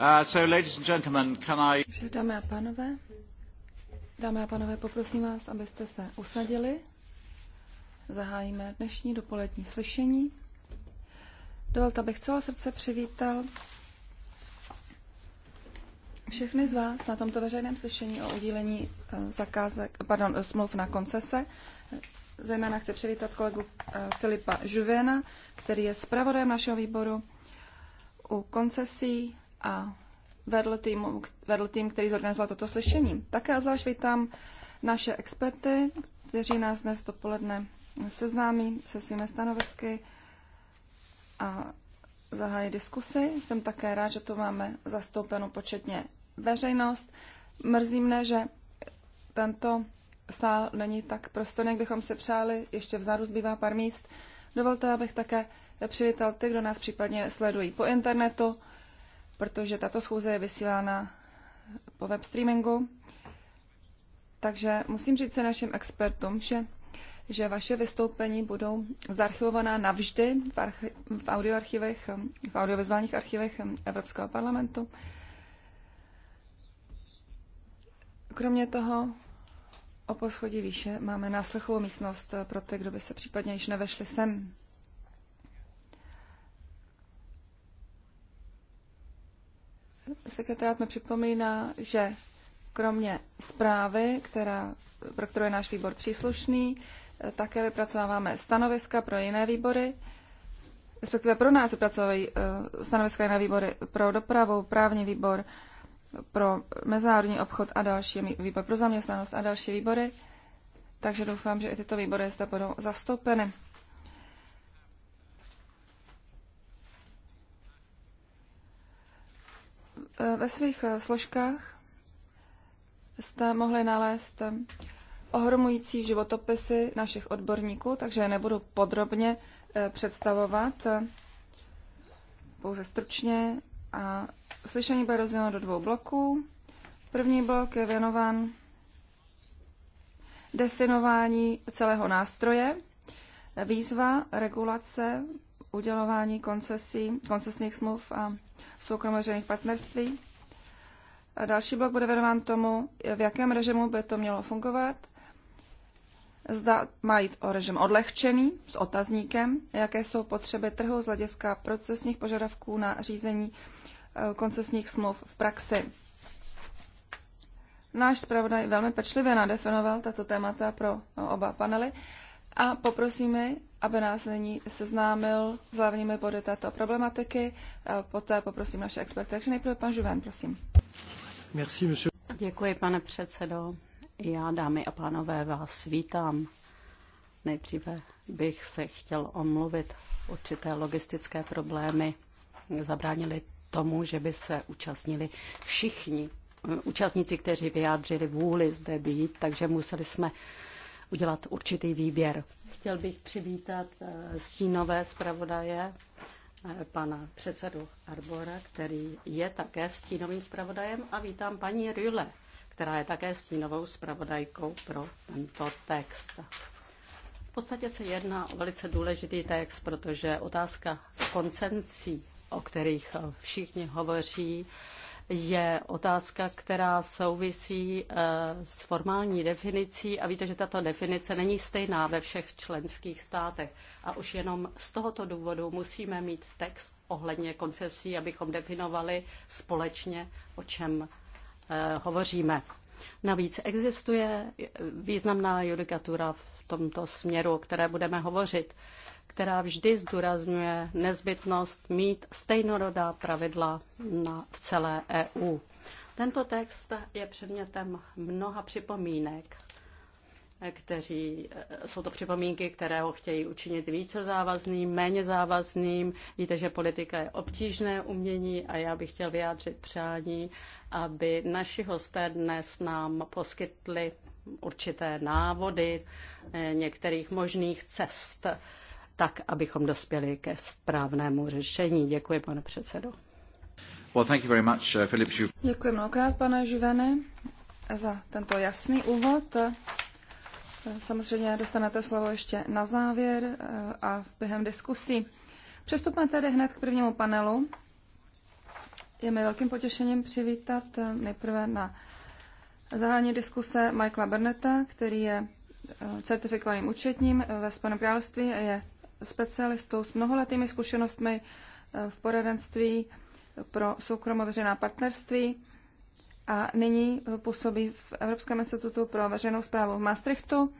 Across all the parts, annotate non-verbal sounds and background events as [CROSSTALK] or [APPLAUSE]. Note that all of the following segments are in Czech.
Uh, dámy a pánové, dámy a pánové, poprosím vás, abyste se usadili. Zahájíme dnešní dopolední slyšení. Dovolte, abych celé srdce přivítal všechny z vás na tomto veřejném slyšení o udílení eh, zakázek, pardon, smluv na koncese. Zejména chci přivítat kolegu eh, Filipa Žuvena, který je zpravodajem našeho výboru u koncesí a vedl, tým, vedl tým, který zorganizoval toto slyšení. Také obzvlášť vítám naše experty, kteří nás dnes dopoledne seznámí se svými stanovisky a zahájí diskusy. Jsem také rád, že tu máme zastoupenou početně veřejnost. Mrzí mne, že tento sál není tak prostorný, jak bychom si přáli. Ještě vzadu zbývá pár míst. Dovolte, abych také přivítal ty, kdo nás případně sledují po internetu protože tato schůze je vysílána po web streamingu. Takže musím říct se našim expertům, že, že vaše vystoupení budou zarchivovaná navždy v, archi- v audioarchivech, v audiovizuálních archivech Evropského parlamentu. Kromě toho o poschodí výše máme náslechovou místnost pro ty, kdo by se případně již nevešli sem. Sekretariat mi připomíná, že kromě zprávy, která, pro kterou je náš výbor příslušný, eh, také vypracováváme stanoviska pro jiné výbory, respektive pro nás vypracovají eh, stanoviska jiné výbory pro dopravu, právní výbor, pro mezinárodní obchod a další výbor pro zaměstnanost a další výbory. Takže doufám, že i tyto výbory zde budou zastoupeny. Eh, ve svých eh, složkách jste mohli nalézt eh, ohromující životopisy našich odborníků, takže je nebudu podrobně představovat, pouze stručně. A slyšení bude rozděleno do dvou bloků. První blok je věnován definování celého nástroje, výzva, regulace, udělování koncesí, koncesních smluv a soukromořených partnerství. A další blok bude věnován tomu, v jakém režimu by to mělo fungovat. Zda má jít o režim odlehčený s otazníkem, jaké jsou potřeby trhu z hlediska procesních požadavků na řízení eh, koncesních smluv v praxi. Náš zpravodaj velmi pečlivě nadefinoval tato témata pro eh, oba panely a poprosíme aby nás nyní seznámil s hlavními body této problematiky. Poté poprosím naše experty. Takže nejprve pan Žuven, prosím. Merci, Děkuji, pane předsedo. Já, dámy a pánové, vás vítám. Nejdříve bych se chtěl omluvit. Určité logistické problémy zabránili tomu, že by se účastnili všichni eh, účastníci, kteří vyjádřili vůli zde být, takže museli jsme udělat určitý výběr. Chtěl bych přivítat eh, stínové zpravodaje, eh, pana předsedu Arbora, který je také stínovým zpravodajem a vítám paní Rüle, která je také stínovou zpravodajkou pro tento text. V podstatě se jedná o velice důležitý text, protože otázka koncencí, o kterých eh, všichni hovoří, je otázka, která souvisí eh, s formální definicí a víte, že tato definice není stejná ve všech členských státech. A už jenom z tohoto důvodu musíme mít text ohledně koncesí, abychom definovali společně, o čem eh, hovoříme. Navíc existuje eh, významná judikatura v tomto směru, o které budeme hovořit která vždy zdůrazňuje nezbytnost mít stejnorodá pravidla na, v celé EU. Tento text je předmětem mnoha připomínek, eh, kteří, eh, jsou to připomínky, které ho chtějí učinit více závazným, méně závazným. Víte, že politika je obtížné umění a já bych chtěl vyjádřit přání, aby naši hosté dnes nám poskytli určité návody eh, některých možných cest tak abychom dospěli ke správnému řešení. Děkuji, pane předsedo. Well, thank you very much, Filip uh, Žuv. Děkuji mnohokrát, pane Žuvene, za tento jasný úvod. Samozřejmě dostanete slovo ještě na závěr uh, a během diskusí. Přestupme tedy hned k prvnímu panelu. Je mi velkým potěšením přivítat uh, nejprve na zahání diskuse Michaela Berneta, který je certifikovaným účetním ve Spojeném království a je specialistou s mnoholetými zkušenostmi eh, v poradenství pro soukromo veřejná partnerství a nyní působí v Evropském institutu pro veřejnou zprávu v Maastrichtu,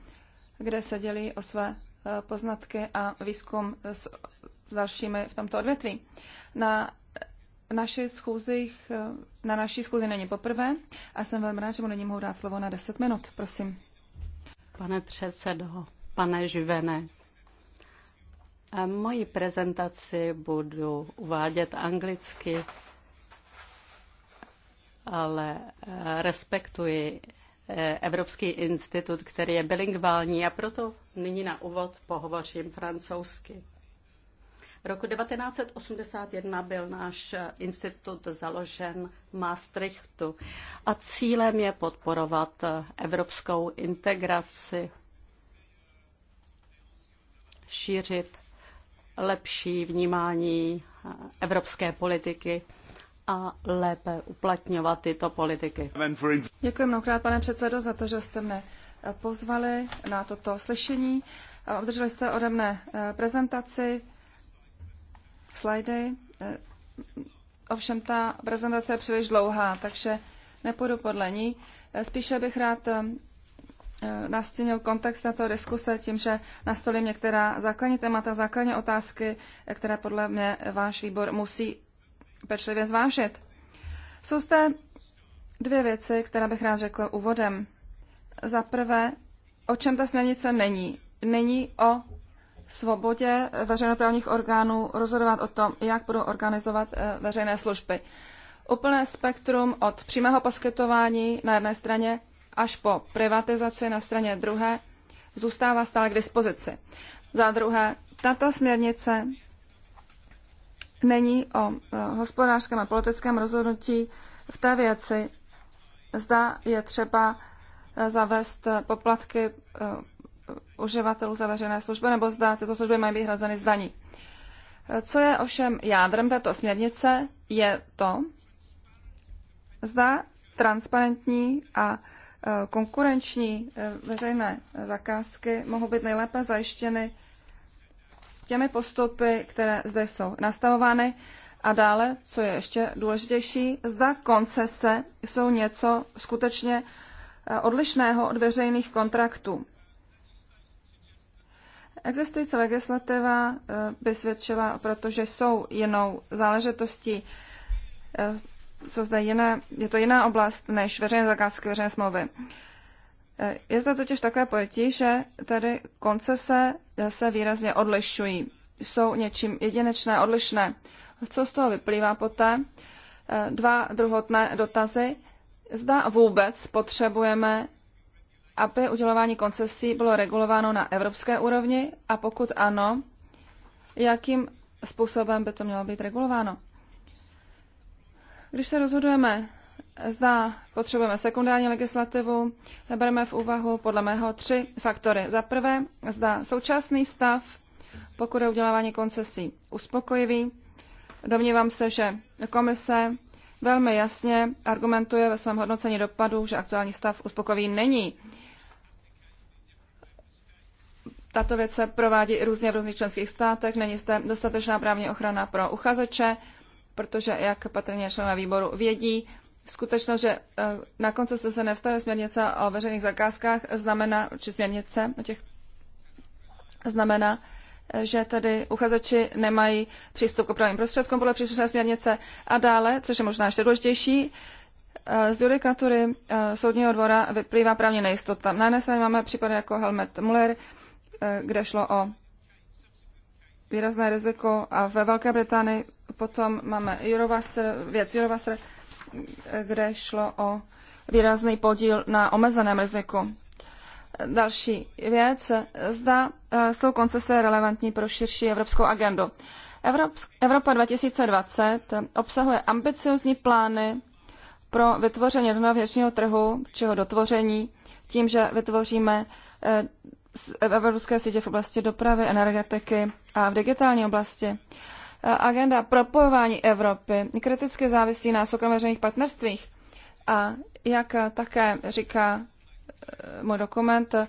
kde se dělí o své eh, poznatky a výzkum s dalšími v tomto odvětví. Na naši schůzi, eh, na naší schůzi není poprvé a jsem velmi rád, že mu nyní mohu dát slovo na 10 minut. Prosím. Pane předsedo, pane Živene, Moji prezentaci budu uvádět anglicky, ale eh, respektuji eh, Evropský institut, který je bilingvální a proto nyní na úvod pohovořím francouzsky. Roku 1981 byl náš eh, institut založen v Maastrichtu a cílem je podporovat evropskou integraci, šířit lepší vnímání eh, evropské politiky a lépe uplatňovat tyto politiky. Děkuji mnohokrát, pane předsedo, za to, že jste mne eh, pozvali na toto slyšení. Eh, obdrželi jste ode mne prezentaci, slajdy. Ovšem ta prezentace je příliš dlouhá, takže nepůjdu podle ní. Spíše bych rád Eh, nastínil kontext této diskuse tím, že nastolím některá základní témata, základní otázky, eh, které podle mě váš výbor musí pečlivě zvážit. Jsou zde dvě věci, které bych rád řekl úvodem. Za prvé, o čem ta směrnice není. Není o svobodě veřejnoprávních orgánů rozhodovat o tom, jak budou organizovat eh, veřejné služby. Úplné spektrum od přímého poskytování na jedné straně až po privatizaci na straně druhé zůstává stále k dispozici. Za druhé, tato směrnice není o eh, hospodářském a politickém rozhodnutí v té věci, zda je třeba eh, zavést eh, poplatky uživatelů za veřejné služby, nebo zda tyto služby mají být hrazeny zdaní. Co je ovšem jádrem této směrnice, je to, zda transparentní a Eh, konkurenční eh, veřejné eh, zakázky mohou být nejlépe zajištěny těmi postupy, které zde jsou nastavovány. A dále, co je ještě důležitější, zda koncese jsou něco skutečně odlišného od veřejných kontraktů. Existující legislativa by svědčila, protože jsou jinou záležitostí co zde jiné, je to jiná oblast než veřejné zakázky, veřejné smlouvy. Eh, je zde totiž takové pojetí, že tady koncese eh, se výrazně odlišují. Jsou něčím jedinečné, odlišné. Co z toho vyplývá poté? Eh, dva druhotné dotazy. Zda vůbec potřebujeme, aby udělování koncesí bylo regulováno na evropské úrovni a pokud ano, jakým způsobem by to mělo být regulováno? Když se rozhodujeme, zda potřebujeme sekundární legislativu, bereme v úvahu podle mého tři faktory. Za prvé, zda současný stav, pokud je udělávání koncesí uspokojivý, domnívám se, že komise velmi jasně argumentuje ve svém hodnocení dopadu, že aktuální stav uspokojivý není. Tato věc se provádí různě v různých členských státech, není zde dostatečná právní ochrana pro uchazeče, protože, jak patrně členové výboru vědí, skutečnost, že eh, na konci se, se nevstavuje směrnice o veřejných zakázkách, znamená, či směrnice o těch, znamená, eh, že tedy uchazeči nemají přístup k opravným prostředkům podle příslušné směrnice a dále, což je možná ještě důležitější, eh, z judikatury soudního dvora vyplývá právně nejistota. Na jedné straně máme případy jako Helmet Muller, kde šlo o výrazné riziko a ve Velké Británii potom máme Eurovasser, věc Eurovasser, kde šlo o výrazný podíl na omezeném riziku. Další věc, zda eh, jsou koncese relevantní pro širší evropskou agendu. Evropa 2020 obsahuje ambiciozní plány pro vytvoření jednoho trhu, čeho dotvoření, tím, že vytvoříme eh, v evropské sítě v oblasti dopravy, energetiky a v digitální oblasti. E, agenda propojování Evropy kriticky závisí na soukromeřených partnerstvích. A jak také říká e, můj dokument, e,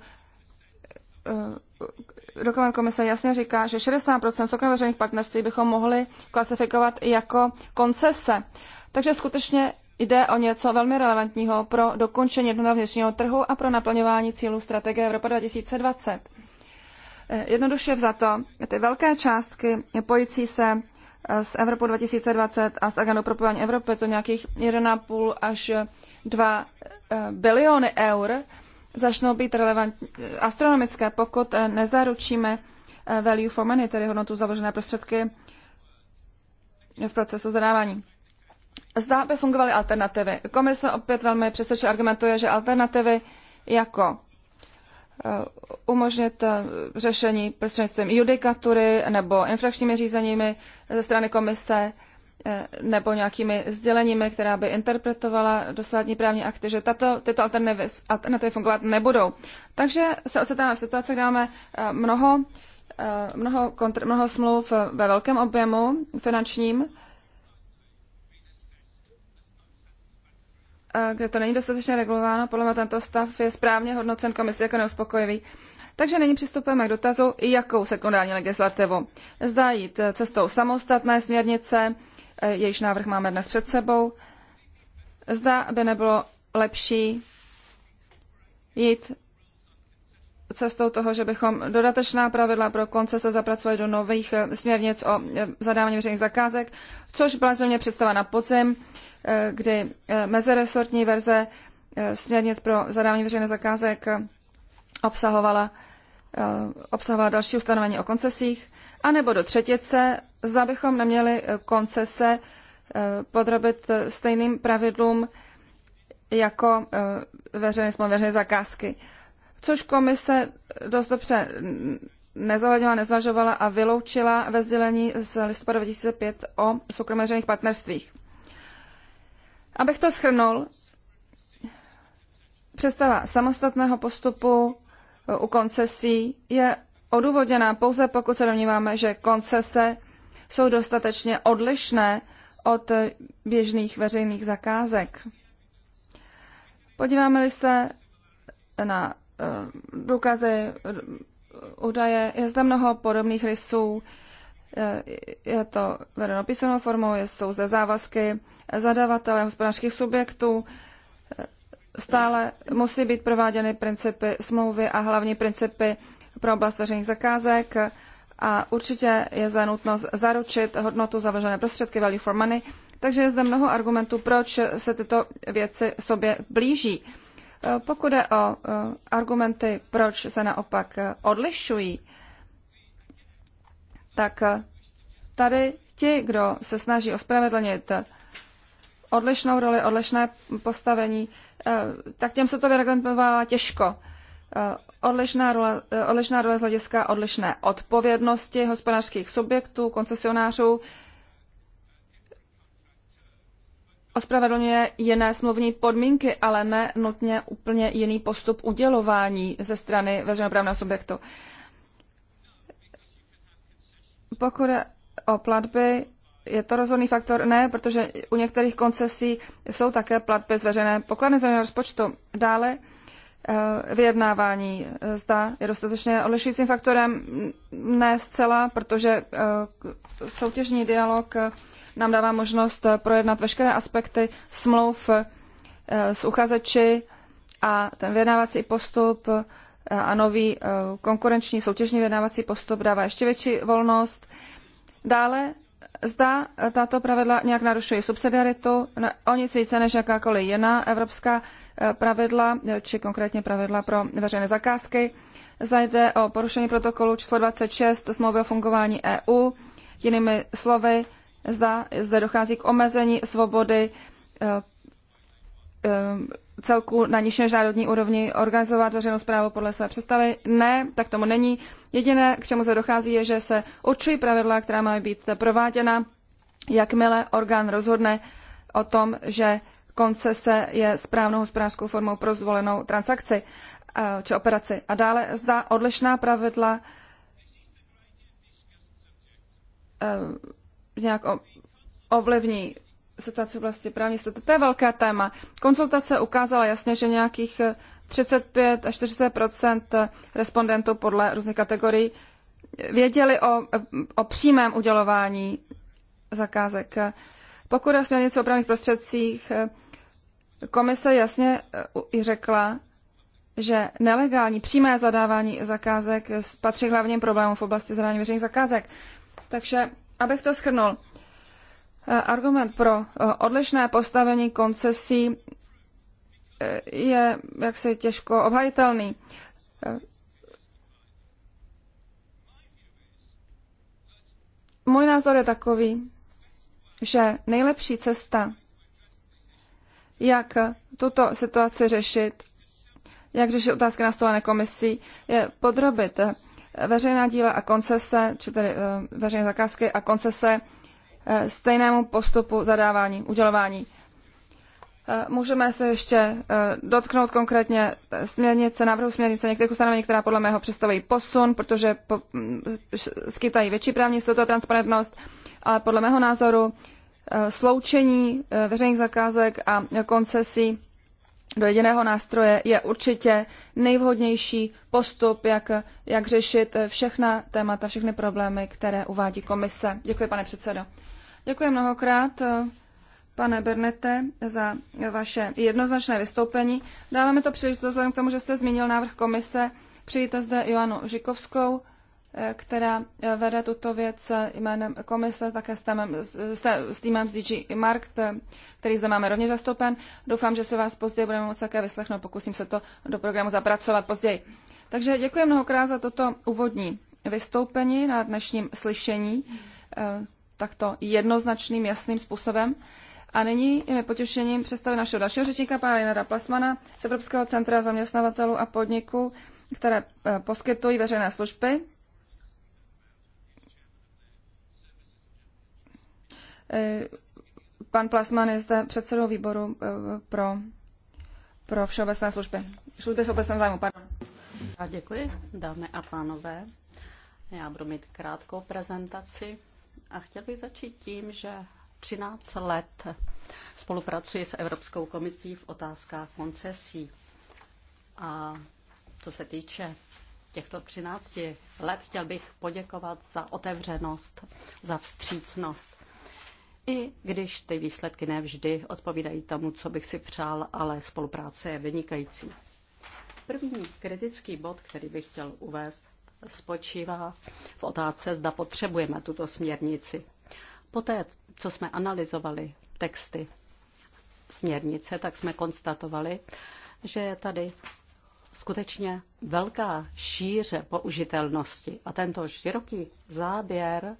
dokument komise jasně říká, že 60% soukromeřených partnerství bychom mohli klasifikovat jako koncese. Takže skutečně jde o něco velmi relevantního pro dokončení jednotného vnitřního trhu a pro naplňování cílů strategie Evropa 2020. Jednoduše vzato, ty velké částky pojící se z Evropu 2020 a z agendou propojení Evropy, to nějakých 1,5 až 2 eh, biliony eur, začnou být relevantní, astronomické, pokud eh, nezaručíme eh, value for money, tedy hodnotu založené prostředky v procesu zadávání. Zda by fungovaly alternativy. Komise opět velmi přesvědčivě argumentuje, že alternativy jako eh, umožnit eh, řešení prostřednictvím judikatury nebo infrakčními řízeními ze strany komise eh, nebo nějakými sděleními, která by interpretovala dosádní právní akty, že tato, tyto alternativy, alternativy fungovat nebudou. Takže se ocitáme v situaci, kde máme mnoho, mnoho, kontr, mnoho smluv ve velkém objemu finančním, kde to není dostatečně regulováno, podle mě tento stav je správně hodnocen komisí jako neuspokojivý. Takže nyní přistupujeme k dotazu, jakou sekundární legislativu. Zdá jít cestou samostatné směrnice, eh, jejíž návrh máme dnes před sebou. Zda aby nebylo lepší jít cestou toho, že bychom dodatečná pravidla pro koncese zapracovali do nových eh, směrnic o eh, zadávání veřejných zakázek, což byla zřejmě představa na podzim, eh, kdy meziresortní verze směrnic pro zadávání veřejných zakázek obsahovala, obsahovala další ustanovení o koncesích, anebo do třetice, zda bychom neměli koncese podrobit stejným pravidlům jako veřejné smlouvy, veřejné zakázky což komise dost dobře nezohlednila, nezvažovala a vyloučila ve sdělení z listopadu 2005 o soukromeřených partnerstvích. Abych to schrnul, představa samostatného postupu e, u koncesí je odůvodněná pouze pokud se domníváme, že koncese jsou dostatečně odlišné od běžných veřejných zakázek. Podíváme-li se na důkazy, údaje. Je zde mnoho podobných rysů. Je to vedeno písemnou formou, jsou zde závazky zadavatele hospodářských subjektů. Stále musí být prováděny principy smlouvy a hlavní principy pro oblast veřejných zakázek a určitě je zde nutnost zaručit hodnotu za vložené prostředky value for money. Takže je zde mnoho argumentů, proč se tyto věci sobě blíží. Pokud jde o eh, argumenty, proč se naopak eh, odlišují, tak eh, tady ti, kdo se snaží ospravedlnit odlišnou roli, odlišné postavení, tak těm se to vyargumentovává těžko. Odlišná role, odlišná role z hlediska odlišné odpovědnosti hospodářských subjektů, koncesionářů, ospravedlňuje jiné smluvní podmínky, ale ne nutně úplně jiný postup udělování ze strany veřejnoprávného subjektu. Pokud je o platby, je to rozhodný faktor? Ne, protože u některých koncesí jsou také platby z veřejné pokladny z rozpočtu. Dále eh, vyjednávání eh, zda je dostatečně odlišujícím faktorem? Ne zcela, protože eh, soutěžní dialog nám dává možnost eh, projednat veškeré aspekty smluv eh, s uchazeči a ten vyjednávací postup eh, a nový konkurenční soutěžní vyjednávací postup dává ještě větší volnost. Dále zda tato pravidla nějak narušují subsidiaritu, o nic více než jakákoliv jiná evropská pravidla, či konkrétně pravidla pro veřejné zakázky. Zajde o porušení protokolu číslo 26 smlouvy o fungování EU, jinými slovy zda zde dochází k omezení svobody eh, eh, celku na nižší než národní úrovni organizovat veřejnou zprávu podle své představy. Ne, tak tomu není. Jediné, k čemu se dochází, je, že se určují pravidla, která mají být prováděna, jakmile orgán rozhodne o tom, že koncese je správnou hospodářskou formou pro zvolenou transakci eh, či operaci. A dále zda odlišná pravidla nějak ovlivní situaci v oblasti právní jistoty. To je velké téma. Konzultace ukázala jasně, že nějakých 35 eh, až 40 eh, respondentů podle různých kategorií eh, věděli o, o přímém udělování zakázek. Pokud je směrnice o právních prostředcích, komise jasně i řekla, že nelegální přímé zadávání zakázek patří hlavním problémům v oblasti zadání veřejných zakázek. Takže abych to schrnul, eh, argument pro eh, odlišné postavení koncesí eh, je jaksi těžko obhajitelný. Můj názor je takový, že nejlepší cesta, jak tuto situaci řešit, jak řešit otázky nastolené komisí, je podrobit veřejná díla a koncese, či tedy eh, veřejné zakázky a koncese eh, stejnému postupu zadávání, udělování. Eh, můžeme se ještě dotknout konkrétně směrnice, návrhu směrnice některých ustanovení, která podle mého představují posun, protože po, mm, skytají větší právní jistotu a transparentnost, ale podle mého názoru sloučení veřejných zakázek a koncesí do jediného nástroje je určitě nejvhodnější postup, jak, jak řešit všechna témata, všechny problémy, které uvádí komise. Děkuji, pane předsedo. Děkuji mnohokrát, pane Bernete, za vaše jednoznačné vystoupení. Dáváme to příležitost vzhledem k tomu, že jste zmínil návrh komise. Přijďte zde Joanu Žikovskou, Eh, která eh, vede tuto věc eh, jménem komise, také s týmem, s týmem z DG Markt, který zde máme rovněž zastoupen. Doufám, že se vás později budeme moci také vyslechnout, pokusím se to do programu zapracovat později. Takže děkuji mnohokrát za toto úvodní vystoupení na dnešním slyšení takto jednoznačným, jasným způsobem. A nyní je mi potěšením představit našeho dalšího řečníka, pana Linara Plasmana z Evropského centra zaměstnavatelů a podniků, které poskytují veřejné služby Eh, pan Plasman je zde předsedou výboru eh, pro, pro všeobecné služby. Služby v obecném zájmu, pardon. Já děkuji, dámy a pánové. Já budu mít krátkou prezentaci a chtěl bych začít tím, že 13 let spolupracuji s Evropskou komisí v otázkách koncesí. A co se týče těchto 13 let, chtěl bych poděkovat za otevřenost, za vstřícnost i když ty výsledky nevždy odpovídají tomu, co bych si přál, ale spolupráce je vynikající. První kritický bod, který bych chtěl uvést, spočívá v otázce, zda potřebujeme tuto směrnici. Poté, co jsme analyzovali texty směrnice, tak jsme konstatovali, že je tady skutečně velká šíře použitelnosti a tento široký záběr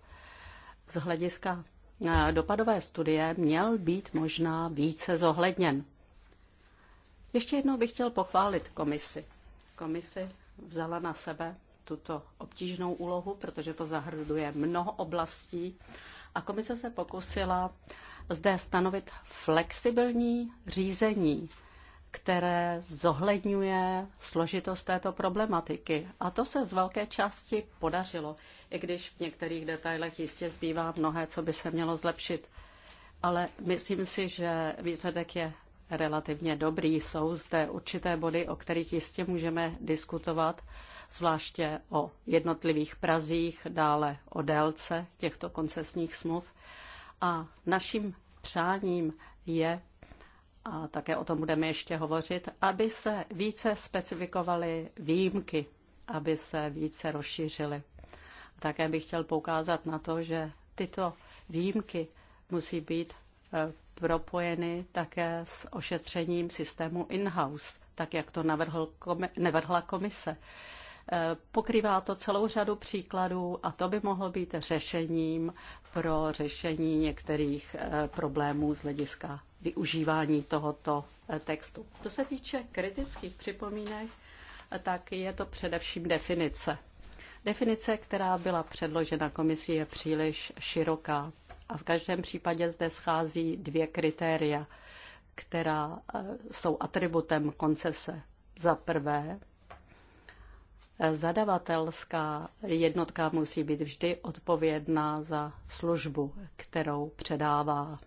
z hlediska Eh, dopadové studie měl být možná více zohledněn. Ještě jednou bych chtěl pochválit komisi. Komisi vzala na sebe tuto obtížnou úlohu, protože to zahrnuje mnoho oblastí a komise se pokusila zde stanovit flexibilní řízení, které zohledňuje složitost této problematiky. A to se z velké části podařilo i když v některých detailech jistě zbývá mnohé, co by se mělo zlepšit. Ale myslím si, že výsledek je relativně dobrý. Jsou zde určité body, o kterých jistě můžeme diskutovat, zvláště o jednotlivých prazích, dále o délce těchto koncesních smluv. A naším přáním je, a také o tom budeme ještě hovořit, aby se více specifikovaly výjimky, aby se více rozšířily. Také bych chtěl poukázat na to, že tyto výjimky musí být eh, propojeny také s ošetřením systému in-house, tak jak to navrhl, navrhla komise. Eh, pokrývá to celou řadu příkladů a to by mohlo být řešením pro řešení některých eh, problémů z hlediska využívání tohoto textu. To se týče kritických připomínek, tak je to především definice. Definice, která byla předložena komisí, je příliš široká a v každém případě zde schází dvě kritéria, která eh, jsou atributem koncese. Za prvé, eh, zadavatelská jednotka musí být vždy odpovědná za službu, kterou předává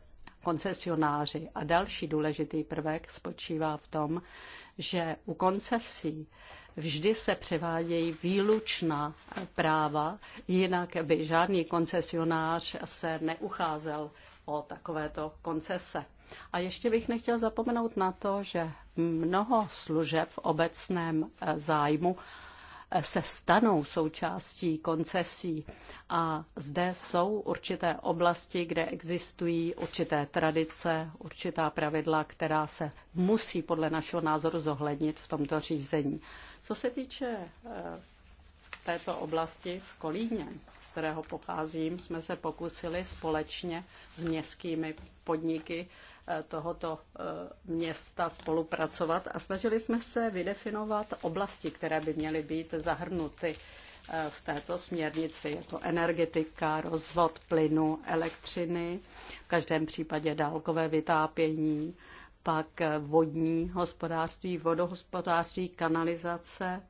koncesionáři. A další důležitý prvek spočívá v tom, že u koncesí vždy se převádějí výlučná práva, jinak by žádný koncesionář se neucházel o takovéto koncese. A ještě bych nechtěl zapomenout na to, že mnoho služeb v obecném zájmu se stanou součástí koncesí. A zde jsou určité oblasti, kde existují určité tradice, určitá pravidla, která se musí podle našeho názoru zohlednit v tomto řízení. Co se týče eh, této oblasti v Kolíně, z kterého pocházím, jsme se pokusili společně s městskými podniky eh, tohoto eh, města spolupracovat a snažili jsme se vydefinovat oblasti, které by měly být zahrnuty eh, v této směrnici. Je to energetika, rozvod plynu, elektřiny, v každém případě dálkové vytápění, pak vodní hospodářství, vodohospodářství, kanalizace,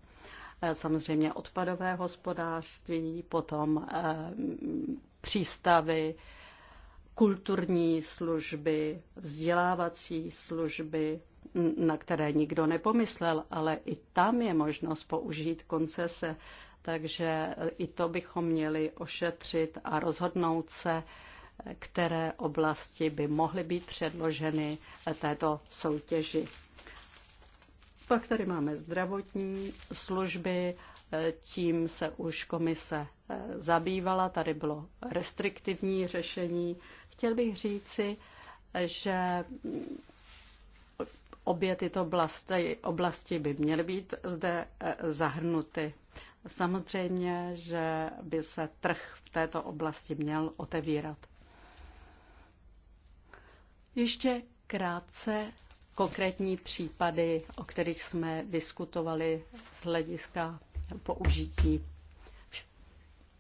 Eh, samozřejmě odpadové hospodářství, potom eh, přístavy, kulturní služby, vzdělávací služby, na které nikdo nepomyslel, ale i tam je možnost použít koncese. Takže eh, i to bychom měli ošetřit a rozhodnout se, které oblasti by mohly být předloženy této soutěži. Pak tady máme zdravotní služby, e, tím se už komise e, zabývala, tady bylo restriktivní řešení. Chtěl bych říci, že obě tyto oblasti, oblasti by měly být zde e, zahrnuty. Samozřejmě, že by se trh v této oblasti měl otevírat. Ještě krátce konkrétní případy, o kterých jsme diskutovali z hlediska použití.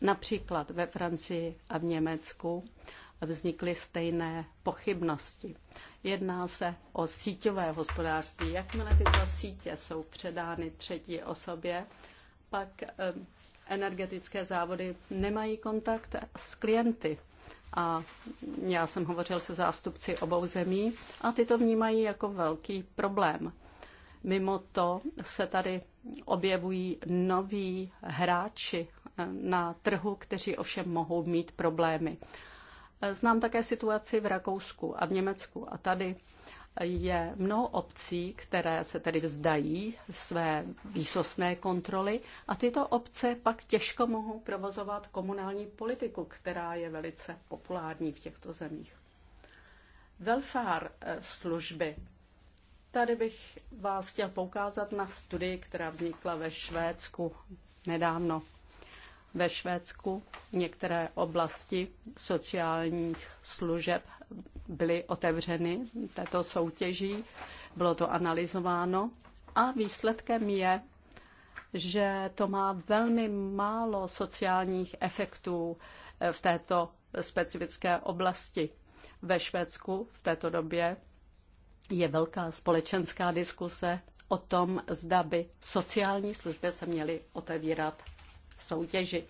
Například ve Francii a v Německu vznikly stejné pochybnosti. Jedná se o síťové hospodářství. Jakmile tyto sítě jsou předány třetí osobě, pak eh, energetické závody nemají kontakt s klienty a já jsem hovořil se zástupci obou zemí a ty to vnímají jako velký problém. Mimo to se tady objevují noví hráči eh, na trhu, kteří ovšem mohou mít problémy. Znám také situaci v Rakousku a v Německu a tady je mnoho obcí, které se tedy vzdají své výsostné kontroly a tyto obce pak těžko mohou provozovat komunální politiku, která je velice populární v těchto zemích. Welfare eh, služby. Tady bych vás chtěl poukázat na studii, která vznikla ve Švédsku nedávno. Ve Švédsku některé oblasti sociálních služeb byly otevřeny této soutěží, bylo to analyzováno a výsledkem je, že to má velmi málo sociálních efektů eh, v této specifické oblasti. Ve Švédsku v této době je velká společenská diskuse o tom, zda by sociální služby se měly otevírat soutěži.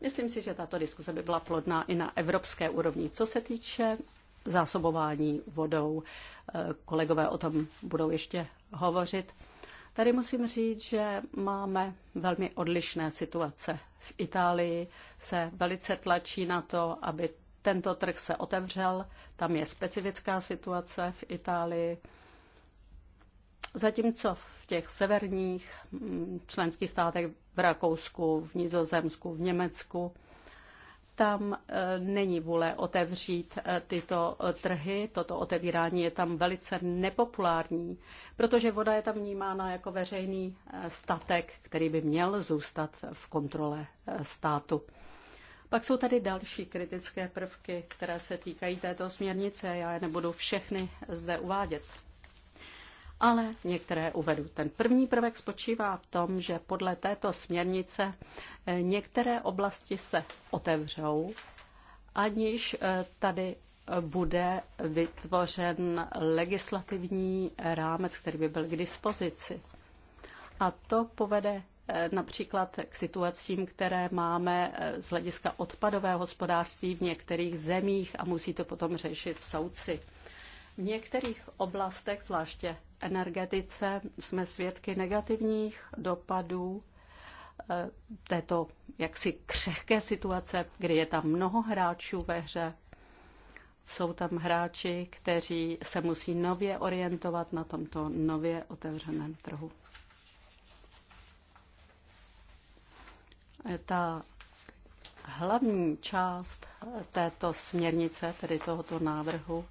Myslím si, že tato diskuse by byla plodná i na evropské úrovni. Co se týče zásobování vodou. Eh, kolegové o tom budou ještě hovořit. Tady musím říct, že máme velmi odlišné situace. V Itálii se velice tlačí na to, aby tento trh se otevřel. Tam je specifická situace v Itálii. Zatímco v těch severních mm, členských státech, v Rakousku, v Nizozemsku, v Německu, tam eh, není vůle otevřít eh, tyto eh, trhy, toto otevírání je tam velice nepopulární, protože voda je tam vnímána jako veřejný statek, který by měl zůstat v kontrole státu. Pak jsou tady další kritické prvky, které se týkají této směrnice. Já je nebudu všechny zde uvádět ale některé uvedu. Ten první prvek spočívá v tom, že podle této směrnice eh, některé oblasti se otevřou, aniž eh, tady eh, bude vytvořen legislativní rámec, který by byl k dispozici. A to povede například k situacím, které máme z hlediska odpadového hospodářství v některých zemích a musí to potom řešit soudci. V některých oblastech, zvláště energetice, jsme svědky negativních dopadů eh, této jaksi křehké situace, kdy je tam mnoho hráčů ve hře. Jsou tam hráči, kteří se musí nově orientovat na tomto nově otevřeném trhu. Eh, ta hlavní část eh, této směrnice, tedy tohoto návrhu,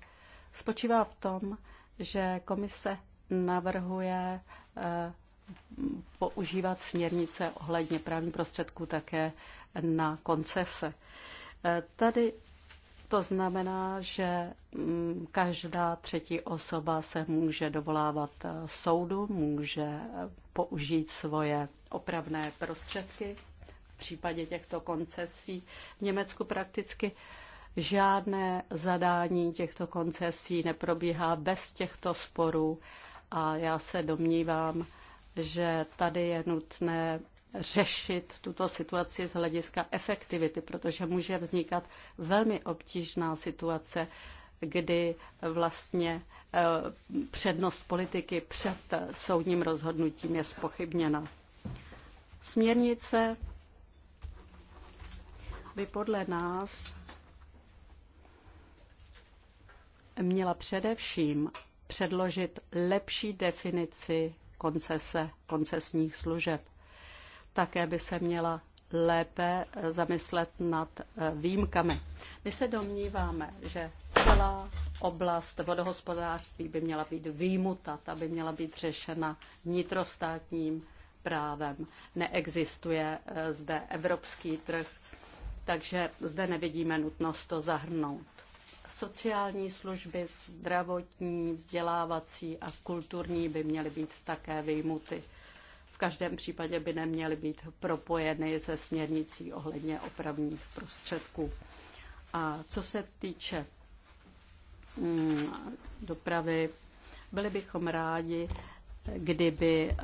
spočívá v tom, že komise navrhuje eh, používat směrnice ohledně právních prostředků také na koncese. Eh, tady to znamená, že mm, každá třetí osoba se může dovolávat eh, soudu, může použít svoje opravné prostředky v případě těchto koncesí. V Německu prakticky Žádné zadání těchto koncesí neprobíhá bez těchto sporů a já se domnívám, že tady je nutné řešit tuto situaci z hlediska efektivity, protože může vznikat velmi obtížná situace, kdy vlastně eh, přednost politiky před soudním rozhodnutím je spochybněna. Směrnice by podle nás měla především předložit lepší definici koncese, koncesních služeb. Také by se měla lépe zamyslet nad eh, výjimkami. My se domníváme, že celá oblast vodohospodářství by měla být výjimuta, ta by měla být řešena vnitrostátním právem. Neexistuje eh, zde evropský trh, takže zde nevidíme nutnost to zahrnout. Sociální služby, zdravotní, vzdělávací a kulturní by měly být také vyjmuty. V každém případě by neměly být propojeny se směrnicí ohledně opravních prostředků. A co se týče mm, dopravy, byli bychom rádi, kdyby eh,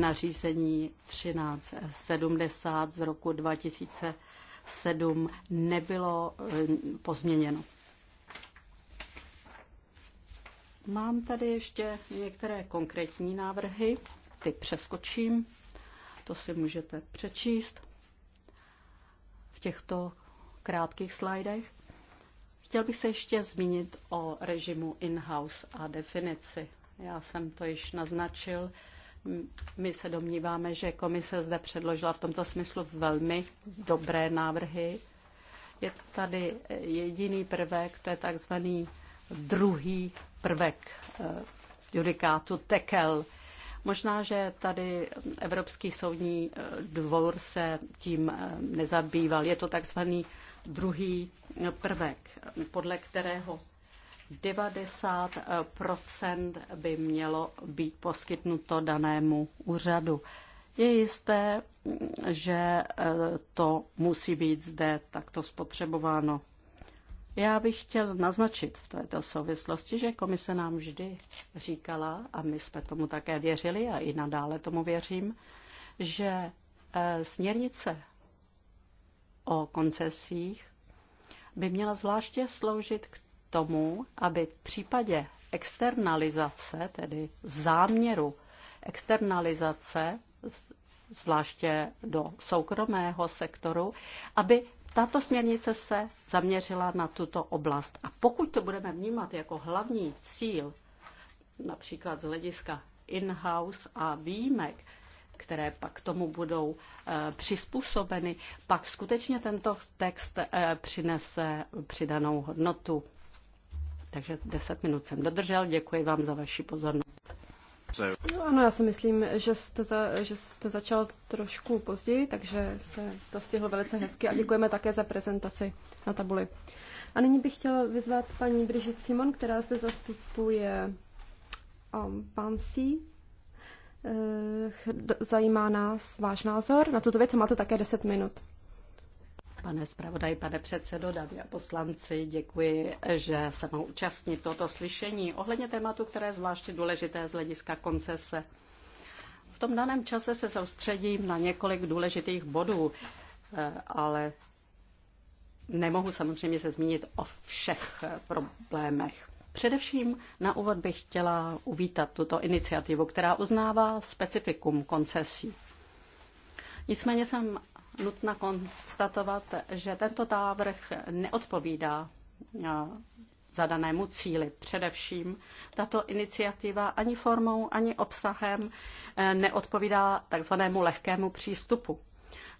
nařízení 1370 z roku 2007 nebylo eh, pozměněno. Mám tady ještě některé konkrétní návrhy, ty přeskočím, to si můžete přečíst v těchto krátkých slajdech. Chtěl bych se ještě zmínit o režimu in-house a definici. Já jsem to již naznačil. My se domníváme, že komise zde předložila v tomto smyslu velmi dobré návrhy. Je tady jediný prvek, to je takzvaný druhý prvek eh, judikátu Tekel. Možná, že tady Evropský soudní eh, dvor se tím eh, nezabýval. Je to takzvaný druhý prvek, podle kterého 90 by mělo být poskytnuto danému úřadu. Je jisté, mm, že to musí být zde takto spotřebováno. Já bych chtěl naznačit v této souvislosti, že komise nám vždy říkala, a my jsme tomu také věřili a i nadále tomu věřím, že e, směrnice o koncesích by měla zvláště sloužit k tomu, aby v případě externalizace, tedy záměru externalizace, zvláště do soukromého sektoru, aby tato směrnice se zaměřila na tuto oblast. A pokud to budeme vnímat jako hlavní cíl, například z hlediska in-house a výjimek, které pak tomu budou e, přizpůsobeny, pak skutečně tento text e, přinese přidanou hodnotu. Takže 10 minut jsem dodržel. Děkuji vám za vaši pozornost. No ano, já si myslím, že jste, za, že jste začal trošku později, takže jste to stihl velice hezky a děkujeme také za prezentaci na tabuli. A nyní bych chtěla vyzvat paní Bridget Simon, která se zastupuje um, Pansy. E, eh, zajímá nás váš názor na tuto věc. Máte také 10 minut. Pane zpravodaj, pane předsedo, dámy a poslanci, děkuji, že se mohu účastnit toto slyšení ohledně tématu, které je zvláště důležité z hlediska koncese. V tom daném čase se soustředím na několik důležitých bodů, eh, ale nemohu samozřejmě se zmínit o všech problémech. Především na úvod bych chtěla uvítat tuto iniciativu, která uznává specifikum koncesí. Nicméně jsem nutno konstatovat, že tento návrh neodpovídá eh, zadanému cíli. Především tato iniciativa ani formou, ani obsahem eh, neodpovídá takzvanému lehkému přístupu.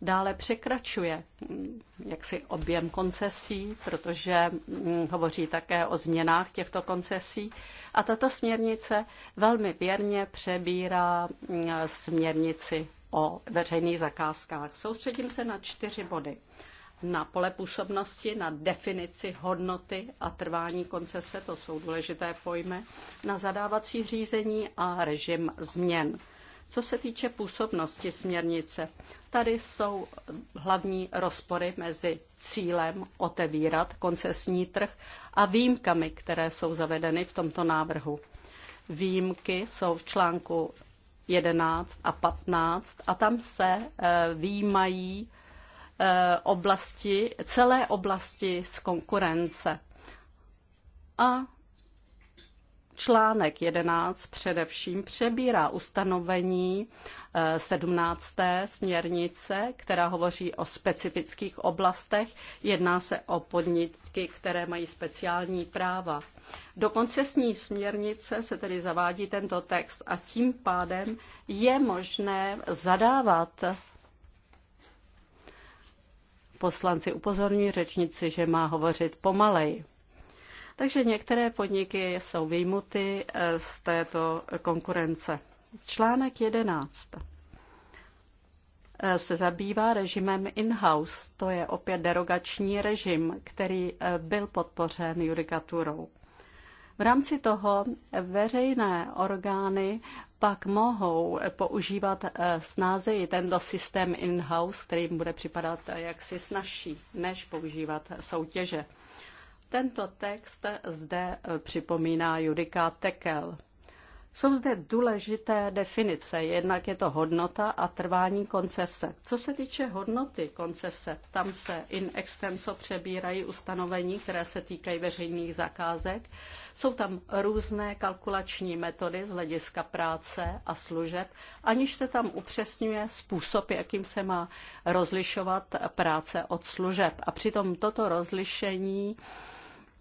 Dále překračuje mm, jaksi objem koncesí, protože mm, hovoří také o změnách těchto koncesí. A tato směrnice velmi věrně přebírá mm, směrnici o veřejných zakázkách. Soustředím se na čtyři body. Na pole působnosti, na definici hodnoty a trvání koncese, to jsou důležité pojmy, na zadávací řízení a režim změn. Co se týče působnosti směrnice, tady jsou hlavní rozpory mezi cílem otevírat koncesní trh a výjimkami, které jsou zavedeny v tomto návrhu. Výjimky jsou v článku 11 a 15 a tam se eh, výjímají eh, oblasti, celé oblasti z konkurence. A Článek 11 především přebírá ustanovení 17. Eh, směrnice, která hovoří o specifických oblastech. Jedná se o podniky, které mají speciální práva. Do koncesní směrnice se tedy zavádí tento text a tím pádem je možné zadávat Poslanci upozorňují řečnici, že má hovořit pomalej. Takže některé podniky jsou vyjmuty eh, z této konkurence. Článek 11 eh, se zabývá režimem in-house. To je opět derogační režim, který eh, byl podpořen judikaturou. V rámci toho veřejné orgány pak mohou používat snáze i tento systém in-house, který jim bude připadat jaksi snažší, než používat soutěže. Tento text zde eh, připomíná judikát Tekel. Jsou zde důležité definice, jednak je to hodnota a trvání koncese. Co se týče hodnoty koncese, tam se in extenso přebírají ustanovení, které se týkají veřejných zakázek. Jsou tam různé kalkulační metody z hlediska práce a služeb, aniž se tam upřesňuje způsob, jakým se má rozlišovat práce od služeb. A přitom toto rozlišení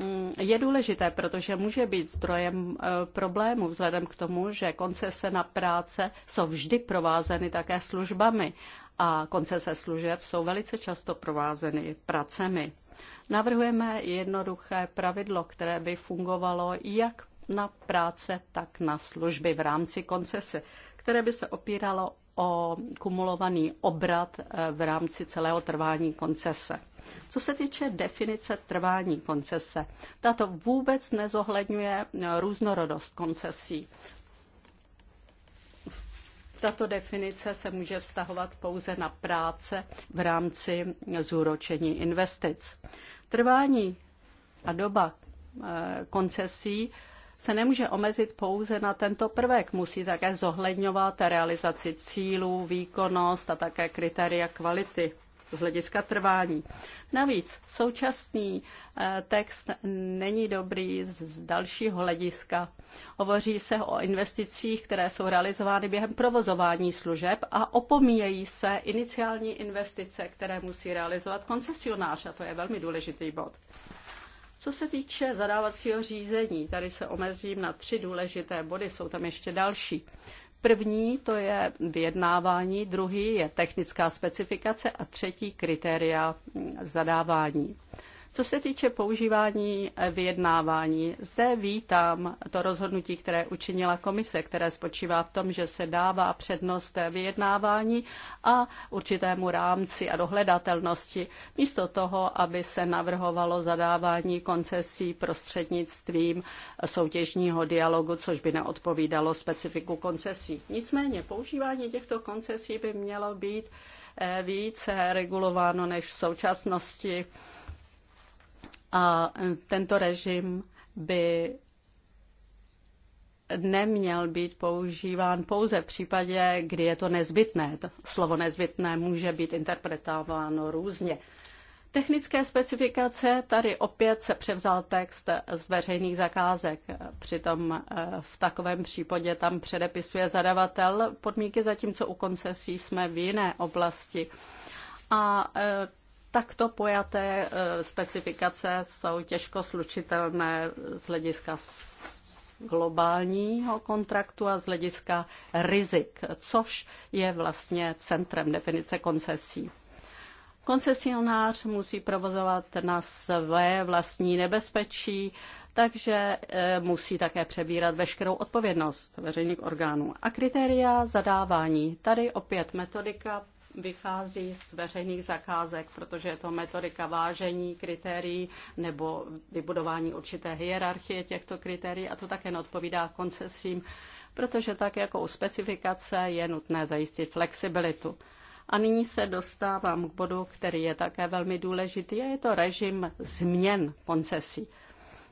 Mm, je důležité, protože může být zdrojem e, problému vzhledem k tomu, že koncese na práce jsou vždy provázeny také službami a koncese služeb jsou velice často provázeny pracemi. Navrhujeme jednoduché pravidlo, které by fungovalo jak na práce, tak na služby v rámci koncese, které by se opíralo o kumulovaný obrat e, v rámci celého trvání koncese. Co se týče definice trvání koncese, tato vůbec nezohledňuje eh, různorodost koncesí. Tato definice se může vztahovat pouze na práce v rámci zúročení investic. Trvání a doba eh, koncesí se nemůže omezit pouze na tento prvek, musí také zohledňovat realizaci cílů, výkonnost a také kritéria kvality z hlediska trvání. Navíc současný eh, text není dobrý z dalšího hlediska. Hovoří se o investicích, které jsou realizovány během provozování služeb a opomíjejí se iniciální investice, které musí realizovat koncesionář a to je velmi důležitý bod. Co se týče zadávacího řízení, tady se omezím na tři důležité body, jsou tam ještě další. První to je vyjednávání, druhý je technická specifikace a třetí kritéria zadávání. Co se týče používání eh, vyjednávání, zde vítám to rozhodnutí, které učinila komise, které spočívá v tom, že se dává přednost vyjednávání a určitému rámci a dohledatelnosti, místo toho, aby se navrhovalo zadávání koncesí prostřednictvím soutěžního dialogu, což by neodpovídalo specifiku koncesí. Nicméně používání těchto koncesí by mělo být eh, více regulováno než v současnosti a tento režim by neměl být používán pouze v případě, kdy je to nezbytné. To slovo nezbytné může být interpretováno různě. Technické specifikace, tady opět se převzal text z veřejných zakázek. Přitom eh, v takovém případě tam předepisuje zadavatel podmínky, zatímco u koncesí jsme v jiné oblasti. A eh, takto pojaté e, specifikace jsou těžko slučitelné z hlediska globálního kontraktu a z hlediska rizik, což je vlastně centrem definice koncesí. Koncesionář musí provozovat na své vlastní nebezpečí, takže e, musí také přebírat veškerou odpovědnost veřejných orgánů. A kritéria zadávání. Tady opět metodika vychází z veřejných zakázek, protože je to metodika vážení kritérií nebo vybudování určité hierarchie těchto kritérií a to také neodpovídá koncesím, protože tak jako u specifikace je nutné zajistit flexibilitu. A nyní se dostávám k bodu, který je také velmi důležitý a je to režim změn koncesí.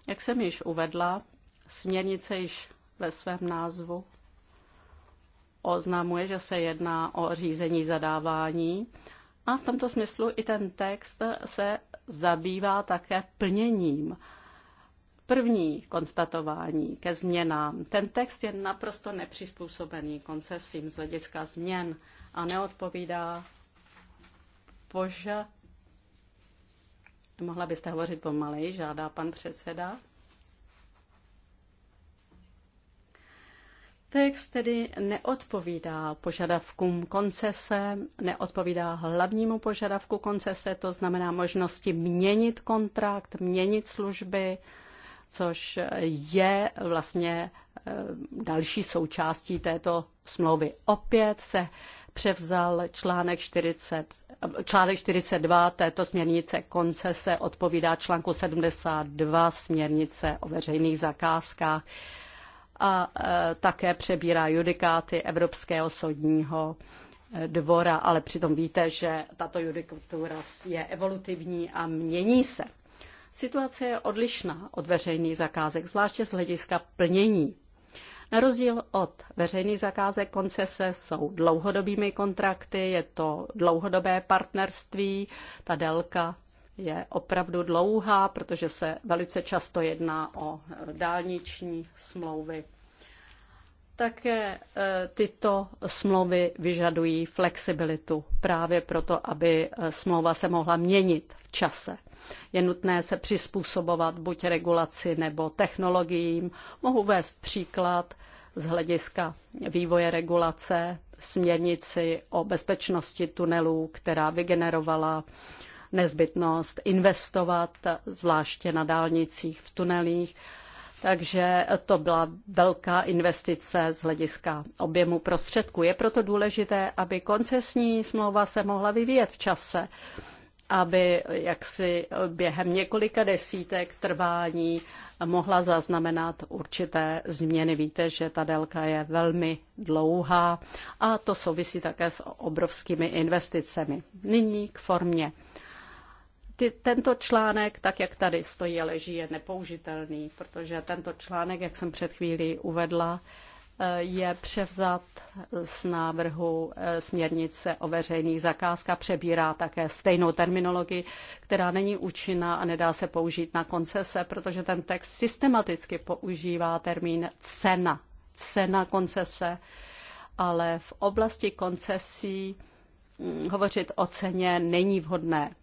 Jak jsem již uvedla, směrnice již ve svém názvu oznamuje, že se jedná o řízení zadávání. A v tomto smyslu i ten text se zabývá také plněním. První konstatování ke změnám. Ten text je naprosto nepřizpůsobený koncesím z hlediska změn a neodpovídá pože. Mohla byste hovořit pomaleji, žádá pan předseda. Text tedy neodpovídá požadavkům koncese, neodpovídá hlavnímu požadavku koncese, to znamená možnosti měnit kontrakt, měnit služby, což je vlastně eh, další součástí této smlouvy. Opět se převzal článek 40 článek 42 této směrnice koncese odpovídá článku 72 směrnice o veřejných zakázkách a e, také přebírá judikáty Evropského soudního e, dvora, ale přitom víte, že tato judikatura je evolutivní a mění se. Situace je odlišná od veřejných zakázek, zvláště z hlediska plnění. Na rozdíl od veřejných zakázek koncese jsou dlouhodobými kontrakty, je to dlouhodobé partnerství, ta délka je opravdu dlouhá, protože se velice často jedná o dálniční smlouvy. Také e, tyto smlouvy vyžadují flexibilitu právě proto, aby e, smlouva se mohla měnit v čase. Je nutné se přizpůsobovat buď regulaci nebo technologiím. Mohu vést příklad z hlediska vývoje regulace směrnici o bezpečnosti tunelů, která vygenerovala nezbytnost investovat, zvláště na dálnicích, v tunelích. Takže to byla velká investice z hlediska objemu prostředků. Je proto důležité, aby koncesní smlouva se mohla vyvíjet v čase, aby jaksi během několika desítek trvání mohla zaznamenat určité změny. Víte, že ta délka je velmi dlouhá a to souvisí také s obrovskými investicemi. Nyní k formě ty, tento článek, tak jak tady stojí a leží, je nepoužitelný, protože tento článek, jak jsem před chvílí uvedla, eh, je převzat z návrhu eh, směrnice o veřejných zakázkách, přebírá také stejnou terminologii, která není účinná a nedá se použít na koncese, protože ten text systematicky používá termín cena, cena koncese, ale v oblasti koncesí hm, hovořit o ceně není vhodné.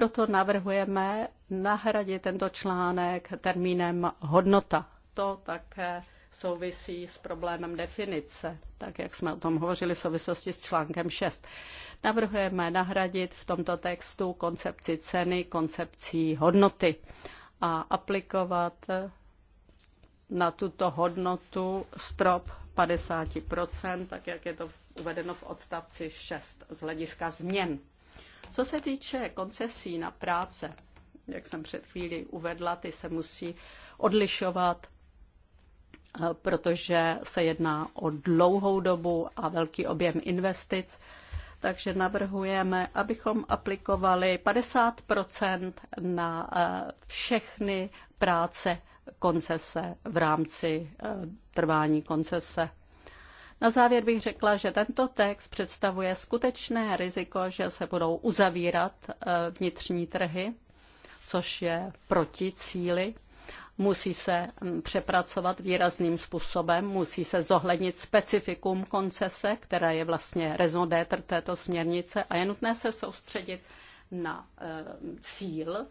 Proto navrhujeme nahradit tento článek termínem hodnota. To také souvisí s problémem definice, tak jak jsme o tom hovořili v souvislosti s článkem 6. Navrhujeme nahradit v tomto textu koncepci ceny koncepcí hodnoty a aplikovat na tuto hodnotu strop 50%, tak jak je to uvedeno v odstavci 6 z hlediska změn co se týče koncesí na práce, jak jsem před chvílí uvedla, ty se musí odlišovat eh, protože se jedná o dlouhou dobu a velký objem investic. Takže navrhujeme, abychom aplikovali 50 na eh, všechny práce koncese v rámci eh, trvání koncese. Na závěr bych řekla, že tento text představuje skutečné riziko, že se budou uzavírat eh, vnitřní trhy, což je proti cíli. Musí se hm, přepracovat výrazným způsobem, musí se zohlednit specifikum koncese, která je vlastně rezondétr této směrnice a je nutné se soustředit na eh, cíl,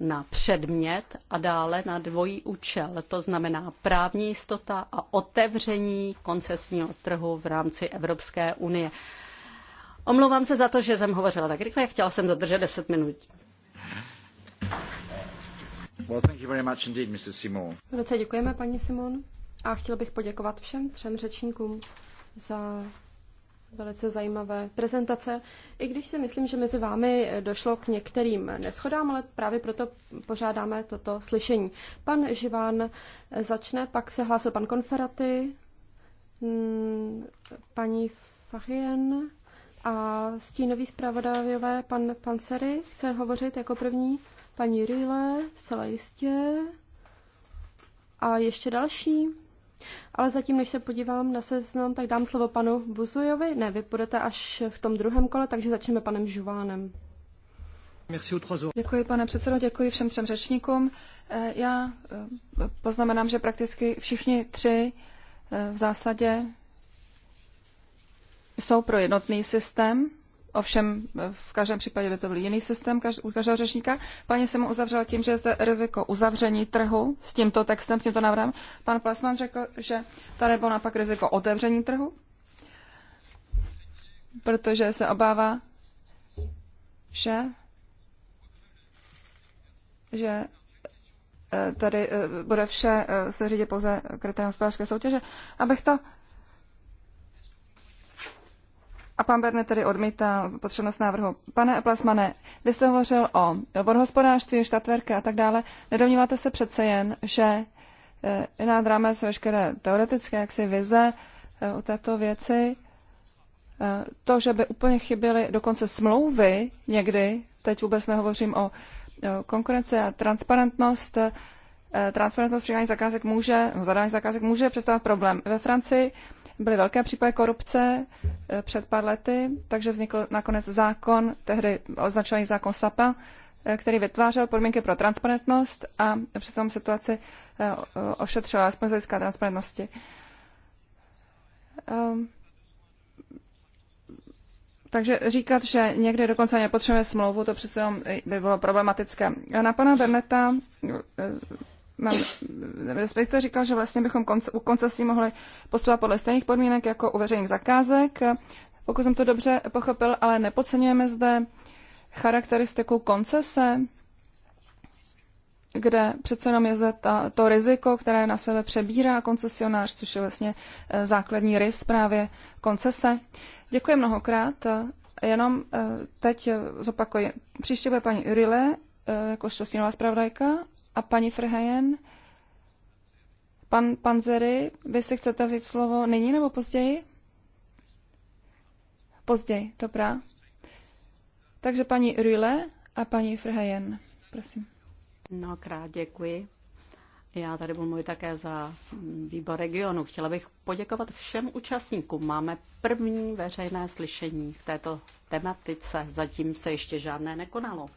na předmět a dále na dvojí účel, to znamená právní jistota a otevření koncesního trhu v rámci Evropské unie. Omlouvám se za to, že jsem hovořila tak rychle, chtěla jsem dodržet 10 minut. Well, thank you very much indeed, Mrs. Simon. Velice děkujeme, paní Simon, a chtěl bych poděkovat všem třem řečníkům za velice zajímavé prezentace. I když si myslím, že mezi vámi došlo k některým neschodám, ale právě proto pořádáme toto slyšení. Pan Živán začne, pak se hlásil pan Konferaty, mm, paní Fachien a stínový zpravodajové pan Pansery chce hovořit jako první, paní Rýle, zcela jistě. A ještě další. Ale zatím, než se podívám na seznam, tak dám slovo panu Buzujovi. Ne, vy půjdete až v tom druhém kole, takže začneme panem Žuvánem. Děkuji, pane předsedo, děkuji všem třem řečníkům. Eh, já eh, poznamenám, že prakticky všichni tři eh, v zásadě jsou pro jednotný systém, Ovšem v každém případě by to byl jiný systém u každého řečníka. Paní se mu uzavřela tím, že je zde riziko uzavření trhu s tímto textem, s tímto návrhem. Pan Plasman řekl, že tady bylo napak riziko otevření trhu, protože se obává, že, že eh, tady eh, bude vše eh, se řídit pouze kriterium hospodářské soutěže. Abych to a pan Berne tedy odmítá potřebnost návrhu. Pane Plasmane, vy jste hovořil o vodhospodářství, štatverky a tak dále. Nedomníváte se přece jen, že i eh, nad rámec veškeré teoretické jaksi vize eh, o této věci, eh, to, že by úplně chyběly dokonce smlouvy někdy, teď vůbec nehovořím o konkurence a transparentnost, transparentnost přidání zakázek může, zadání zakázek může představovat problém. Ve Francii byly velké případy korupce eh, před pár lety, takže vznikl nakonec zákon, tehdy označený zákon SAPA, eh, který vytvářel podmínky pro transparentnost a při tom situaci eh, ošetřil aspoň z hlediska transparentnosti. Ehm, takže říkat, že někdy dokonce nepotřebuje smlouvu, to přece by bylo problematické. Na pana Berneta mám, respektive říkal, že vlastně bychom konce, u koncesí mohli postupovat podle stejných podmínek jako u veřejných zakázek, pokud jsem to dobře pochopil, ale nepodceňujeme zde charakteristiku koncese, kde přece jenom je zde ta, to riziko, které na sebe přebírá koncesionář, což je vlastně eh, základní rys právě koncese. Děkuji mnohokrát. Jenom eh, teď eh, zopakuji. Příště bude paní Urile, jako stínová zpravodajka a paní Frhejen. Pan Panzery, vy si chcete vzít slovo nyní nebo později? Později, dobrá. Takže paní Rüle a paní Frhejen, prosím. No, krát děkuji. Já tady budu mluvit také za výbor regionu. Chtěla bych poděkovat všem účastníkům. Máme první veřejné slyšení v této tematice. Zatím se ještě žádné nekonalo.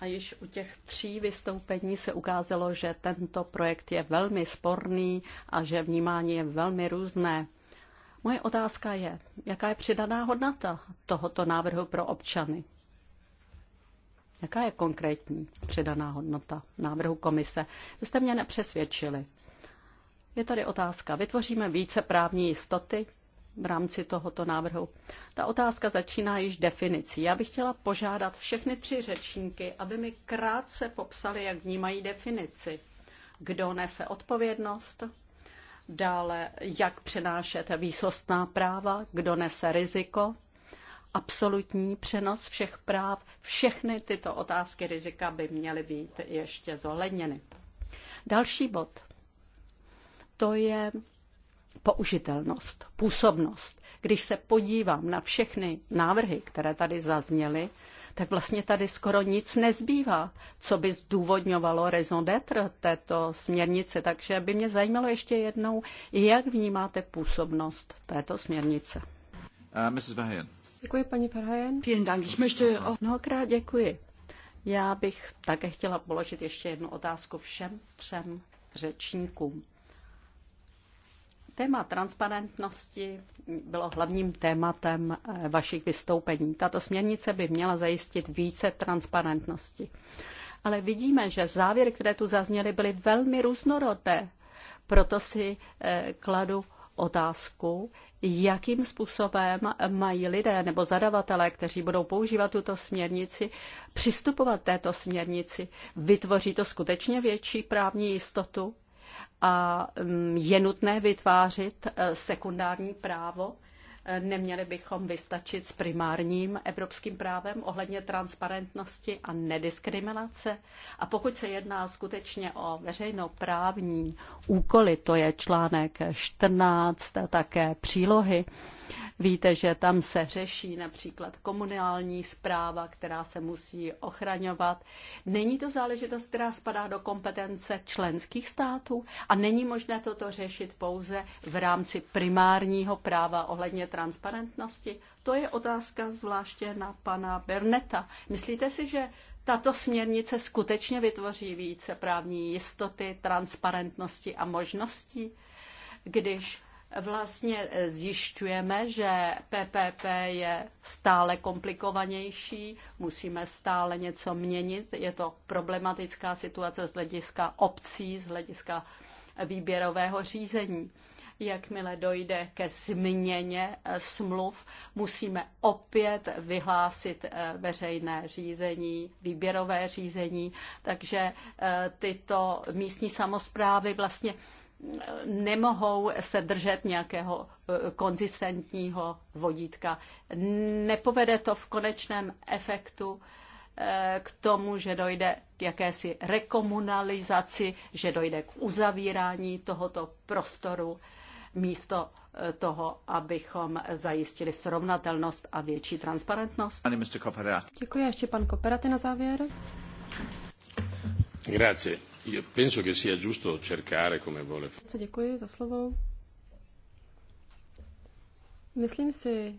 A již u těch tří vystoupení se ukázalo, že tento projekt je velmi sporný a že vnímání je velmi různé. Moje otázka je, jaká je přidaná hodnota tohoto návrhu pro občany? Jaká je konkrétní přidaná hodnota návrhu komise? Vy jste mě nepřesvědčili. Je tady otázka, vytvoříme více právní jistoty? v rámci tohoto návrhu. Ta otázka začíná již definicí. Já bych chtěla požádat všechny tři řečníky, aby mi krátce popsali, jak vnímají definici. Kdo nese odpovědnost, dále jak přenášet výsostná práva, kdo nese riziko, absolutní přenos všech práv. Všechny tyto otázky rizika by měly být ještě zohledněny. Další bod. To je použitelnost, působnost. Když se podívám na všechny návrhy, které tady zazněly, tak vlastně tady skoro nic nezbývá, co by zdůvodňovalo raison d'être této směrnice. Takže by mě zajímalo ještě jednou, jak vnímáte působnost této směrnice. Uh, Mrs. Děkuji, paní Verheyen. Vielen Dank. Ich möchte Mnohokrát děkuji. Já bych také chtěla položit ještě jednu otázku všem třem řečníkům. Téma transparentnosti bylo hlavním tématem eh, vašich vystoupení. Tato směrnice by měla zajistit více transparentnosti. Ale vidíme, že závěry, které tu zazněly, byly velmi různorodé. Proto si eh, kladu otázku, jakým způsobem mají lidé nebo zadavatelé, kteří budou používat tuto směrnici, přistupovat této směrnici. Vytvoří to skutečně větší právní jistotu? a mm, je nutné vytvářet eh, sekundární právo, Neměli bychom vystačit s primárním evropským právem ohledně transparentnosti a nediskriminace. A pokud se jedná skutečně o veřejnoprávní úkoly, to je článek 14, také přílohy, Víte, že tam se řeší například komunální zpráva, která se musí ochraňovat. Není to záležitost, která spadá do kompetence členských států a není možné toto řešit pouze v rámci primárního práva ohledně transparentnosti, to je otázka zvláště na pana Berneta. Myslíte si, že tato směrnice skutečně vytvoří více právní jistoty, transparentnosti a možností, když vlastně zjišťujeme, že PPP je stále komplikovanější, musíme stále něco měnit, je to problematická situace z hlediska obcí, z hlediska výběrového řízení. Jakmile dojde ke změně eh, smluv, musíme opět vyhlásit eh, veřejné řízení, výběrové řízení, takže eh, tyto místní samozprávy vlastně nemohou se držet nějakého konzistentního vodítka. Nepovede to v konečném efektu k tomu, že dojde k jakési rekomunalizaci, že dojde k uzavírání tohoto prostoru místo eh, toho, abychom zajistili srovnatelnost a větší transparentnost. Děkuji. ještě pan Koperaty na závěr. Grazie. Io penso che sia giusto cercare come vuole. Děkuji za slovo. Myslím si,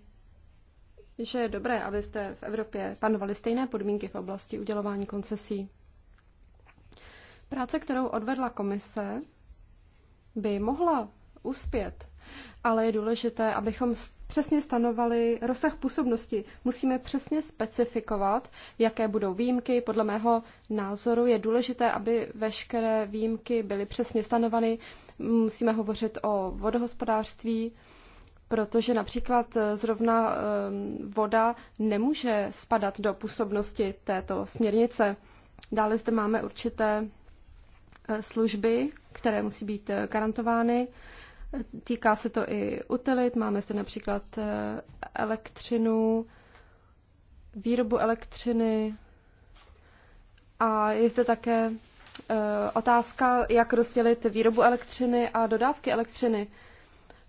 že je dobré, abyste v Evropě panovali stejné podmínky v oblasti udělování koncesí. Práce, kterou odvedla komise, by mohla uspět, ale je důležité, abychom přesně stanovali rozsah působnosti. Musíme přesně specifikovat, jaké budou výjimky. Podle mého názoru je důležité, aby veškeré výjimky byly přesně stanoveny. Musíme hovořit o vodohospodářství, protože například eh, zrovna ehm, voda nemůže spadat do působnosti této směrnice. Dále zde máme určité eh, služby, které musí být eh, garantovány. Týká se to i utilit, máme se například eh, elektřinu, výrobu elektřiny a je zde také eh, otázka, jak rozdělit výrobu elektřiny a dodávky elektřiny,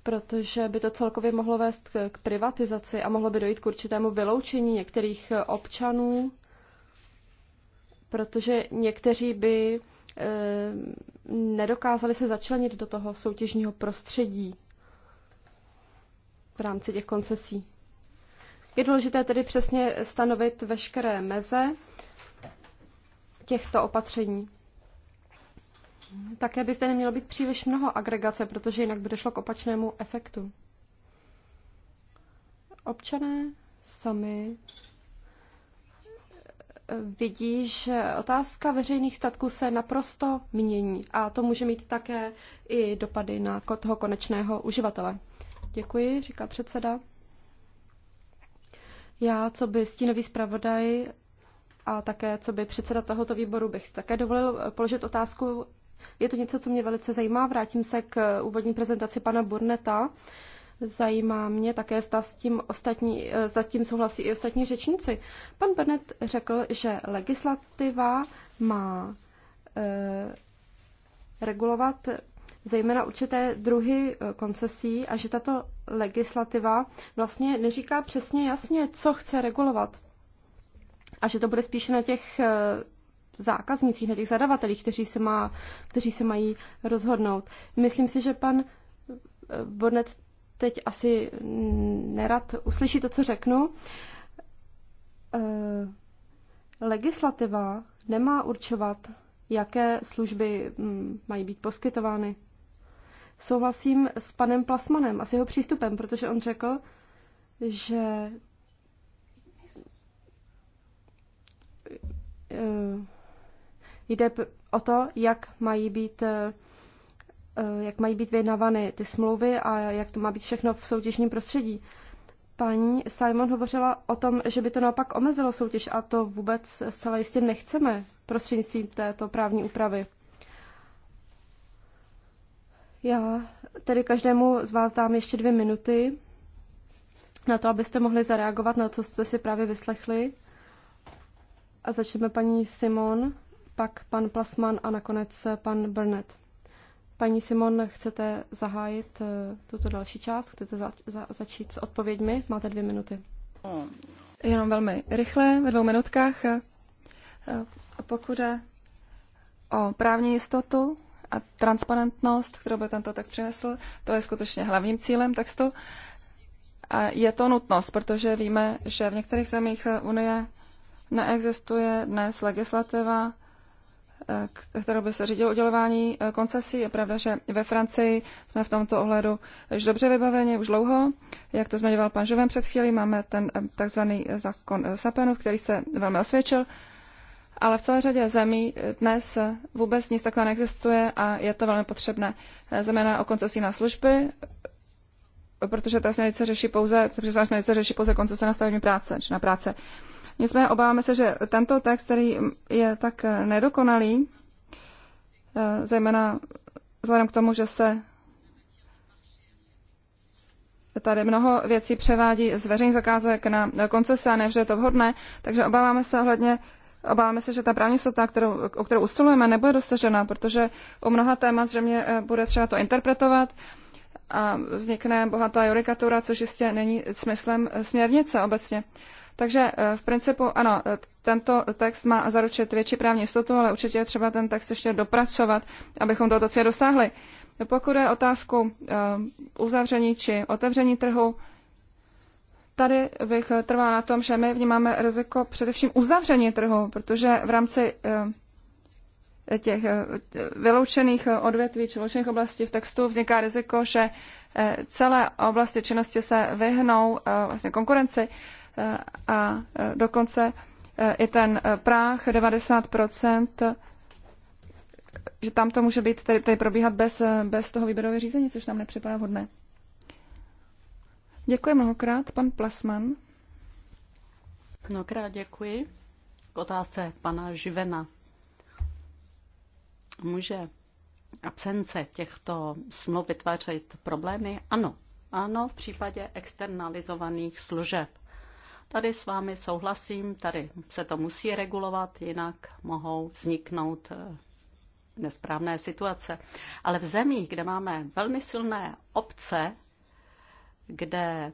protože by to celkově mohlo vést k privatizaci a mohlo by dojít k určitému vyloučení některých eh, občanů, protože někteří by Eh, nedokázali se začlenit do toho soutěžního prostředí v rámci těch koncesí. Je důležité tedy přesně stanovit veškeré meze těchto opatření. Také by zde nemělo být příliš mnoho agregace, protože jinak by došlo k opačnému efektu. Občané sami vidí, že otázka veřejných statků se naprosto mění a to může mít také i dopady na toho konečného uživatele. Děkuji, říká předseda. Já, co by stínový zpravodaj a také co by předseda tohoto výboru, bych také dovolil položit otázku. Je to něco, co mě velice zajímá. Vrátím se k úvodní prezentaci pana Burneta. Zajímá mě také, zda s tím, ostatní, eh, zda tím souhlasí i ostatní řečníci. Pan Bennett řekl, že legislativa má e, regulovat zejména určité druhy eh, koncesí a že tato legislativa vlastně neříká přesně jasně, co chce regulovat. A že to bude spíše na těch zákaznicích, na těch zadavatelích, kteří se, má, kteří se mají rozhodnout. Myslím si, že pan Bonnet teď asi nerad uslyší to, co řeknu. Eh, legislativa nemá určovat, jaké služby mm, mají být poskytovány. Souhlasím s panem Plasmanem a s jeho přístupem, protože on řekl, že eh, jde o to, jak mají být eh, Eh, jak mají být vyjednávány ty smlouvy a jak to má být všechno v soutěžním prostředí. Paní Simon hovořila o tom, že by to naopak omezilo soutěž a to vůbec zcela jistě nechceme prostřednictvím této právní úpravy. Já tedy každému z vás dám ještě dvě minuty na to, abyste mohli zareagovat na to, co jste si právě vyslechli. A začneme paní Simon, pak pan Plasman a nakonec pan Burnett. Paní Simon, chcete zahájit eh, tuto další část? Chcete za, za, začít s odpověďmi? Máte dvě minuty. Jenom velmi rychle, ve dvou minutkách. Eh, pokud je o právní jistotu a transparentnost, kterou by tento text přinesl, to je skutečně hlavním cílem textu. A je to nutnost, protože víme, že v některých zemích Unie neexistuje dnes legislativa, Eh, kterou by se řídilo udělování eh, koncesí. Je pravda, že ve Francii jsme v tomto ohledu už dobře vybaveni, už dlouho. Jak to zmiňoval pan Žovem před chvílí, máme ten eh, takzvaný zákon Sapenu, který se velmi osvědčil. Ale v celé řadě zemí dnes vůbec nic takového neexistuje a je to velmi potřebné. Zeměna o koncesí na služby, protože ta směrnice řeší pouze, protože ta směrnice řeší pouze koncese na stavební práce, či na práce. Nicméně obáváme se, že tento text, který je tak nedokonalý, eh, zejména vzhledem k tomu, že se tady mnoho věcí převádí z veřejných zakázek na koncese a nevždy je to vhodné, takže obáváme se ohledně Obáváme se, že ta právní jistota, kterou, o kterou usilujeme, nebude dosažena, protože u mnoha témat zřejmě eh, bude třeba to interpretovat a vznikne bohatá judikatura, což jistě není smyslem eh, směrnice obecně. Takže eh, v principu ano, eh, tento text má zaručit větší právní jistotu, ale určitě je třeba ten text ještě dopracovat, abychom tohoto cíle dosáhli. Pokud je otázku eh, uzavření či otevření trhu, tady bych trvala na tom, že my vnímáme riziko především uzavření trhu, protože v rámci těch vyloučených odvětví či vyloučených oblastí v textu vzniká riziko, že celé oblasti činnosti se vyhnou vlastně konkurenci a dokonce e, i ten e, práh 90%, že tam to může být tady, tady probíhat bez, e, bez toho výběrového řízení, což nám nepřipadá vhodné. Děkuji mnohokrát, pan Plasman. Mnohokrát děkuji. K otázce pana Živena. Může absence těchto smluv vytvářet problémy? Ano. Ano, v případě externalizovaných služeb. Tady s vámi souhlasím, tady se to musí regulovat, jinak mohou vzniknout eh, nesprávné situace. Ale v zemích, kde máme velmi silné obce, kde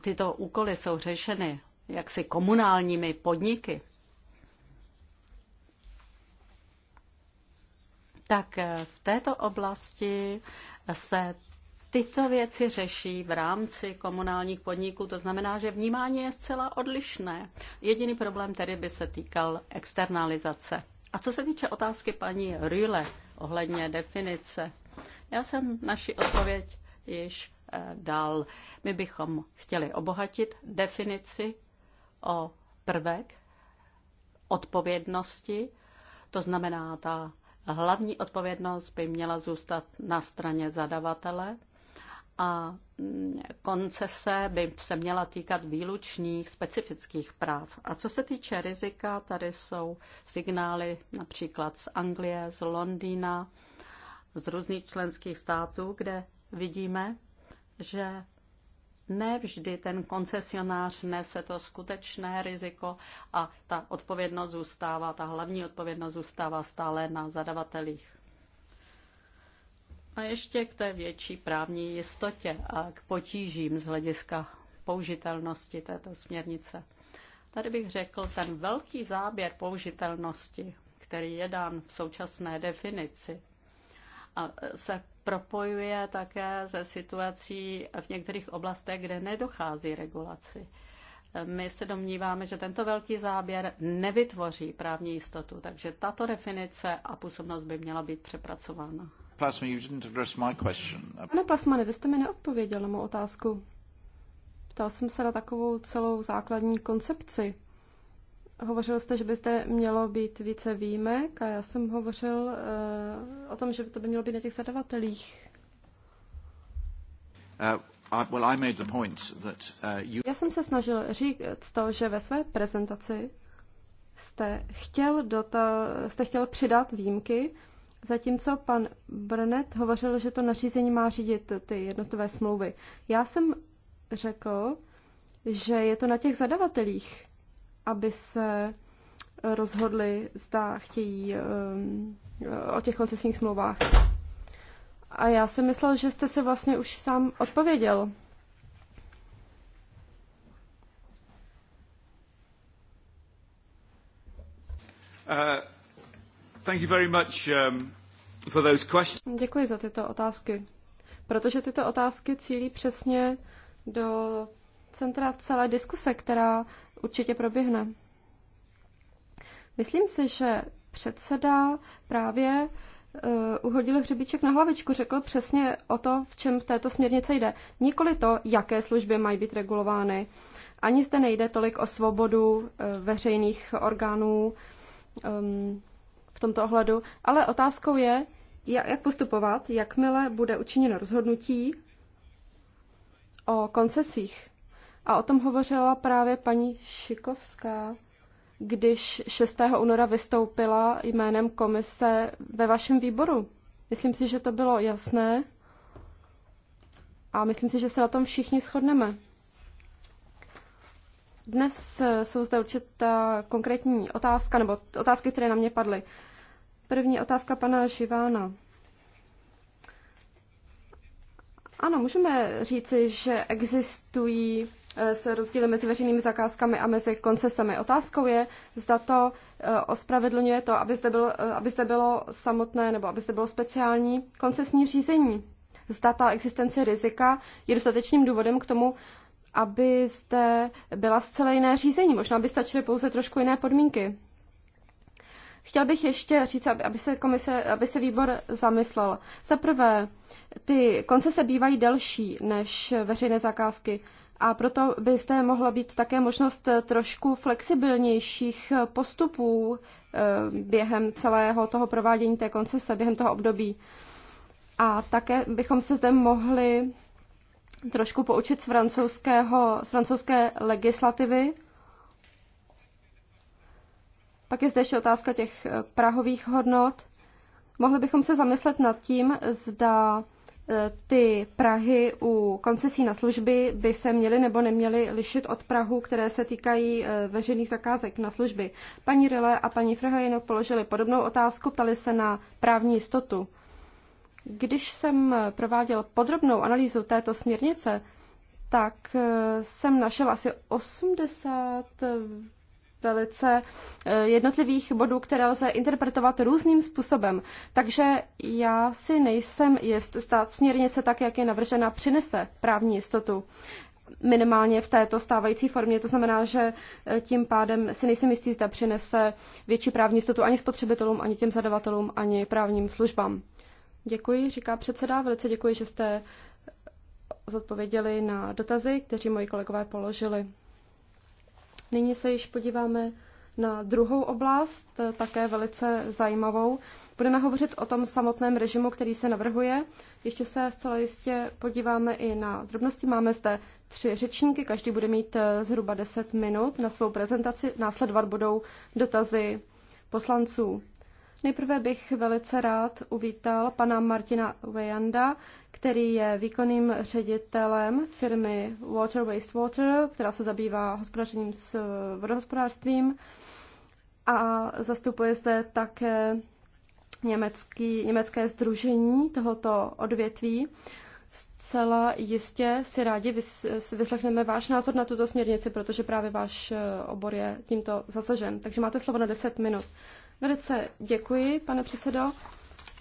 tyto úkoly jsou řešeny jaksi komunálními podniky, tak eh, v této oblasti se tyto věci řeší v rámci komunálních podniků, to znamená, že vnímání je zcela odlišné. Jediný problém tedy by se týkal externalizace. A co se týče otázky paní Rüle ohledně definice, já jsem naši odpověď již eh, dal. My bychom chtěli obohatit definici o prvek odpovědnosti, to znamená ta hlavní odpovědnost by měla zůstat na straně zadavatele a mm, koncese by se měla týkat výlučných specifických práv. A co se týče rizika, tady jsou signály například z Anglie, z Londýna, z různých členských států, kde vidíme, že nevždy ten koncesionář nese to skutečné riziko a ta odpovědnost zůstává, ta hlavní odpovědnost zůstává stále na zadavatelích. A ještě k té větší právní jistotě a k potížím z hlediska použitelnosti této směrnice. Tady bych řekl, ten velký záběr použitelnosti, který je dán v současné definici, a se propojuje také se situací v některých oblastech, kde nedochází regulaci. My se domníváme, že tento velký záběr nevytvoří právní jistotu, takže tato definice a působnost by měla být přepracována. Plasman, you didn't address my question. Pane Plasmane, vy jste mi neodpověděl na mou otázku. Ptal jsem se na takovou celou základní koncepci. Hovořil jste, že byste mělo být více výjimek a já jsem hovořil uh, o tom, že to by mělo být na těch zadavatelích. Uh, I, well, I made the point that, uh, you... Já jsem se snažil říct to, že ve své prezentaci jste chtěl, dota, jste chtěl přidat výjimky, Zatímco pan Brnet hovořil, že to nařízení má řídit ty jednotové smlouvy. Já jsem řekl, že je to na těch zadavatelích, aby se rozhodli, zda chtějí um, o těch koncesních smlouvách. A já jsem myslel, že jste se vlastně už sám odpověděl. Uh, thank you very much, um for those questions. Děkuji za tyto otázky, protože tyto otázky cílí přesně do centra celé diskuse, která určitě proběhne. Myslím si, že předseda právě uh, uhodil hřebíček na hlavičku, řekl přesně o to, v čem v této směrnice jde. Nikoli to, jaké služby mají být regulovány. Ani zde nejde tolik o svobodu uh, veřejných orgánů um, v tomto ohledu, ale otázkou je, jak postupovat, jakmile bude učiněno rozhodnutí o koncesích. A o tom hovořila právě paní Šikovská, když 6. února vystoupila jménem komise ve vašem výboru. Myslím si, že to bylo jasné a myslím si, že se na tom všichni shodneme. Dnes eh, jsou zde určitá konkrétní otázka, nebo otázky, které na mě padly. První otázka pana Živána. Ano, můžeme říci, že existují e, se rozdíly mezi veřejnými zakázkami a mezi koncesemi. Otázkou je, zda to e, ospravedlňuje to, aby zde, byl, e, aby zde bylo samotné nebo aby zde bylo speciální koncesní řízení. Zda ta existence rizika je dostatečným důvodem k tomu, aby zde byla zcela jiné řízení. Možná by stačily pouze trošku jiné podmínky. Chtěl bych ještě říct, aby, se komise, aby se výbor zamyslel. Za prvé, ty koncese bývají delší než veřejné zakázky a proto by zde mohla být také možnost trošku flexibilnějších postupů eh, během celého toho provádění té koncese, během toho období. A také bychom se zde mohli trošku poučit z, francouzského, z francouzské legislativy, pak je zde ještě otázka těch eh, prahových hodnot. Mohli bychom se zamyslet nad tím, zda eh, ty Prahy u koncesí na služby by se měly nebo neměly lišit od Prahu, které se týkají eh, veřejných zakázek na služby. Paní Rile a paní Frhajino položili podobnou otázku, ptali se na právní jistotu. Když jsem prováděl podrobnou analýzu této směrnice, tak jsem našel asi 80 velice eh, jednotlivých bodů, které lze interpretovat různým způsobem. Takže já si nejsem jist, stát směrnice tak, jak je navržena, přinese právní jistotu minimálně v této stávající formě. To znamená, že eh, tím pádem si nejsem jistý, zda přinese větší právní jistotu ani spotřebitelům, ani těm zadavatelům, ani právním službám. Děkuji, říká předseda. Velice děkuji, že jste eh, zodpověděli na dotazy, kteří moji kolegové položili. Nyní se již podíváme na druhou oblast, eh, také velice zajímavou. Budeme hovořit o tom samotném režimu, který se navrhuje. Ještě se zcela jistě podíváme i na drobnosti. Máme zde tři řečníky, každý bude mít eh, zhruba 10 minut na svou prezentaci. Následovat budou dotazy poslanců. Nejprve bych velice rád uvítal pana Martina Vejanda, který je výkonným ředitelem firmy Water Waste Water, která se zabývá hospodařením s vodohospodářstvím a zastupuje zde také německý, německé združení tohoto odvětví. Zcela jistě si rádi vyslechneme váš názor na tuto směrnici, protože právě váš eh, obor je tímto zasažen. Takže máte slovo na 10 minut. Velice děkuji, pane předsedo.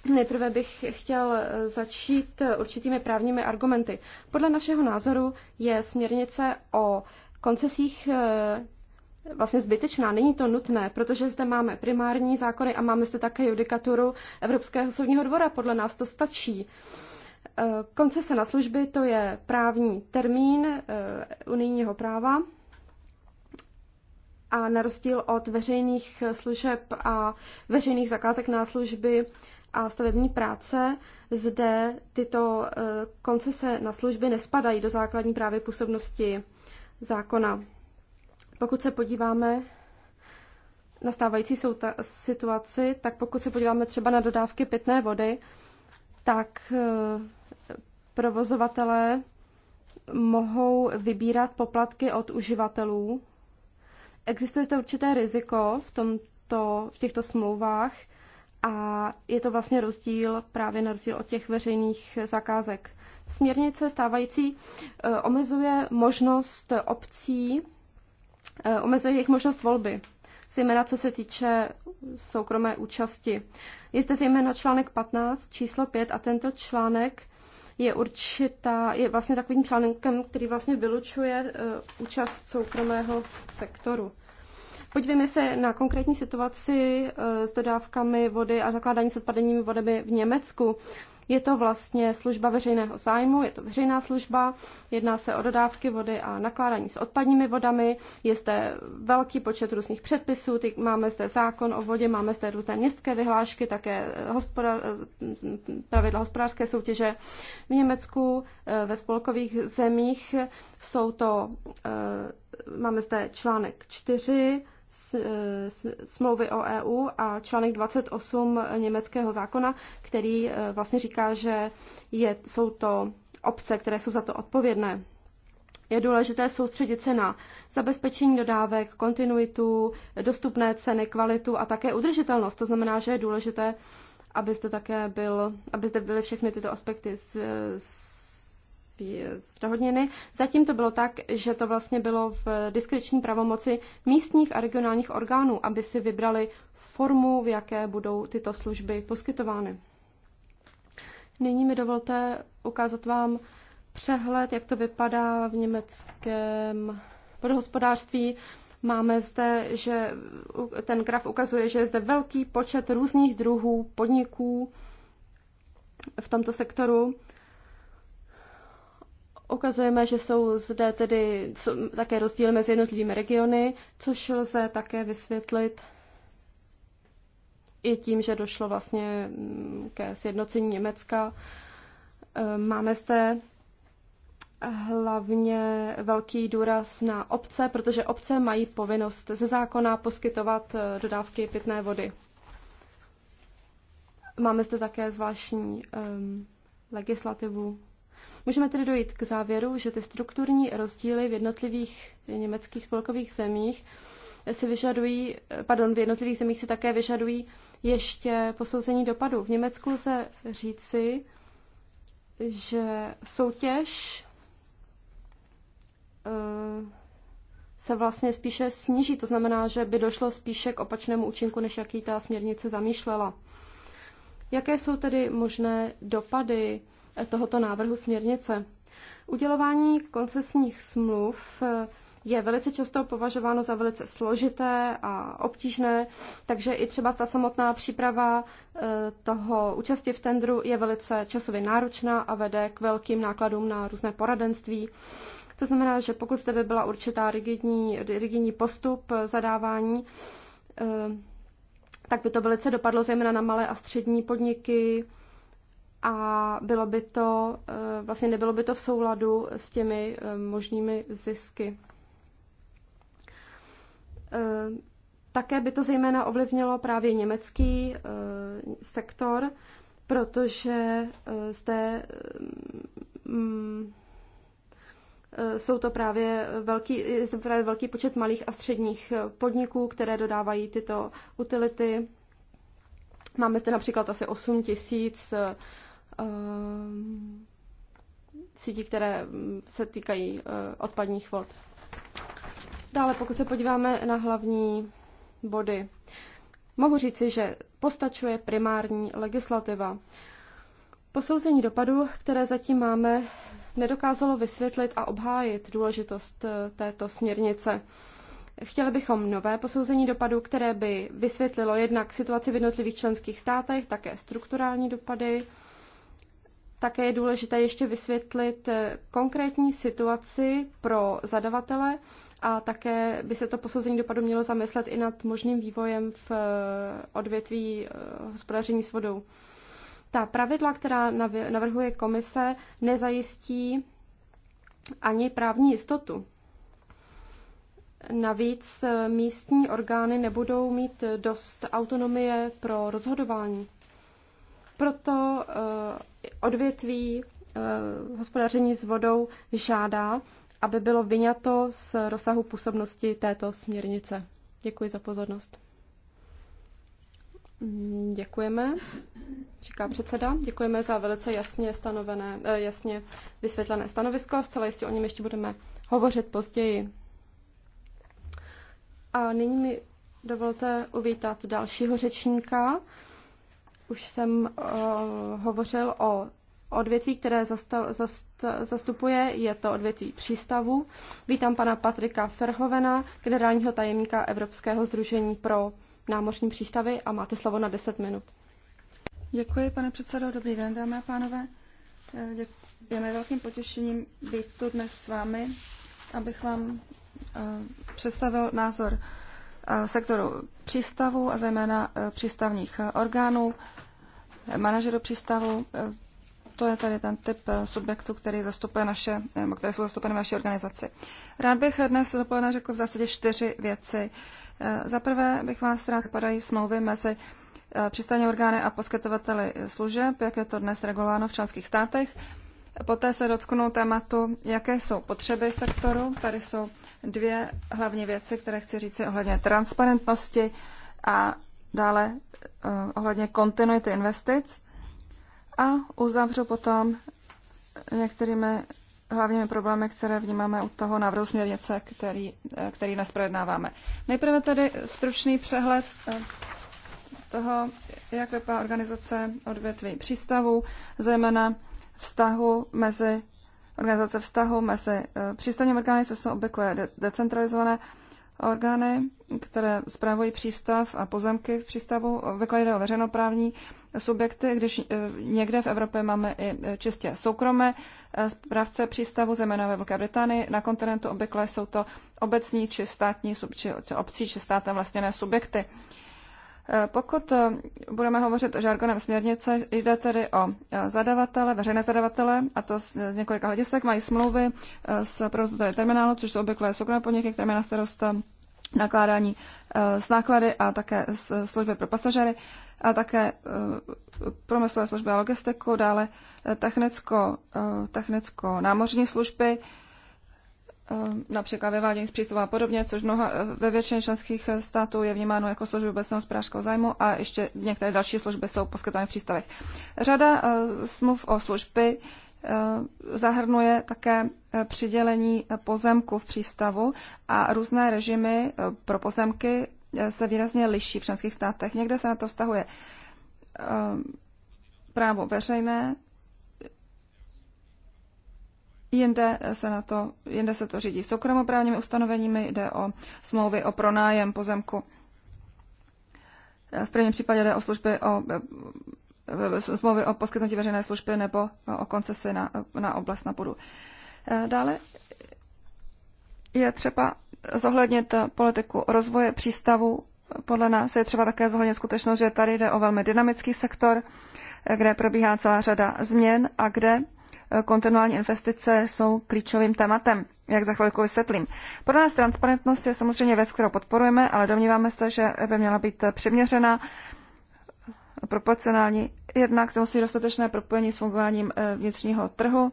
Nejprve bych chtěl eh, začít eh, určitými právními argumenty. Podle našeho názoru je směrnice o koncesích eh, vlastně zbytečná. Není to nutné, protože zde máme primární zákony a máme zde také judikaturu Evropského soudního dvora. Podle nás to stačí. Koncese na služby to je právní termín unijního práva a na rozdíl od veřejných služeb a veřejných zakázek na služby a stavební práce, zde tyto eh, koncese na služby nespadají do základní právě působnosti zákona. Pokud se podíváme na stávající situaci, tak pokud se podíváme třeba na dodávky pitné vody, tak eh, provozovatelé mohou vybírat poplatky od uživatelů Existuje zde určité riziko v, tomto, v těchto smlouvách a je to vlastně rozdíl právě na rozdíl od těch veřejných zakázek. Směrnice stávající eh, omezuje možnost obcí, eh, omezuje jejich možnost volby zejména co se týče soukromé účasti. Je zde zejména článek 15, číslo 5 a tento článek je určitá, je vlastně takovým článkem, který vlastně vylučuje eh, účast soukromého sektoru. Podívejme se na konkrétní situaci eh, s dodávkami vody a nakládání s odpadeními vodami v Německu. Je to vlastně služba veřejného zájmu, je to veřejná služba, jedná se o dodávky vody a nakládání s odpadními vodami, je zde velký počet různých předpisů, máme zde zákon o vodě, máme zde různé městské vyhlášky, také eh, hospoda, eh, pravidla hospodářské soutěže. V Německu ve spolkových zemích jsou to, máme zde článek 4, smlouvy o EU a článek 28 německého zákona, který eh, vlastně říká, že je, jsou to obce, které jsou za to odpovědné. Je důležité soustředit se na zabezpečení dodávek, kontinuitu, dostupné ceny, kvalitu a také udržitelnost. To znamená, že je důležité, aby zde také byl, aby zde byly všechny tyto aspekty z, z manželství eh, zdohodněny. Zatím to bylo tak, že to vlastně bylo v diskreční pravomoci místních a regionálních orgánů, aby si vybrali formu, v jaké budou tyto služby poskytovány. Nyní mi dovolte ukázat vám přehled, jak to vypadá v německém podhospodářství. Máme zde, že ten graf ukazuje, že je zde velký počet různých druhů podniků v tomto sektoru. Ukazujeme, že jsou zde tedy také rozdíly mezi jednotlivými regiony, což lze také vysvětlit i tím, že došlo vlastně mm, ke sjednocení Německa. E, máme zde hlavně velký důraz na obce, protože obce mají povinnost ze zákona poskytovat e, dodávky pitné vody. Máme zde také zvláštní um, legislativu Můžeme tedy dojít k závěru, že ty strukturní rozdíly v jednotlivých německých spolkových zemích si vyžadují, pardon, v jednotlivých zemích si také vyžadují ještě posouzení dopadu. V Německu se říci, že soutěž eh, se vlastně spíše sníží, to znamená, že by došlo spíše k opačnému účinku, než jaký ta směrnice zamýšlela. Jaké jsou tedy možné dopady tohoto návrhu směrnice. Udělování koncesních smluv je velice často považováno za velice složité a obtížné, takže i třeba ta samotná příprava eh, toho účasti v tendru je velice časově náročná a vede k velkým nákladům na různé poradenství. To znamená, že pokud zde by byla určitá rigidní, rigidní postup zadávání, eh, tak by to velice dopadlo zejména na malé a střední podniky, a bylo by to, eh, vlastně nebylo by to v souladu s těmi eh, možnými zisky. Eh, také by to zejména ovlivnilo právě německý sektor, protože zde mm, jsou to právě velký, to právě velký počet malých a středních podniků, které dodávají tyto utility. Máme zde například asi 8 tisíc Eh, sítí, které se týkají eh, odpadních vod. Dále, pokud se podíváme na hlavní body, mohu říci, že postačuje primární legislativa. Posouzení dopadu, které zatím máme, nedokázalo vysvětlit a obhájit důležitost eh, této směrnice. Chtěli bychom nové posouzení dopadu, které by vysvětlilo jednak situaci v jednotlivých členských státech, také strukturální dopady, také je důležité ještě vysvětlit eh, konkrétní situaci pro zadavatele a také by se to posouzení dopadu mělo zamyslet i nad možným vývojem v eh, odvětví eh, hospodaření s vodou. Ta pravidla, která navrhuje komise, nezajistí ani právní jistotu. Navíc místní orgány nebudou mít dost autonomie pro rozhodování. Proto odvětví eh, hospodaření s vodou žádá, aby bylo vyňato z rozsahu působnosti této směrnice. Děkuji za pozornost. Mm, děkujeme, říká předseda. Děkujeme za velice jasně stanovené, eh, jasně vysvětlené stanovisko. Zcela jistě o něm ještě budeme hovořit později. A nyní mi dovolte uvítat dalšího řečníka, už jsem uh, hovořil o odvětví, které zastav, zast, zastupuje, je to odvětví přístavu. Vítám pana Patrika Ferhovena, generálního tajemníka Evropského združení pro námořní přístavy a máte slovo na 10 minut. Děkuji, pane předsedo. Dobrý den, dámy a pánové. Eh, je mi velkým potěšením být tu dnes s vámi, abych vám eh, představil názor sektoru přístavu a zejména e, přístavních e, orgánů, manažerů přístavu. E, to je tady ten typ subjektu, který zastupuje naše, nebo které jsou zastupeny v naší organizaci. Rád bych dnes dopoledne řekl v zásadě čtyři věci. Za prvé bych vás rád podají smlouvy mezi přístavní orgány a poskytovateli služeb, jak je to dnes regulováno v členských státech. Poté se dotknu tématu, jaké jsou potřeby sektoru. Tady jsou dvě hlavní věci, které chci říct ohledně transparentnosti a dále eh, ohledně kontinuity investic. A uzavřu potom některými hlavními problémy, které vnímáme u toho návrhu směrnice, který, eh, který dnes projednáváme. Nejprve tedy stručný přehled eh, toho, jak vypadá organizace odvětví přístavů, zejména vztahu mezi organizace vztahu mezi eh, přístavní orgány, co jsou obvykle de- decentralizované orgány, které zpravují přístav a pozemky v přístavu. Obvykle jde o veřejnoprávní subjekty, když eh, někde v Evropě máme i eh, čistě soukromé správce přístavu, zejména ve Velké Británii. Na kontinentu obvykle jsou to obecní či státní, či obcí či státem vlastněné subjekty. Pokud eh, budeme hovořit o žargonem směrnice, jde tedy o eh, zadavatele, veřejné zadavatele, a to z, z několika hledisek, mají smlouvy eh, s provozovateli terminálu, což jsou obvykle soukromé podniky, které mají na starost nakládání s náklady a také služby pro pasažery a také promyslové služby a logistiku, dále technicko, technicko námořní služby, Eh, například ve vádění a podobně, což mnoha, eh, ve většině členských eh, států je vnímáno jako služby obecného hospodářského zájmu a ještě některé další služby jsou poskytovány v přístavech. Řada smluv o služby zahrnuje také přidělení pozemku v přístavu a různé režimy pro pozemky se výrazně liší v členských státech. Někde se na to vztahuje právo veřejné, Jinde se, na to, jinde se to řídí soukromoprávními ustanoveními, jde o smlouvy o pronájem pozemku. V prvním případě jde o služby o smlouvy o poskytnutí veřejné služby nebo o koncesi na, na oblast na půdu. Dále je třeba zohlednit politiku rozvoje přístavu. Podle nás je třeba také zohlednit skutečnost, že tady jde o velmi dynamický sektor, kde probíhá celá řada změn a kde Eh, kontinuální investice jsou klíčovým tématem, jak za chvilku vysvětlím. Pro nás transparentnost je samozřejmě věc, kterou podporujeme, ale domníváme se, že by měla být přiměřená, proporcionální. Jednak se musí dostatečné propojení s fungováním eh, vnitřního trhu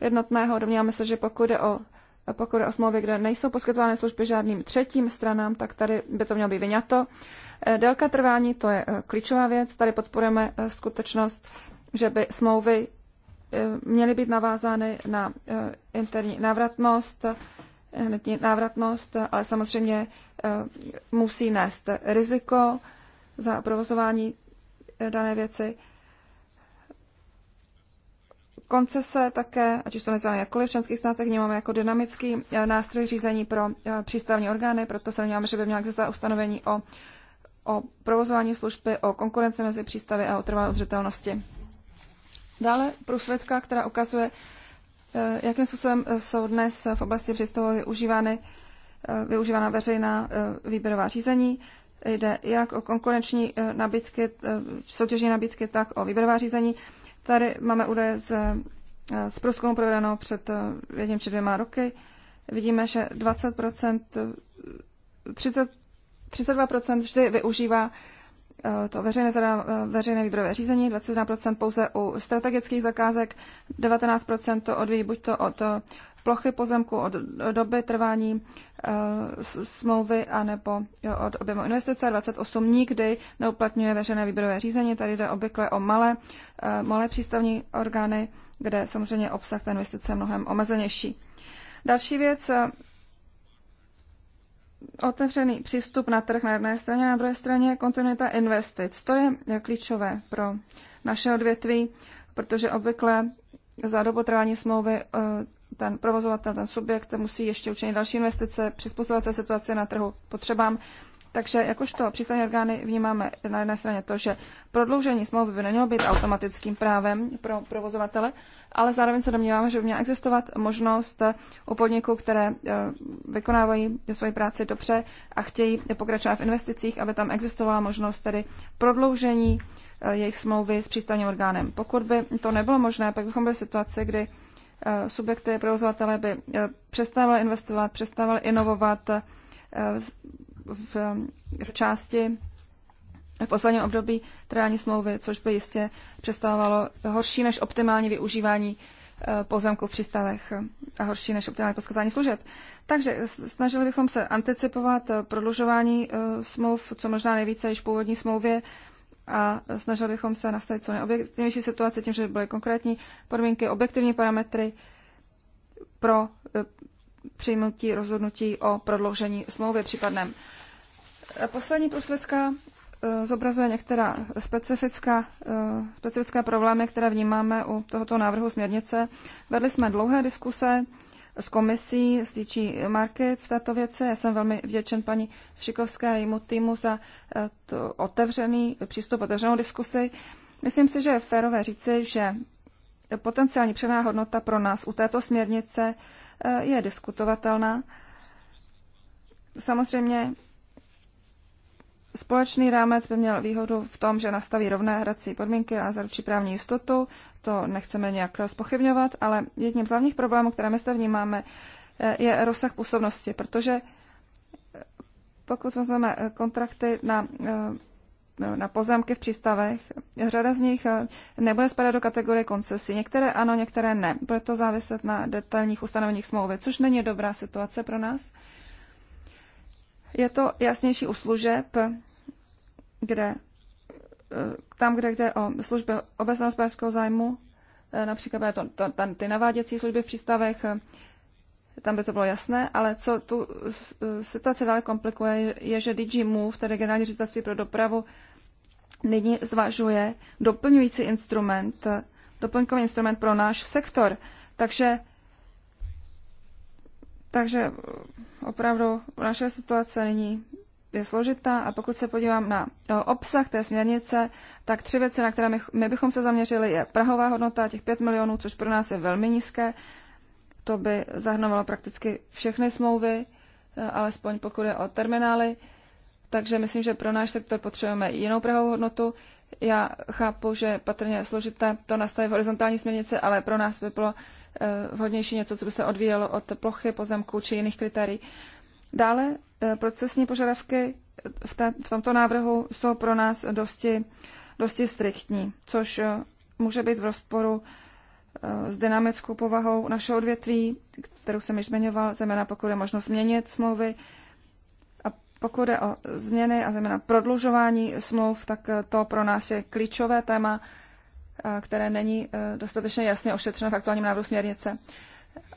jednotného. Domníváme se, že pokud je o pokud je o smlouvy, kde nejsou poskytovány služby žádným třetím stranám, tak tady by to mělo být vyňato. Eh, délka trvání, to je klíčová věc. Tady podporujeme skutečnost, že by smlouvy Eh, měly být navázány na eh, interní návratnost, návratnost, ale samozřejmě eh, musí nést riziko za provozování dané věci. Koncese také, ať už to nezváme jakkoliv v členských státech, vnímáme jako dynamický nástroj řízení pro přístavní orgány, proto se domníváme, že by měla existovat ustanovení o, o provozování služby, o konkurenci mezi přístavy a o trvalé udržitelnosti. Dále průsvědka, která ukazuje, eh, jakým způsobem eh, jsou dnes v oblasti přístavu využívány, eh, využívána veřejná výběrová řízení. Jde jak o konkurenční nabídky, soutěžní nabídky, tak o výběrová řízení. Tady máme údaje z, z průzkumu provedenou před jedním či dvěma roky. Vidíme, že 20 30, 32 vždy využívá Eh, to veřejné, zada eh, veřejné výběrové řízení, 21% pouze u strategických zakázek, 19% to odvíjí buď to od eh, plochy pozemku, od doby trvání smlouvy, anebo od objemu investice. 28 nikdy neuplatňuje veřejné výběrové řízení, tady jde obvykle o malé, malé přístavní orgány, kde samozřejmě obsah té investice je mnohem omezenější. Další věc, otevřený přístup na trh na jedné straně, na druhé straně kontinuita investic. To je klíčové pro naše odvětví, protože obvykle za dobu trvání smlouvy eh, ten provozovatel, ten subjekt musí ještě učinit další investice, přizpůsobovat se situaci na trhu potřebám takže jakožto přístavní orgány vnímáme na jedné straně to, že prodloužení smlouvy by nemělo být automatickým právem pro provozovatele, ale zároveň se domníváme, že by měla existovat možnost eh, u podniků, které eh, vykonávají svoji práci dobře a chtějí pokračovat v investicích, aby tam existovala možnost tedy prodloužení eh, jejich smlouvy s přístavním orgánem. Pokud by to nebylo možné, pak bychom byli v situaci, kdy subjekty provozovatele by přestávali investovat, přestávali inovovat, v části v posledním období trvání smlouvy, což by jistě představovalo horší než optimální využívání eh, pozemků v přístavech a horší než optimální poskytování služeb. Takže snažili bychom se anticipovat eh, prodlužování eh, smluv, co možná nejvíce již v původní smlouvě, a snažili bychom se nastavit co nejobjektivnější situace tím, že by byly konkrétní podmínky, objektivní parametry pro přijmutí rozhodnutí o prodloužení smlouvy případném. Poslední prosvědka eh, zobrazuje některá specifická, eh, specifická problémy, které vnímáme u tohoto návrhu směrnice. Vedli jsme dlouhé diskuse s komisí, s DG Market v této věci. Já jsem velmi vděčen paní Šikovské a jejímu týmu za eh, to otevřený přístup, otevřenou diskusi. Myslím si, že je férové říci, že potenciální přená hodnota pro nás u této směrnice Eh, je diskutovatelná. Samozřejmě Společný rámec by měl výhodu v tom, že nastaví rovné hrací podmínky a zaručí právní jistotu. To nechceme nějak spochybňovat, ale jedním z hlavních problémů, které my se vnímáme, eh, je rozsah působnosti, protože eh, pokud vezmeme kontrakty na na pozemky v přístavech. Řada z nich eh, nebude spadat do kategorie koncesí. Některé ano, některé ne. Bude to záviset na detailních ustanoveních smlouvy, což není dobrá situace pro nás. Je to jasnější u služeb, kde eh, tam, kde jde o služby obecného hospodářského zájmu, eh, například to, to, ty naváděcí služby v přístavech, tam by to bylo jasné, ale co tu eh, situaci dále komplikuje, je, že DG Move, tedy generální ředitelství pro dopravu, nyní zvažuje doplňující instrument, doplňkový instrument pro náš sektor. Takže, takže eh, opravdu naše situace nyní je složitá a pokud se podívám na eh, obsah té směrnice, tak tři věci, na které my, my bychom se zaměřili, je prahová hodnota těch 5 milionů, což pro nás je velmi nízké, to by zahrnovalo prakticky všechny smlouvy, eh, alespoň pokud je o terminály. Takže myslím, že pro náš sektor potřebujeme jinou prahovou hodnotu. Já chápu, že patrně je složité to nastavit v horizontální směrnici, ale pro nás by bylo eh, vhodnější něco, co by se odvíjelo od plochy, pozemku či jiných kritérií. Dále eh, procesní požadavky v, té, v tomto návrhu jsou pro nás dosti, dosti striktní, což může být v rozporu Eh, s dynamickou povahou našeho odvětví, kterou jsem již zmiňoval, zejména pokud je možnost změnit smlouvy. A pokud je o změny a zejména prodlužování smluv, tak eh, to pro nás je klíčové téma, eh, které není dostatečně jasně ošetřeno v aktuálním návrhu směrnice.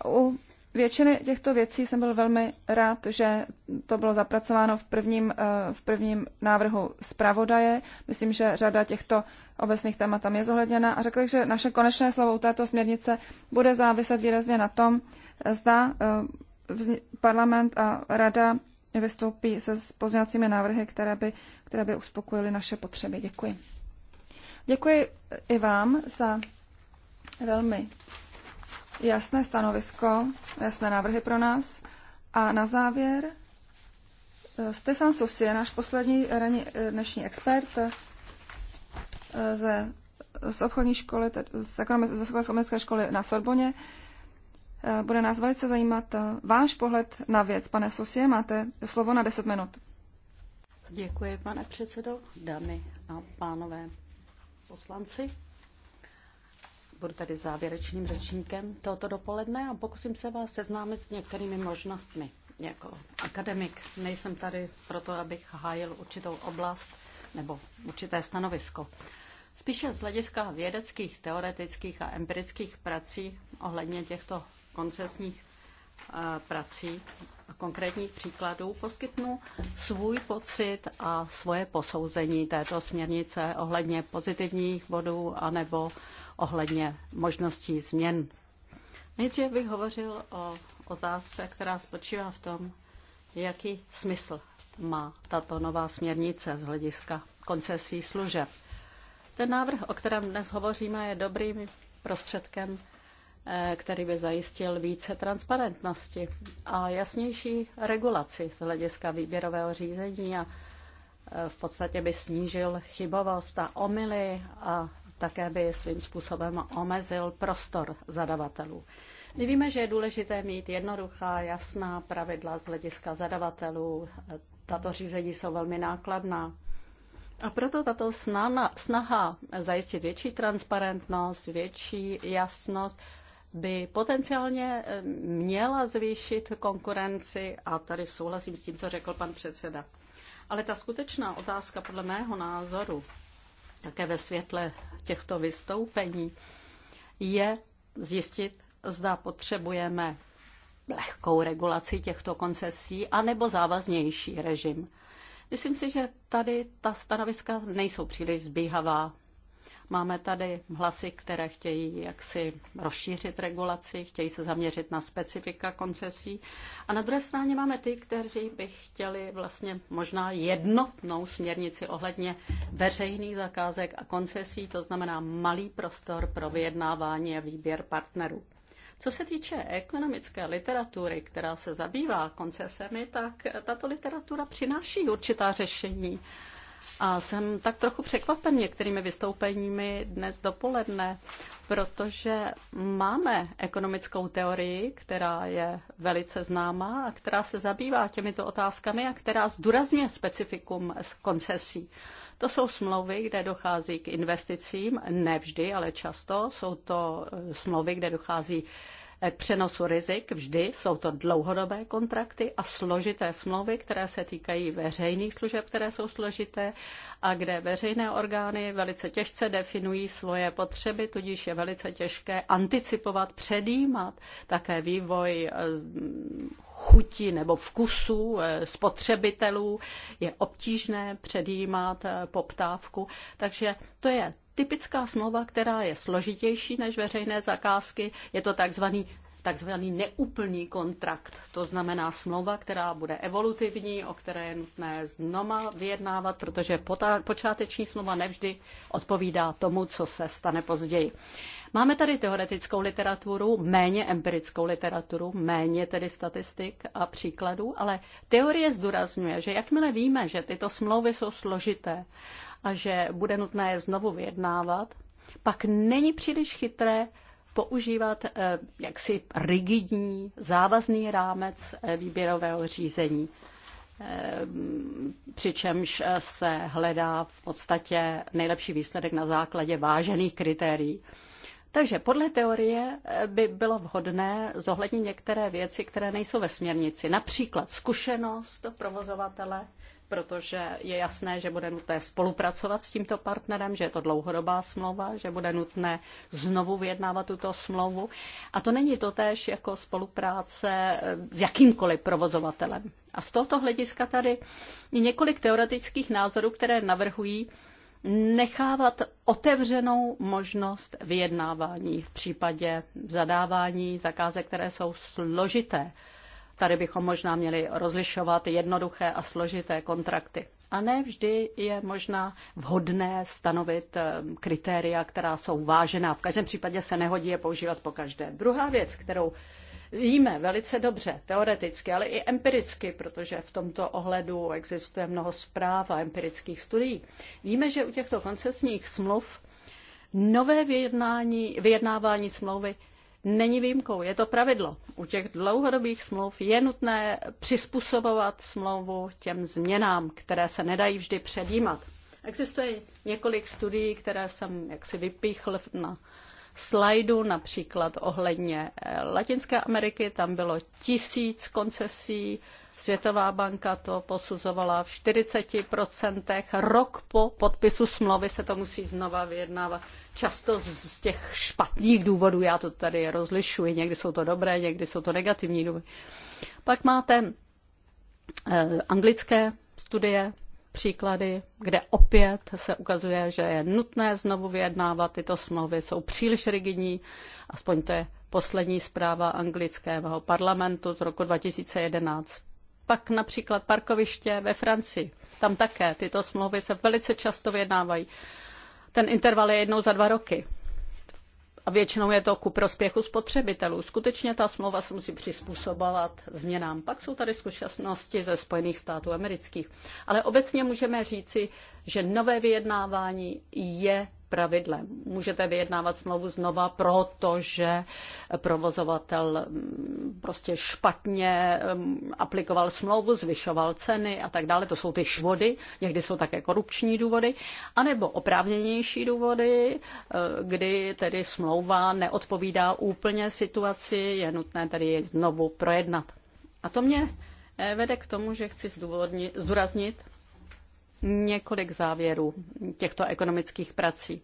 U většiny těchto věcí jsem byl velmi rád, že to bylo zapracováno v prvním, eh, v prvním návrhu zpravodaje. Myslím, že řada těchto obecných témat tam je zohledněna a řekl, že naše konečné slovo u této směrnice bude záviset výrazně na tom, zda eh, parlament a rada vystoupí se s pozměňovacími návrhy, které by, které by uspokojily naše potřeby. Děkuji. Děkuji i vám za velmi jasné stanovisko, jasné návrhy pro nás. A na závěr eh, Stefan Sus je náš poslední eh, dnešní expert eh, ze, z obchodní školy, z ekonomické školy na Sorboně. Bude nás velice zajímat váš pohled na věc. Pane Sosie, máte slovo na 10 minut. Děkuji, pane předsedo, dámy a pánové poslanci budu tady závěrečným řečníkem tohoto dopoledne a pokusím se vás seznámit s některými možnostmi. Jako akademik nejsem tady proto, abych hájil určitou oblast nebo určité stanovisko. Spíše z hlediska vědeckých, teoretických a empirických prací ohledně těchto koncesních eh, prací a konkrétních příkladů poskytnu svůj pocit a svoje posouzení této směrnice ohledně pozitivních bodů anebo ohledně možností změn. Nejdřív bych hovořil o otázce, která spočívá v tom, jaký smysl má tato nová směrnice z hlediska koncesí služeb. Ten návrh, o kterém dnes hovoříme, je dobrým prostředkem, eh, který by zajistil více transparentnosti a jasnější regulaci z hlediska výběrového řízení a eh, v podstatě by snížil chybovost a omily a také by svým způsobem omezil prostor zadavatelů. My víme, že je důležité mít jednoduchá, jasná pravidla z hlediska zadavatelů. Tato řízení jsou velmi nákladná. A proto tato snaha, snaha zajistit větší transparentnost, větší jasnost by potenciálně eh, měla zvýšit konkurenci a tady souhlasím s tím, co řekl pan předseda. Ale ta skutečná otázka podle mého názoru také ve světle těchto vystoupení, je zjistit, zda potřebujeme lehkou regulaci těchto koncesí anebo závaznější režim. Myslím si, že tady ta stanoviska nejsou příliš zbíhavá. Máme tady hlasy, které chtějí jaksi rozšířit regulaci, chtějí se zaměřit na specifika koncesí. A na druhé straně máme ty, kteří by chtěli vlastně možná jednotnou směrnici ohledně veřejných zakázek a koncesí, to znamená malý prostor pro vyjednávání a výběr partnerů. Co se týče ekonomické literatury, která se zabývá koncesemi, tak tato literatura přináší určitá řešení. A jsem tak trochu překvapen některými vystoupeními dnes dopoledne, protože máme ekonomickou teorii, která je velice známá a která se zabývá těmito otázkami a která zdůrazňuje specifikum koncesí. To jsou smlouvy, kde dochází k investicím, nevždy, ale často. Jsou to eh, smlouvy, kde dochází k přenosu rizik. Vždy jsou to dlouhodobé kontrakty a složité smlouvy, které se týkají veřejných služeb, které jsou složité a kde veřejné orgány velice těžce definují svoje potřeby, tudíž je velice těžké anticipovat, předjímat také vývoj eh, chuti nebo vkusu eh, spotřebitelů. Je obtížné předjímat eh, poptávku. Takže to je typická smlouva, která je složitější než veřejné zakázky. Je to takzvaný takzvaný neúplný kontrakt. To znamená smlouva, která bude evolutivní, o které je nutné znova vyjednávat, protože počáteční smlouva nevždy odpovídá tomu, co se stane později. Máme tady teoretickou literaturu, méně empirickou literaturu, méně tedy statistik a příkladů, ale teorie zdůrazňuje, že jakmile víme, že tyto smlouvy jsou složité a že bude nutné je znovu vyjednávat, pak není příliš chytré používat eh, jaksi rigidní, závazný rámec eh, výběrového řízení, eh, přičemž se hledá v podstatě nejlepší výsledek na základě vážených kritérií. Takže podle teorie by bylo vhodné zohlednit některé věci, které nejsou ve směrnici. Například zkušenost provozovatele, protože je jasné, že bude nutné spolupracovat s tímto partnerem, že je to dlouhodobá smlouva, že bude nutné znovu vyjednávat tuto smlouvu. A to není to jako spolupráce eh, s jakýmkoliv provozovatelem. A z tohoto hlediska tady je několik teoretických názorů, které navrhují nechávat otevřenou možnost vyjednávání v případě zadávání zakázek, které jsou složité Tady bychom možná měli rozlišovat jednoduché a složité kontrakty. A ne vždy je možná vhodné stanovit eh, kritéria, která jsou vážená. V každém případě se nehodí je používat po každé. Druhá věc, kterou víme velice dobře, teoreticky, ale i empiricky, protože v tomto ohledu existuje mnoho zpráv a empirických studií, víme, že u těchto koncesních smluv nové vyjednání, vyjednávání smlouvy není výjimkou, je to pravidlo. U těch dlouhodobých smluv je nutné přizpůsobovat smlouvu těm změnám, které se nedají vždy předjímat. Existuje několik studií, které jsem jaksi vypíchl na slajdu, například ohledně Latinské Ameriky, tam bylo tisíc koncesí, Světová banka to posuzovala v 40%. Rok po podpisu smlouvy se to musí znova vyjednávat. Často z těch špatných důvodů, já to tady rozlišuji, někdy jsou to dobré, někdy jsou to negativní důvody. Pak máte eh, anglické studie, příklady, kde opět se ukazuje, že je nutné znovu vyjednávat. Tyto smlouvy jsou příliš rigidní, aspoň to je poslední zpráva anglického parlamentu z roku 2011. Pak například parkoviště ve Francii. Tam také tyto smlouvy se velice často vyjednávají. Ten interval je jednou za dva roky. A většinou je to ku prospěchu spotřebitelů. Skutečně ta smlouva se musí přizpůsobovat změnám. Pak jsou tady zkušenosti ze Spojených států amerických. Ale obecně můžeme říci, že nové vyjednávání je pravidlem. Můžete vyjednávat smlouvu znova, protože provozovatel mm, prostě špatně mm, aplikoval smlouvu, zvyšoval ceny a tak dále. To jsou ty švody, někdy jsou také korupční důvody, anebo oprávněnější důvody, eh, kdy tedy smlouva neodpovídá úplně situaci, je nutné tedy ji znovu projednat. A to mě eh, vede k tomu, že chci zdůraznit, několik závěrů těchto ekonomických prací.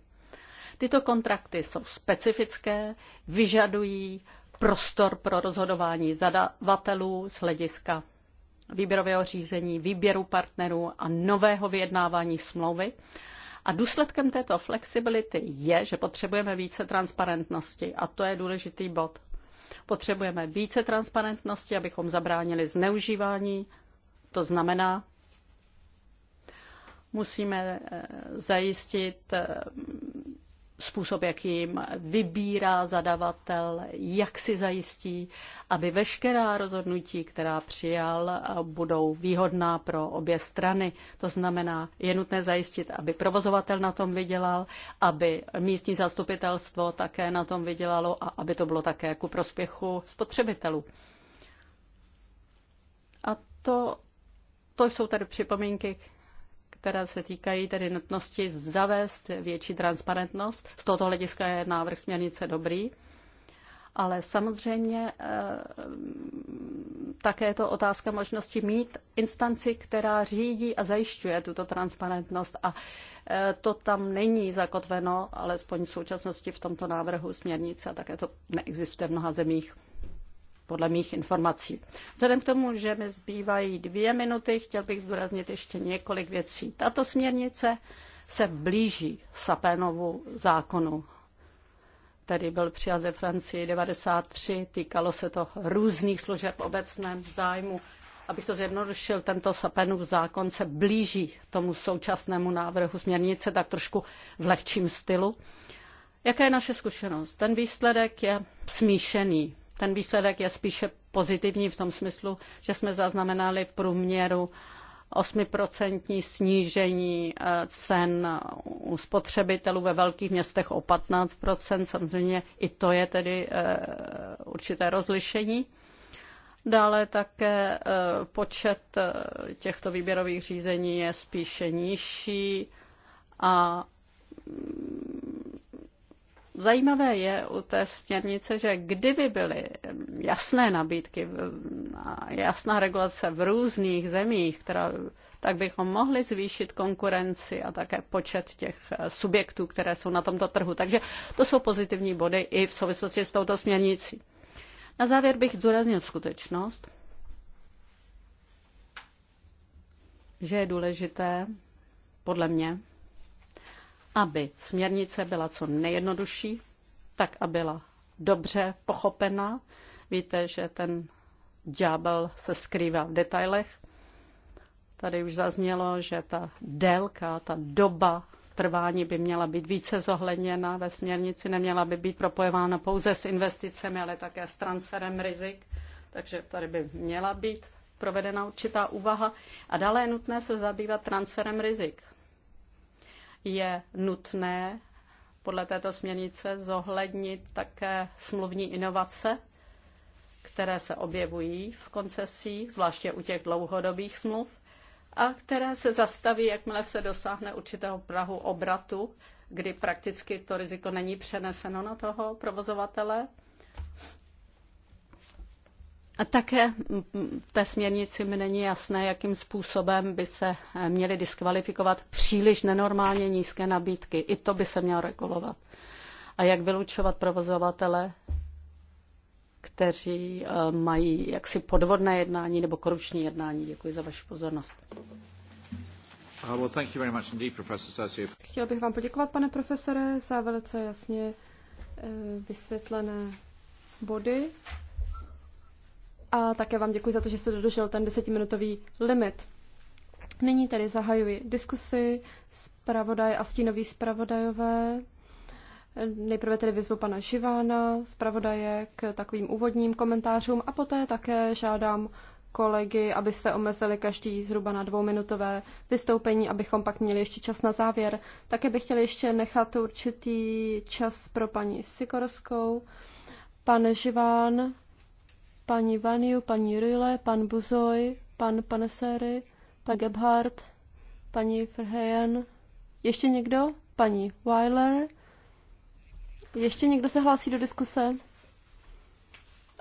Tyto kontrakty jsou specifické, vyžadují prostor pro rozhodování zadavatelů z hlediska výběrového řízení, výběru partnerů a nového vyjednávání smlouvy. A důsledkem této flexibility je, že potřebujeme více transparentnosti a to je důležitý bod. Potřebujeme více transparentnosti, abychom zabránili zneužívání. To znamená, Musíme eh, zajistit eh, způsob, jakým vybírá zadavatel, jak si zajistí, aby veškerá rozhodnutí, která přijal, eh, budou výhodná pro obě strany. To znamená, je nutné zajistit, aby provozovatel na tom vydělal, aby místní zastupitelstvo také na tom vydělalo a aby to bylo také ku prospěchu spotřebitelů. A to, to jsou tady připomínky, které se týkají tedy nutnosti zavést větší transparentnost. Z tohoto hlediska je návrh směrnice dobrý. Ale samozřejmě eh, také je to otázka možnosti mít instanci, která řídí a zajišťuje tuto transparentnost. A eh, to tam není zakotveno, alespoň v současnosti v tomto návrhu směrnice a také to neexistuje v mnoha zemích podle mých informací. Vzhledem k tomu, že mi zbývají dvě minuty, chtěl bych zdůraznit ještě několik věcí. Tato směrnice se blíží Sapénovu zákonu, který byl přijat ve Francii 93. Týkalo se to různých služeb obecném zájmu. Abych to zjednodušil, tento Sapénův zákon se blíží tomu současnému návrhu směrnice tak trošku v lehčím stylu. Jaká je naše zkušenost? Ten výsledek je smíšený. Ten výsledek je spíše pozitivní v tom smyslu, že jsme zaznamenali v průměru 8% snížení eh, cen u spotřebitelů ve velkých městech o 15%. Samozřejmě i to je tedy eh, určité rozlišení. Dále také eh, počet těchto výběrových řízení je spíše nižší a mm, Zajímavé je u té směrnice, že kdyby byly jasné nabídky a jasná regulace v různých zemích, která, tak bychom mohli zvýšit konkurenci a také počet těch eh, subjektů, které jsou na tomto trhu. Takže to jsou pozitivní body i v souvislosti s touto směrnicí. Na závěr bych zdůraznil skutečnost, že je důležité, podle mě, aby směrnice byla co nejjednodušší, tak aby byla dobře pochopena. Víte, že ten ďábel se skrývá v detailech. Tady už zaznělo, že ta délka, ta doba trvání by měla být více zohledněna ve směrnici, neměla by být propojována pouze s investicemi, ale také s transferem rizik. Takže tady by měla být provedena určitá úvaha. A dále je nutné se zabývat transferem rizik je nutné podle této směrnice zohlednit také smluvní inovace, které se objevují v koncesích, zvláště u těch dlouhodobých smluv, a které se zastaví, jakmile se dosáhne určitého prahu obratu, kdy prakticky to riziko není přeneseno na toho provozovatele a také v té směrnici mi není jasné, jakým způsobem by se eh, měly diskvalifikovat příliš nenormálně nízké nabídky. I to by se mělo regulovat. A jak vylučovat provozovatele, kteří eh, mají jaksi podvodné jednání nebo korupční jednání. Děkuji za vaši pozornost. Uh, Chtěl bych vám poděkovat, pane profesore, za velice jasně eh, vysvětlené body a také vám děkuji za to, že jste dodržel ten desetiminutový limit. Nyní tedy zahajuji diskusy, pravodaj a stínový zpravodajové. Nejprve tedy vyzvu pana Živána, zpravodaje k takovým úvodním komentářům a poté také žádám kolegy, abyste omezili každý zhruba na dvouminutové vystoupení, abychom pak měli ještě čas na závěr. Také bych chtěl ještě nechat určitý čas pro paní Sikorskou. Pane Živán paní Vaniu, paní Rille, pan Buzoj, pan Panesery, pan Gebhardt, paní Verheyen. Ještě někdo? Paní Weiler. Ještě někdo se hlásí do diskuse?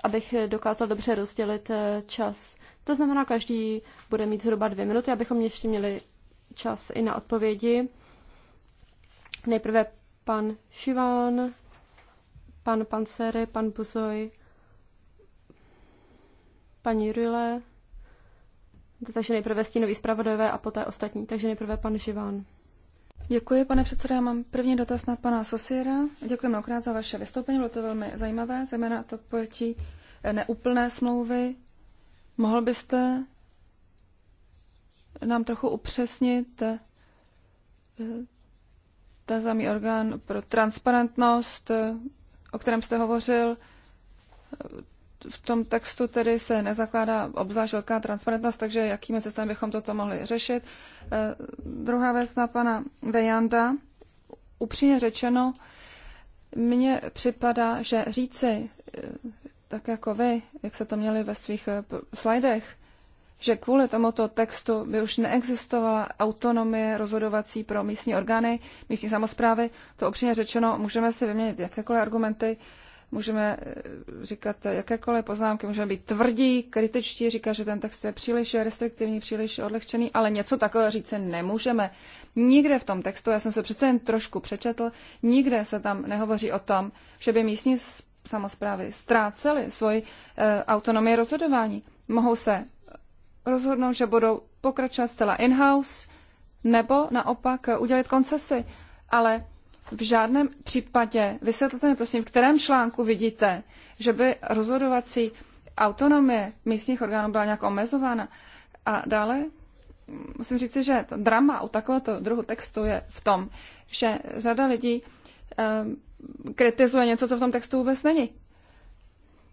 Abych dokázal dobře rozdělit eh, čas. To znamená, každý bude mít zhruba dvě minuty, abychom ještě měli čas i na odpovědi. Nejprve pan Šiván, pan Pansery, pan Buzoj, paní Rüle, takže nejprve stínový zpravodajové a poté ostatní, takže nejprve pan Živán. Děkuji, pane předsedo. Já mám první dotaz na pana Sosiera. Děkuji mnohokrát za vaše vystoupení, bylo to velmi zajímavé, zejména to pojetí eh, neúplné smlouvy. Mohl byste nám trochu upřesnit eh, ten samý orgán pro transparentnost, eh, o kterém jste hovořil, v tom textu tedy se nezakládá obzvlášť velká transparentnost, takže jakými cestami bychom toto mohli řešit. Eh, druhá věc na pana Vejanda. Upřímně řečeno, mně připadá, že říci, eh, tak jako vy, jak se to měli ve svých eh, slajdech, že kvůli tomuto textu by už neexistovala autonomie rozhodovací pro místní orgány, místní samozprávy. To upřímně řečeno, můžeme si vyměnit jakékoliv argumenty, můžeme eh, říkat jakékoliv poznámky, můžeme být tvrdí, kritičtí, říkat, že ten text je příliš restriktivní, příliš odlehčený, ale něco takového říct nemůžeme. Nikde v tom textu, já jsem se přece jen trošku přečetl, nikde se tam nehovoří o tom, že by místní samozprávy ztrácely svoji e, autonomii rozhodování. Mohou se rozhodnout, že budou pokračovat zcela in-house, nebo naopak eh, udělit koncesy. Ale v žádném případě, vysvětlete mi prosím, v kterém článku vidíte, že by rozhodovací autonomie místních orgánů byla nějak omezována. A dále musím říct, že to drama u takovéto druhu textu je v tom, že řada lidí eh, kritizuje něco, co v tom textu vůbec není.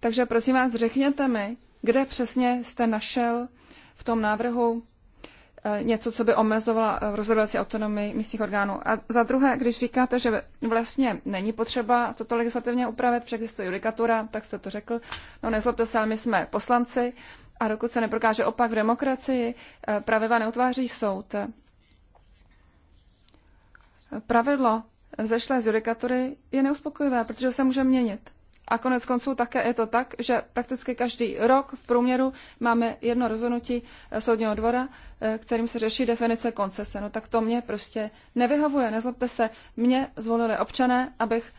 Takže prosím vás, řekněte mi, kde přesně jste našel v tom návrhu Eh, něco, co by omezovalo eh, rozhodovací autonomii místních orgánů. A za druhé, když říkáte, že vlastně není potřeba toto legislativně upravit, protože existuje judikatura, tak jste to řekl. No nezlobte se, ale my jsme poslanci a dokud se neprokáže opak v demokracii, eh, pravidla neutváří soud. Pravidlo zešlé z judikatury je neuspokojivé, protože se může měnit. A konec konců také je to tak, že prakticky každý rok v průměru máme jedno rozhodnutí eh, soudního dvora, eh, kterým se řeší definice koncese. No tak to mě prostě nevyhovuje. Nezlobte se, mě zvolili občané, abych,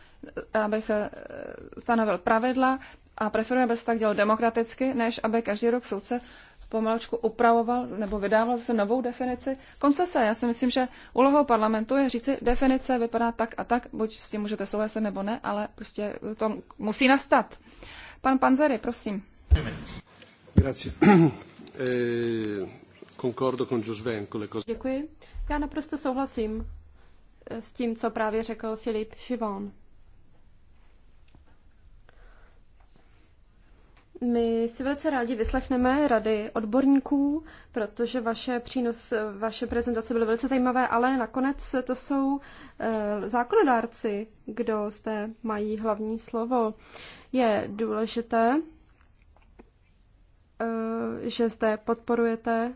eh, abych stanovil pravidla a preferuje, aby se tak dělal demokraticky, než aby každý rok soudce pomalučku upravoval nebo vydával zase novou definici koncese. Já si myslím, že úlohou parlamentu je říci, definice vypadá tak a tak, buď s tím můžete souhlasit nebo ne, ale prostě to musí nastat. Pan Panzery, prosím. [CLEARS THROAT] Eh, Děkuji. Já naprosto souhlasím s tím, co právě řekl Filip Šivon. My si velice rádi vyslechneme rady odborníků, protože vaše přínos, vaše prezentace byly velice zajímavé, ale nakonec to jsou eh, zákonodárci, kdo zde mají hlavní slovo. Je důležité, eh, že zde podporujete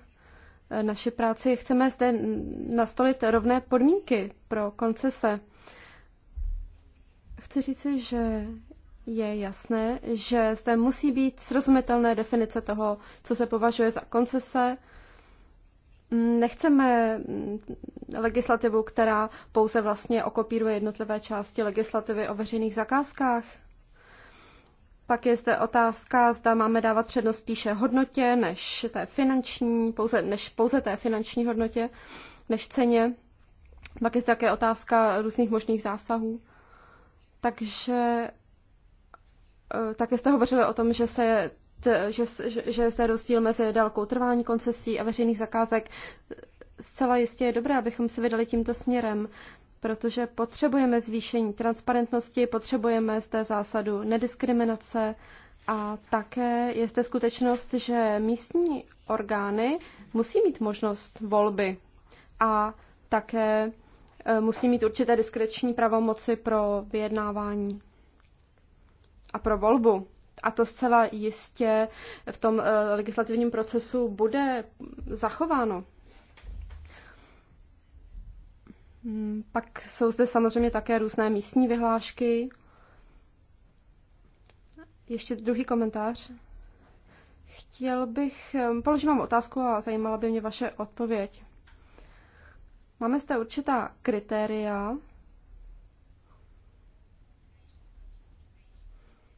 eh, naši práci. Chceme zde nastolit rovné podmínky pro koncese. Chci říci, že je jasné, že zde musí být srozumitelné definice toho, co se považuje za koncese. Nechceme mm, legislativu, která pouze vlastně okopíruje jednotlivé části legislativy o veřejných zakázkách. Pak je zde otázka, zda máme dávat přednost spíše hodnotě než té finanční, pouze, než pouze té finanční hodnotě, než ceně. Pak je zde také otázka různých možných zásahů. Takže Eh, také jste hovořili o tom, že se že, že je zde rozdíl mezi délkou trvání koncesí a veřejných zakázek. Zcela jistě je dobré, abychom se vydali tímto směrem, protože potřebujeme zvýšení transparentnosti, potřebujeme zde zásadu nediskriminace a také je zde skutečnost, že místní orgány musí mít možnost volby a také eh, musí mít určité diskreční pravomoci pro vyjednávání a pro volbu. A to zcela jistě v tom eh, legislativním procesu bude zachováno. Hmm, pak jsou zde samozřejmě také různé místní vyhlášky. Ještě druhý komentář. Chtěl bych, eh, položím vám otázku a zajímala by mě vaše odpověď. Máme zde určitá kritéria,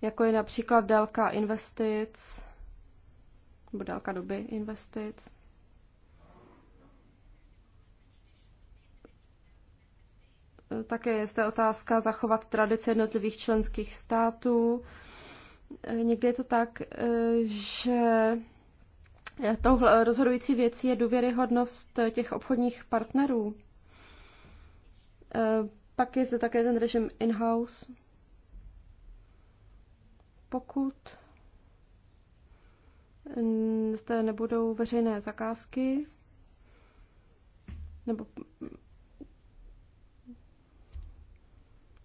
jako je například délka investic nebo délka doby investic. Také je zde otázka zachovat tradice jednotlivých členských států. Někdy je to tak, že tou rozhodující věcí je důvěryhodnost těch obchodních partnerů. Pak je zde také ten režim in-house. Pokud zde nebudou veřejné zakázky, nebo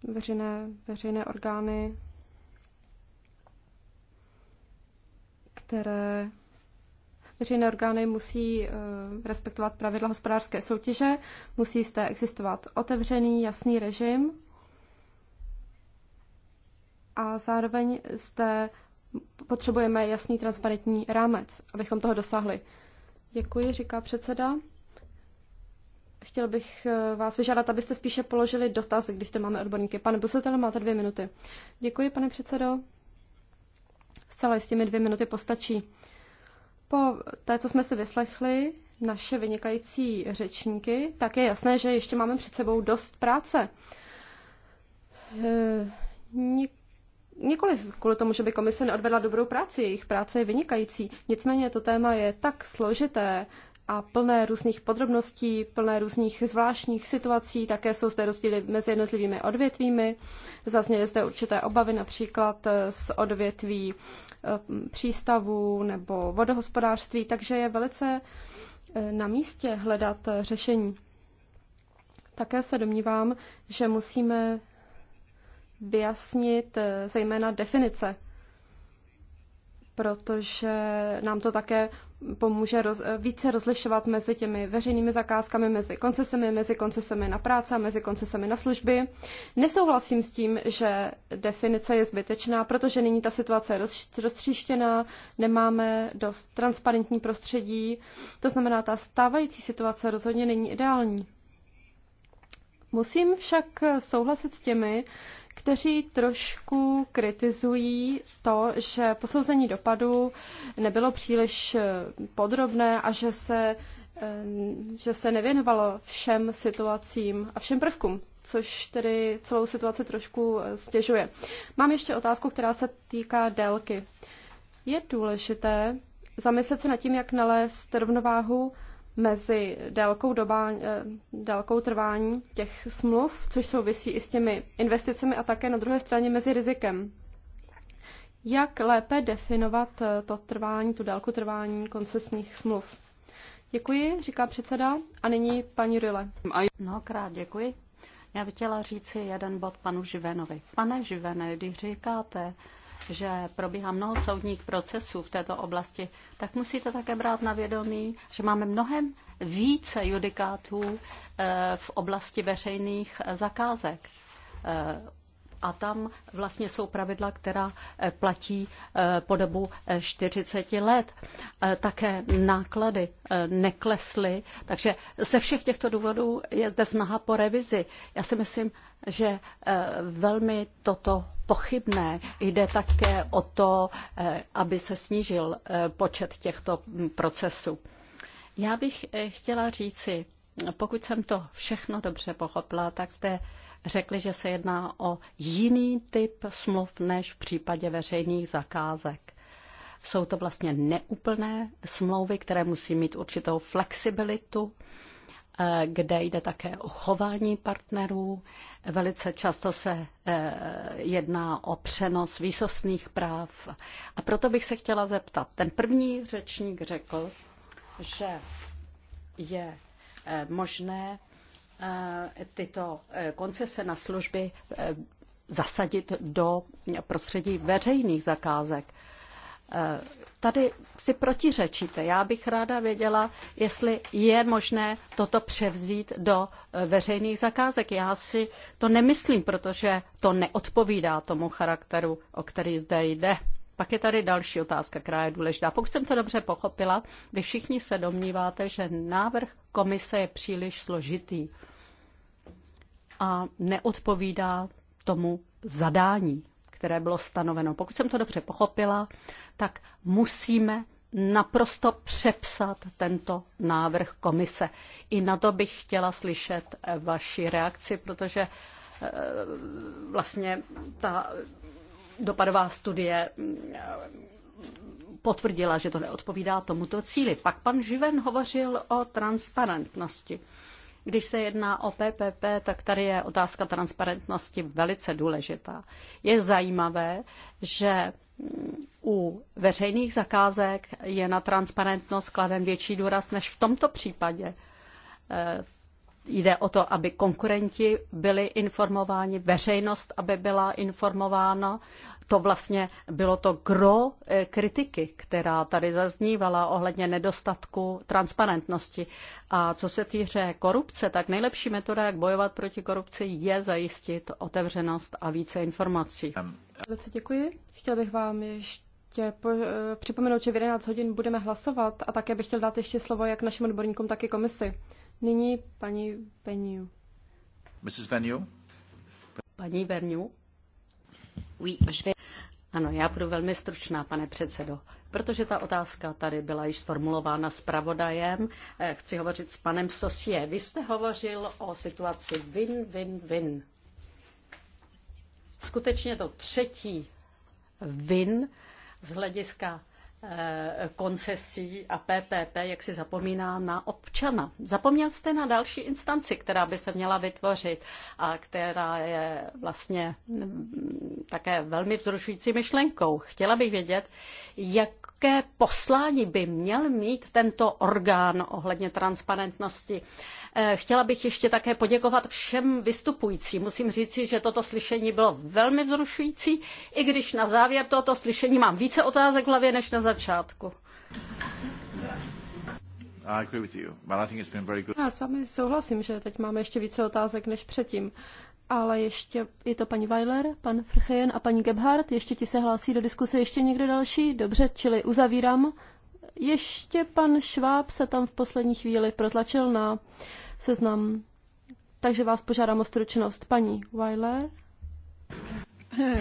veřejné, veřejné orgány, které veřejné orgány musí eh, respektovat pravidla hospodářské soutěže, musí zde existovat otevřený, jasný režim, a zároveň zde potřebujeme jasný transparentní rámec, abychom toho dosáhli. Děkuji, říká předseda. Chtěl bych eh, vás vyžádat, abyste spíše položili dotazy, když zde máme odborníky. Pane Busotel, máte dvě minuty. Děkuji, pane předsedo. Zcela jistě mi dvě minuty postačí. Po té, co jsme si vyslechli, naše vynikající řečníky, tak je jasné, že ještě máme před sebou dost práce. E, nik- Nikoli kvůli tomu, že by komise neodvedla dobrou práci, jejich práce je vynikající. Nicméně to téma je tak složité a plné různých podrobností, plné různých zvláštních situací, také jsou zde rozdíly mezi jednotlivými odvětvími. Zazněly zde určité obavy například z odvětví eh, přístavů nebo vodohospodářství, takže je velice eh, na místě hledat řešení. Také se domnívám, že musíme vyjasnit eh, zejména definice, protože nám to také pomůže roz, eh, více rozlišovat mezi těmi veřejnými zakázkami, mezi koncesemi, mezi koncesemi na práce a mezi koncesemi na služby. Nesouhlasím s tím, že definice je zbytečná, protože nyní ta situace je roztříštěná, nemáme dost transparentní prostředí, to znamená, ta stávající situace rozhodně není ideální. Musím však souhlasit s těmi, kteří trošku kritizují to, že posouzení dopadu nebylo příliš eh, podrobné a že se, eh, že se nevěnovalo všem situacím a všem prvkům, což tedy celou situaci trošku eh, stěžuje. Mám ještě otázku, která se týká délky. Je důležité zamyslet se nad tím, jak nalézt rovnováhu mezi délkou, doba, eh, délkou trvání těch smluv, což souvisí i s těmi investicemi a také na druhé straně mezi rizikem. Jak lépe definovat eh, to trvání, tu délku trvání koncesních smluv? Děkuji, říká předseda. A nyní paní No, Mnohokrát děkuji. Já bych chtěla říct si jeden bod panu Živenovi. Pane Živene, když říkáte, že probíhá mnoho soudních procesů v této oblasti, tak musíte také brát na vědomí, že máme mnohem více judikátů eh, v oblasti veřejných zakázek. Eh, a tam vlastně jsou pravidla, která eh, platí eh, po dobu 40 eh, let. Také náklady neklesly, takže ze všech těchto důvodů je zde snaha po revizi. Já si myslím, že velmi toto pochybné. Jde také o to, aby se snížil počet těchto hm, procesů. Já bych chtěla říci, pokud jsem to všechno dobře pochopila, tak zde řekli, že se jedná o jiný typ smluv než v případě veřejných zakázek. Jsou to vlastně neúplné smlouvy, které musí mít určitou flexibilitu, eh, kde jde také o chování partnerů. Velice často se eh, jedná o přenos výsostných práv. A proto bych se chtěla zeptat. Ten první řečník řekl, že je eh, možné Eh, tyto eh, koncese na služby eh, zasadit do prostředí veřejných zakázek. Tady si protiřečíte. Já bych ráda věděla, jestli je možné toto převzít do veřejných zakázek. Já si to nemyslím, protože to neodpovídá tomu charakteru, o který zde jde. Pak je tady další otázka, která je důležitá. Pokud jsem to dobře pochopila, vy všichni se domníváte, že návrh komise je příliš složitý a neodpovídá tomu zadání, které bylo stanoveno. Pokud jsem to dobře pochopila, tak musíme naprosto přepsat tento návrh komise. I na to bych chtěla slyšet vaši reakci, protože eh, vlastně ta dopadová studie eh, potvrdila, že to neodpovídá tomuto cíli. Pak pan Živen hovořil o transparentnosti. Když se jedná o PPP, tak tady je otázka transparentnosti velice důležitá. Je zajímavé, že u veřejných zakázek je na transparentnost kladen větší důraz než v tomto případě. Eh, jde o to, aby konkurenti byli informováni, veřejnost, aby byla informována to vlastně bylo to gro eh, kritiky, která tady zaznívala ohledně nedostatku transparentnosti. A co se týče korupce, tak nejlepší metoda, jak bojovat proti korupci, je zajistit otevřenost a více informací. Velice děkuji. Chtěl bych vám ještě po, eh, připomenout, že v 11 hodin budeme hlasovat a také bych chtěl dát ještě slovo jak našim odborníkům, tak i komisi. Nyní paní Veniu. Mrs. Veniu? Paní Veniu. Oui, je vais... Ano, já budu velmi stručná, pane předsedo, protože ta otázka tady byla již sformulována pravodajem, eh, Chci hovořit s panem Sosie. Vy jste hovořil o situaci win-win-win. Skutečně to třetí vin z hlediska Eh, koncesí a PPP, jak si zapomíná na občana. Zapomněl jste na další instanci, která by se měla vytvořit a která je vlastně mm, také velmi vzrušující myšlenkou. Chtěla bych vědět, jaké poslání by měl mít tento orgán ohledně transparentnosti Eh, chtěla bych ještě také poděkovat všem vystupujícím. Musím říci, že toto slyšení bylo velmi vzrušující, i když na závěr tohoto slyšení mám více otázek v hlavě než na začátku. Já s vámi souhlasím, že teď máme ještě více otázek než předtím. Ale ještě je to paní Weiler, pan Frchejen a paní Gebhardt. Ještě ti se hlásí do diskuse ještě někdo další? Dobře, čili uzavírám. Ještě pan Šváb se tam v poslední chvíli protlačil na seznam. Takže vás požádám o stručnost. Paní Weiler.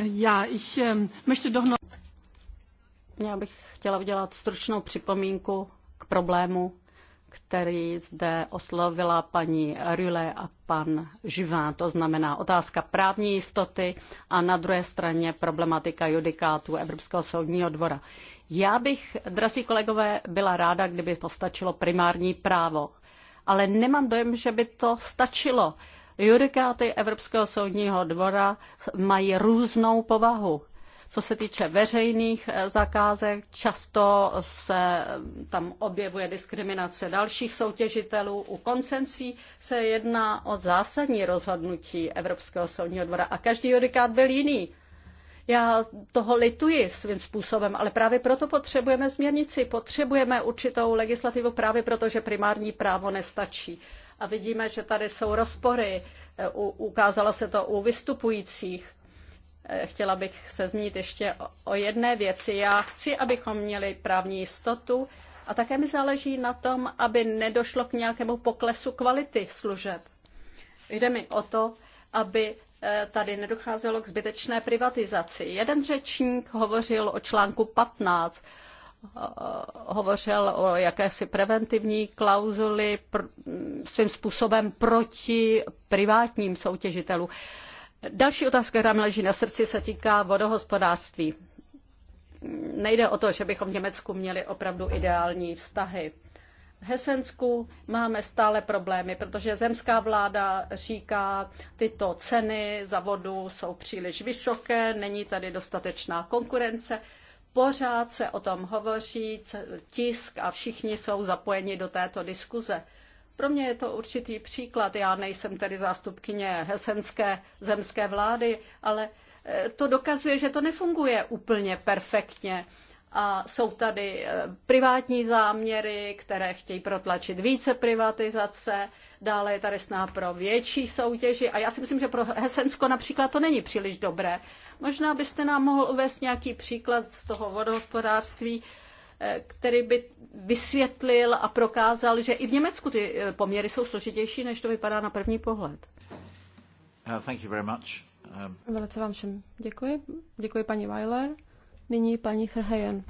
Já, ich, ehm, möchte dohno... Já bych chtěla udělat stručnou připomínku k problému, který zde oslovila paní Rule a pan Živán. To znamená otázka právní jistoty a na druhé straně problematika judikátu Evropského soudního dvora. Já bych, drazí kolegové, byla ráda, kdyby postačilo primární právo ale nemám dojem, že by to stačilo. Judikáty Evropského soudního dvora mají různou povahu. Co se týče veřejných eh, zakázek, často se eh, tam objevuje diskriminace dalších soutěžitelů. U koncencí se jedná o zásadní rozhodnutí Evropského soudního dvora a každý judikát byl jiný. Já toho lituji svým způsobem, ale právě proto potřebujeme změrnici, potřebujeme určitou legislativu právě proto, že primární právo nestačí. A vidíme, že tady jsou rozpory, e, ukázalo se to u vystupujících. E, chtěla bych se zmínit ještě o jedné věci. Já chci, abychom měli právní jistotu a také mi záleží na tom, aby nedošlo k nějakému poklesu kvality služeb. Jde mi o to, aby Eh, tady nedocházelo k zbytečné privatizaci. Jeden řečník hovořil o článku 15, eh, hovořil o jakési preventivní klauzuli svým způsobem proti privátním soutěžitelům. Další otázka, která mi leží na srdci, se týká vodohospodářství. Nejde o to, že bychom v Německu měli opravdu ideální vztahy. Hesensku máme stále problémy, protože zemská vláda říká, tyto ceny za vodu jsou příliš vysoké, není tady dostatečná konkurence. Pořád se o tom hovoří, tisk a všichni jsou zapojeni do této diskuze. Pro mě je to určitý příklad. Já nejsem tedy zástupkyně hesenské zemské vlády, ale eh, to dokazuje, že to nefunguje úplně perfektně a jsou tady eh, privátní záměry, které chtějí protlačit více privatizace, dále je tady snaha pro větší soutěži a já si myslím, že pro Hesensko například to není příliš dobré. Možná byste nám mohl uvést nějaký příklad z toho vodohospodářství, eh, který by vysvětlil a prokázal, že i v Německu ty eh, poměry jsou složitější, než to vypadá na první pohled. Uh, thank you very much. Um... Velice vám všem děkuji. Děkuji paní Weiler. Nyní paní Frhajen.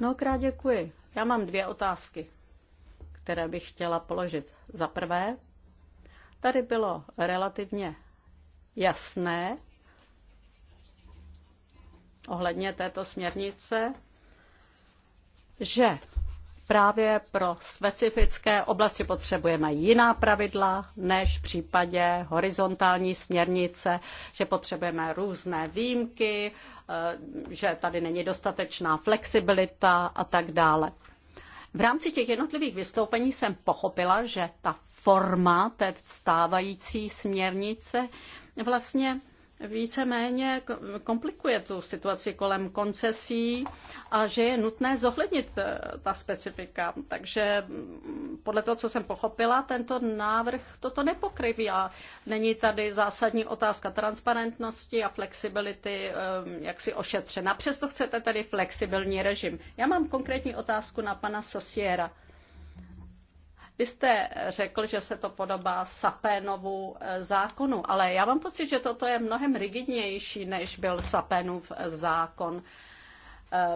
Mnohokrát děkuji. Já mám dvě otázky, které bych chtěla položit. Za prvé, tady bylo relativně jasné ohledně této směrnice, že právě pro specifické oblasti potřebujeme jiná pravidla než v případě horizontální směrnice, že potřebujeme různé výjimky, eh, že tady není dostatečná flexibilita a tak dále. V rámci těch jednotlivých vystoupení jsem pochopila, že ta forma té stávající směrnice vlastně víceméně komplikuje tu situaci kolem koncesí a že je nutné zohlednit eh, ta specifika. Takže mm, podle toho, co jsem pochopila, tento návrh toto nepokryví a není tady zásadní otázka transparentnosti a flexibility, eh, jak si ošetřena. Přesto chcete tady flexibilní režim. Já mám konkrétní otázku na pana Sosiera. Vy jste řekl, že se to podobá Sapénovu eh, zákonu, ale já mám pocit, že toto je mnohem rigidnější, než byl Sapénův eh, zákon. Eh,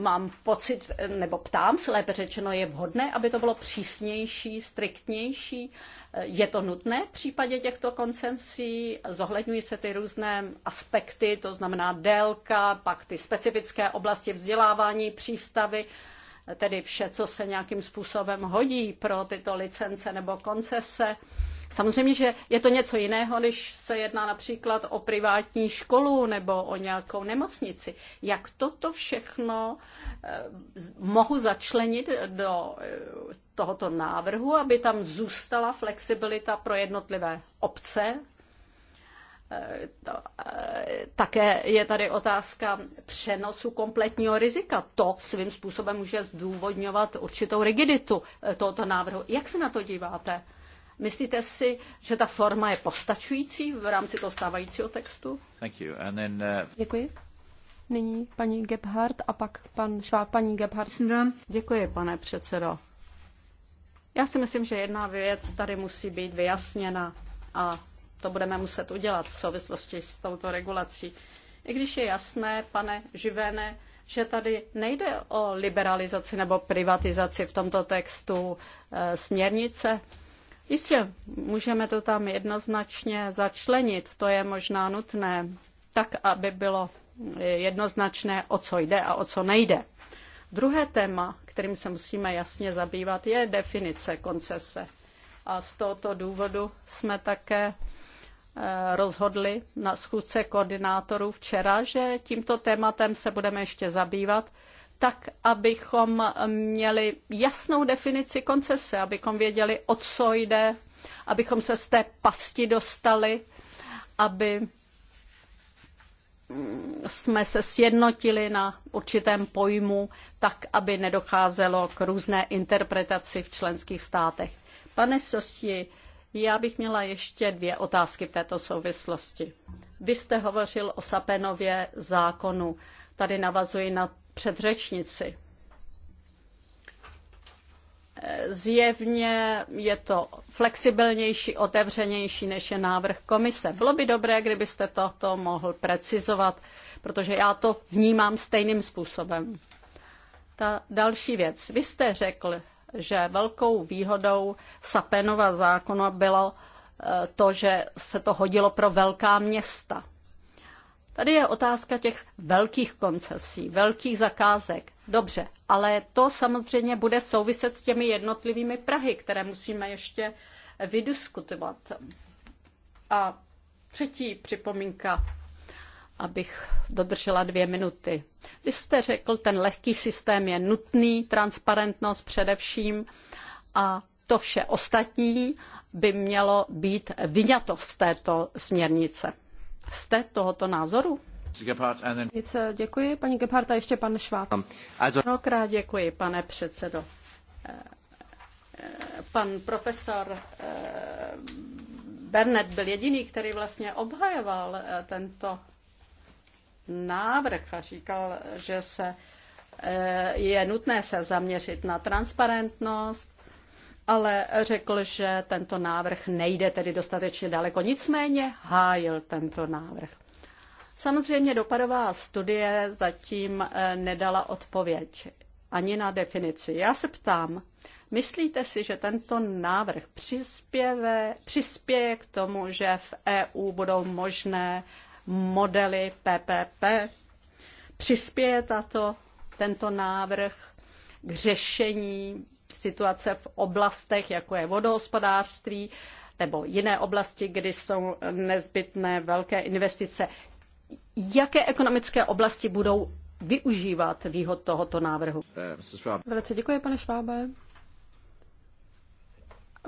mám pocit, nebo ptám se, lépe řečeno, je vhodné, aby to bylo přísnější, striktnější. Je to nutné v případě těchto koncensí? Zohledňují se ty různé aspekty, to znamená délka, pak ty specifické oblasti vzdělávání, přístavy tedy vše, co se nějakým způsobem hodí pro tyto licence nebo koncese. Samozřejmě, že je to něco jiného, než se jedná například o privátní školu nebo o nějakou nemocnici. Jak toto všechno eh, mohu začlenit do eh, tohoto návrhu, aby tam zůstala flexibilita pro jednotlivé obce Eh, také je tady otázka přenosu kompletního rizika. To svým způsobem může zdůvodňovat určitou rigiditu eh, tohoto návrhu. Jak se na to díváte? Myslíte si, že ta forma je postačující v rámci toho stávajícího textu? Thank you. And then, uh... Děkuji. Nyní paní Gebhardt a pak pan Šváb, paní Gebhardt. Děkuji, pane předsedo. Já si myslím, že jedna věc tady musí být vyjasněna a to budeme muset udělat v souvislosti s touto regulací. I když je jasné, pane Živene, že tady nejde o liberalizaci nebo privatizaci v tomto textu e, směrnice. Jistě, můžeme to tam jednoznačně začlenit, to je možná nutné, tak, aby bylo jednoznačné, o co jde a o co nejde. Druhé téma, kterým se musíme jasně zabývat, je definice koncese. A z tohoto důvodu jsme také Eh, rozhodli na schůzce koordinátorů včera, že tímto tématem se budeme ještě zabývat, tak abychom měli jasnou definici koncese, abychom věděli, o co jde, abychom se z té pasti dostali, aby mm, jsme se sjednotili na určitém pojmu, tak aby nedocházelo k různé interpretaci v členských státech. Pane Sosti, já bych měla ještě dvě otázky v této souvislosti. Vy jste hovořil o Sapenově zákonu. Tady navazuji na předřečnici. Zjevně je to flexibilnější, otevřenější, než je návrh komise. Bylo by dobré, kdybyste toto mohl precizovat, protože já to vnímám stejným způsobem. Ta další věc. Vy jste řekl, že velkou výhodou Sapenova zákona bylo eh, to, že se to hodilo pro velká města. Tady je otázka těch velkých koncesí, velkých zakázek. Dobře, ale to samozřejmě bude souviset s těmi jednotlivými Prahy, které musíme ještě vydiskutovat. A třetí připomínka, abych dodržela dvě minuty. Vy jste řekl, ten lehký systém je nutný, transparentnost především a to vše ostatní by mělo být vyňato z této směrnice. Jste tohoto názoru? Eh, děkuji, paní Gebhardt, a ještě pan Šváb. Um, Mnohokrát děkuji, pane předsedo. Eh, eh, pan profesor Bernet byl jediný, který vlastně obhajoval tento návrh a říkal, že se eh, je nutné se zaměřit na transparentnost, ale řekl, že tento návrh nejde tedy dostatečně daleko. Nicméně hájil tento návrh. Samozřejmě dopadová studie zatím eh, nedala odpověď ani na definici. Já se ptám, myslíte si, že tento návrh přispěje k tomu, že v EU budou možné modely PPP. Přispěje tato, tento návrh k řešení situace v oblastech, jako je vodohospodářství nebo jiné oblasti, kdy jsou nezbytné velké investice. Jaké ekonomické oblasti budou využívat výhod tohoto návrhu? Velice děkuji, pane Švábe.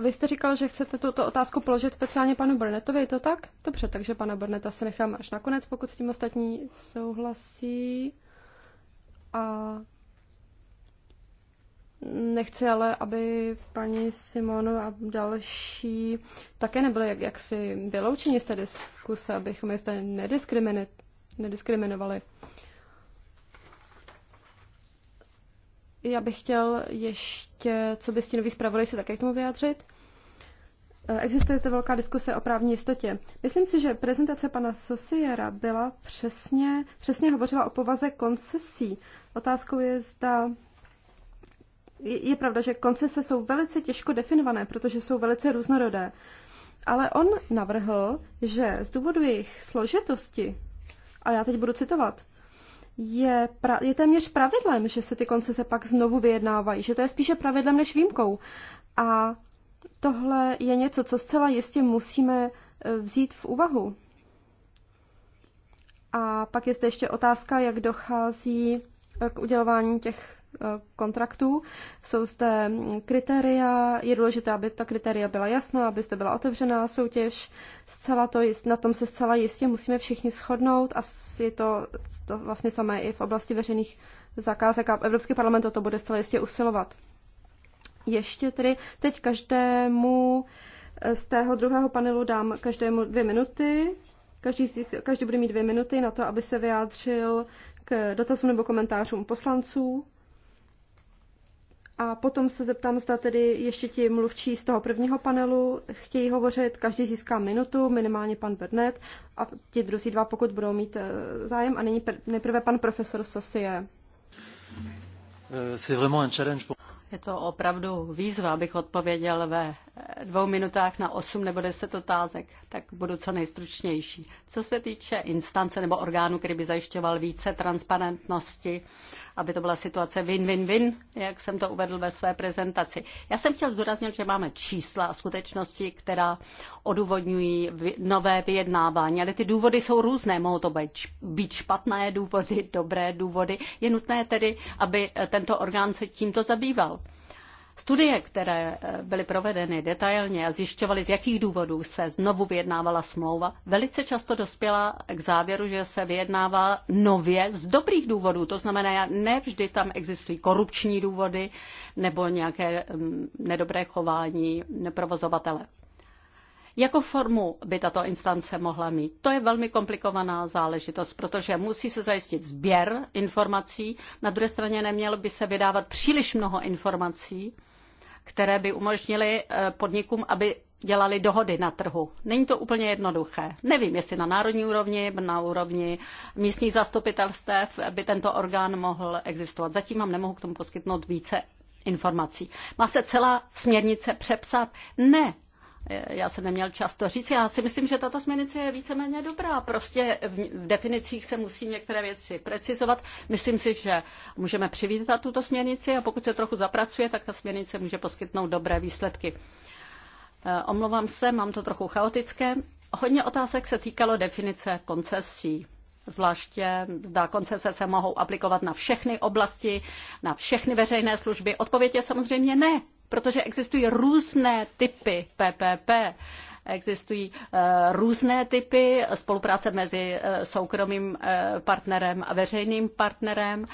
Vy jste říkal, že chcete tuto otázku položit speciálně panu Burnettovi, je to tak? Dobře, takže pana Burnetta si nechám až nakonec, pokud s tím ostatní souhlasí. A nechci ale, aby paní Simonu a další také nebyly jak, jaksi vyloučeni z té diskuse, abychom je zde nediskriminovali. já bych chtěl ještě, co by stínový zpravodaj se také k tomu vyjádřit. Eh, existuje zde velká diskuse o právní jistotě. Myslím si, že prezentace pana Sosiera byla přesně, přesně hovořila o povaze koncesí. Otázkou je, zda je pravda, že koncese jsou velice těžko definované, protože jsou velice různorodé. Ale on navrhl, že z důvodu jejich složitosti, a já teď budu citovat, je, pra, je téměř pravidlem, že se ty koncese pak znovu vyjednávají, že to je spíše pravidlem než výjimkou. A tohle je něco, co zcela jistě musíme e, vzít v úvahu. A pak je zde ještě otázka, jak dochází e, k udělování těch Eh, kontraktů. Jsou zde kritéria, je důležité, aby ta kritéria byla jasná, aby zde byla otevřená soutěž. Zcela to, na tom se zcela jistě musíme všichni shodnout a je to, to vlastně samé i v oblasti veřejných zakázek a Evropský parlament o to bude zcela jistě usilovat. Ještě tedy teď každému eh, z tého druhého panelu dám každému dvě minuty. Každý, každý bude mít dvě minuty na to, aby se vyjádřil k dotazům nebo komentářům poslanců. A potom se zeptám, zda tedy ještě ti mluvčí z toho prvního panelu chtějí hovořit. Každý získá minutu, minimálně pan Bernet a ti druzí dva, pokud budou mít eh, zájem. A nyní nejprve pan profesor Sosie. Eh, Je to opravdu výzva, abych odpověděl ve eh, dvou minutách na osm nebo deset otázek, tak budu co nejstručnější. Co se týče instance nebo orgánu, který by zajišťoval více transparentnosti aby to byla situace win-win-win, jak jsem to uvedl ve své prezentaci. Já jsem chtěl zdůraznit, že máme čísla a skutečnosti, která odůvodňují nové vyjednávání, ale ty důvody jsou různé. Mohou to být, být špatné důvody, dobré důvody. Je nutné tedy, aby tento orgán se tímto zabýval. Studie, které eh, byly provedeny detailně a zjišťovaly, z jakých důvodů se znovu vyjednávala smlouva, velice často dospěla k závěru, že se vyjednává nově z dobrých důvodů. To znamená, ne vždy tam existují korupční důvody nebo nějaké mm, nedobré chování provozovatele. Jakou formu by tato instance mohla mít? To je velmi komplikovaná záležitost, protože musí se zajistit sběr informací. Na druhé straně nemělo by se vydávat příliš mnoho informací, které by umožnily eh, podnikům, aby dělali dohody na trhu. Není to úplně jednoduché. Nevím, jestli na národní úrovni, na úrovni místních zastupitelstv by tento orgán mohl existovat. Zatím vám nemohu k tomu poskytnout více informací. Má se celá směrnice přepsat? Ne, já jsem neměl čas to říct. Já si myslím, že tato směrnice je víceméně dobrá. Prostě v definicích se musí některé věci precizovat. Myslím si, že můžeme přivítat tuto směrnici a pokud se trochu zapracuje, tak ta směrnice může poskytnout dobré výsledky. Eh, omlouvám se, mám to trochu chaotické. Hodně otázek se týkalo definice koncesí. Zvláště zda koncese se mohou aplikovat na všechny oblasti, na všechny veřejné služby. Odpověď je samozřejmě ne protože existují různé typy PPP. Existují eh, různé typy spolupráce mezi eh, soukromým eh, partnerem a veřejným partnerem.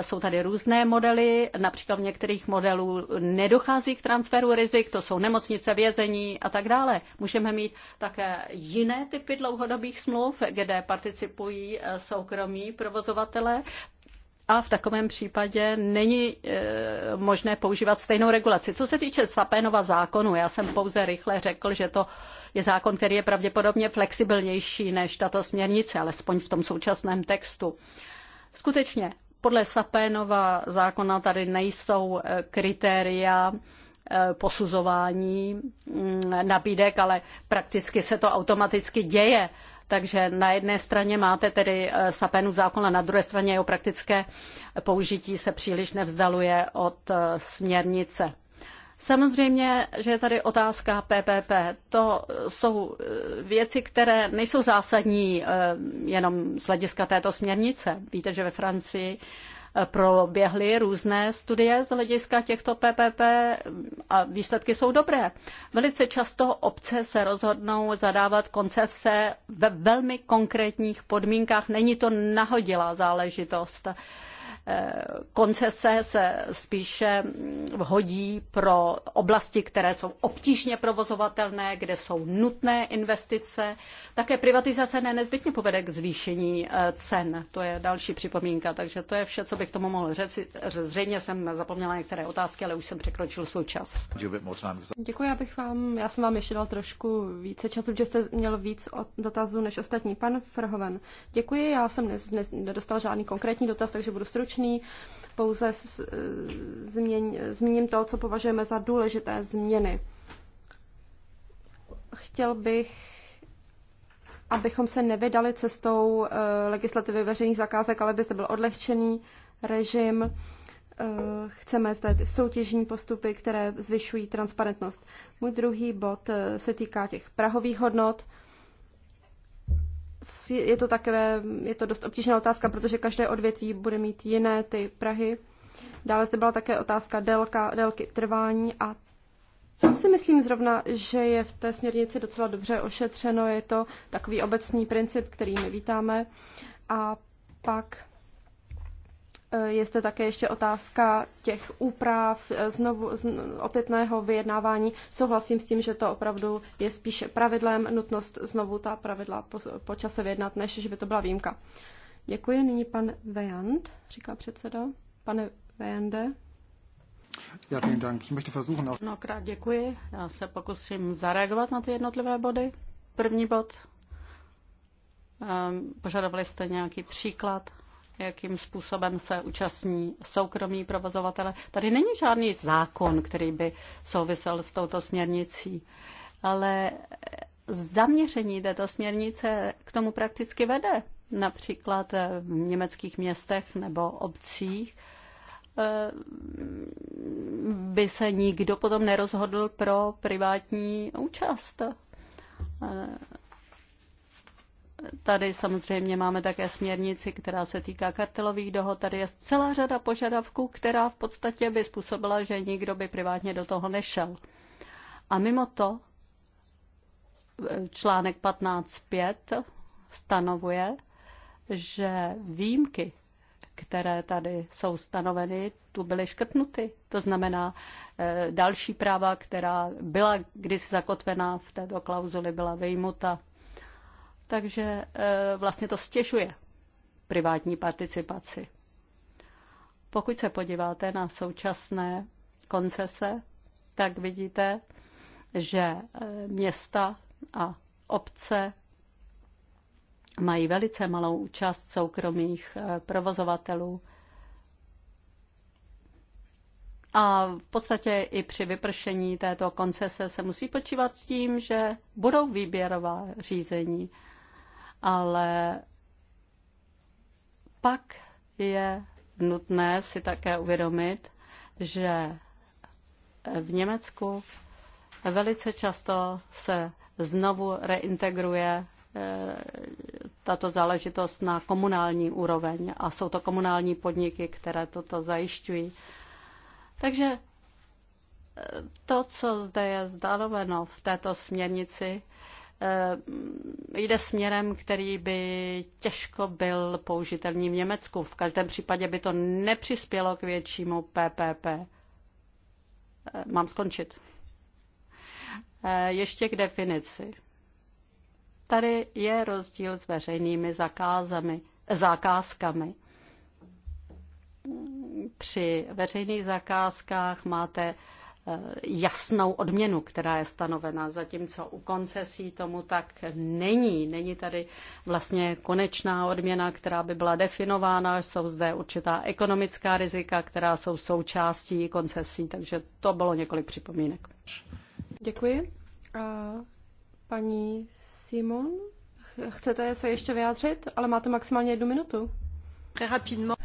Jsou tady různé modely, například v některých modelů nedochází k transferu rizik, to jsou nemocnice, vězení a tak dále. Můžeme mít také jiné typy dlouhodobých smluv, kde participují soukromí provozovatele a v takovém případě není e, možné používat stejnou regulaci. Co se týče Sapenova zákonu, já jsem pouze rychle řekl, že to je zákon, který je pravděpodobně flexibilnější než tato směrnice, alespoň v tom současném textu. Skutečně, podle Sapénova zákona tady nejsou eh, kritéria eh, posuzování mm, nabídek, ale prakticky se to automaticky děje takže na jedné straně máte tedy eh, sapenu zákon a na druhé straně jeho praktické použití se příliš nevzdaluje od eh, směrnice. Samozřejmě, že je tady otázka PPP. To eh, jsou věci, které nejsou zásadní jenom z hlediska této směrnice. Víte, že ve Francii Eh, proběhly různé studie z hlediska těchto PPP a výsledky jsou dobré. Velice často obce se rozhodnou zadávat koncese ve velmi konkrétních podmínkách. Není to nahodilá záležitost. Eh, koncese se spíše hodí pro oblasti, které jsou obtížně provozovatelné, kde jsou nutné investice. Také privatizace ne nezbytně povede k zvýšení eh, cen. To je další připomínka, takže to je vše, co bych tomu mohl říct. Zřejmě jsem zapomněla některé otázky, ale už jsem překročil svůj čas. Děkuji, já bych vám, já jsem vám ještě dal trošku více času, protože jste měl víc dotazů než ostatní. Pan Frhoven, děkuji, já jsem nedostal žádný konkrétní dotaz, takže budu stručný stručný, pouze změň, zmíním to, co považujeme za důležité změny. Chtěl bych, abychom se nevydali cestou eh, legislativy veřejných zakázek, ale by zde byl odlehčený režim. Eh, chceme zde ty soutěžní postupy, které zvyšují transparentnost. Můj druhý bod eh, se týká těch prahových hodnot je to takové, je to dost obtížná otázka, protože každé odvětví bude mít jiné ty Prahy. Dále zde byla také otázka délka, délky trvání a to si myslím zrovna, že je v té směrnici docela dobře ošetřeno. Je to takový obecný princip, který my vítáme. A pak Eh, je zde také ještě otázka těch úprav, eh, znovu opětného vyjednávání. Souhlasím s tím, že to opravdu je spíše pravidlem, nutnost znovu ta pravidla po, po čase vyjednat, než že by to byla výjimka. Děkuji. Nyní pan Vejand, říká předseda. Pane Vejande. Já vielen Dank. versuchen děkuji. Já se pokusím zareagovat na ty jednotlivé body. První bod. Ehm, požadovali jste nějaký příklad jakým způsobem se účastní soukromí provozovatele. Tady není žádný zákon, který by souvisel s touto směrnicí, ale zaměření této směrnice k tomu prakticky vede. Například v německých městech nebo obcích eh, by se nikdo potom nerozhodl pro privátní účast. Eh, Tady samozřejmě máme také směrnici, která se týká kartelových dohod. Tady je celá řada požadavků, která v podstatě by způsobila, že nikdo by privátně do toho nešel. A mimo to eh, článek 15.5 stanovuje, že výjimky, které tady jsou stanoveny, tu byly škrtnuty. To znamená, eh, další práva, která byla kdysi zakotvená v této klauzuli, byla vyjmuta takže e, vlastně to stěžuje privátní participaci. Pokud se podíváte na současné koncese, tak vidíte, že e, města a obce mají velice malou účast soukromých e, provozovatelů. A v podstatě i při vypršení této koncese se musí počívat tím, že budou výběrová řízení ale pak je nutné si také uvědomit, že v Německu velice často se znovu reintegruje eh, tato záležitost na komunální úroveň a jsou to komunální podniky, které toto zajišťují. Takže eh, to, co zde je stanoveno v této směrnici, Eh, jde směrem, který by těžko byl použitelný v Německu. V každém případě by to nepřispělo k většímu PPP. Eh, mám skončit. Eh, ještě k definici. Tady je rozdíl s veřejnými zakázami, zakázkami. Při veřejných zakázkách máte jasnou odměnu, která je stanovena, zatímco u koncesí tomu tak není. Není tady vlastně konečná odměna, která by byla definována, jsou zde určitá ekonomická rizika, která jsou součástí koncesí, takže to bylo několik připomínek. Děkuji. A paní Simon, chcete se ještě vyjádřit, ale máte maximálně jednu minutu.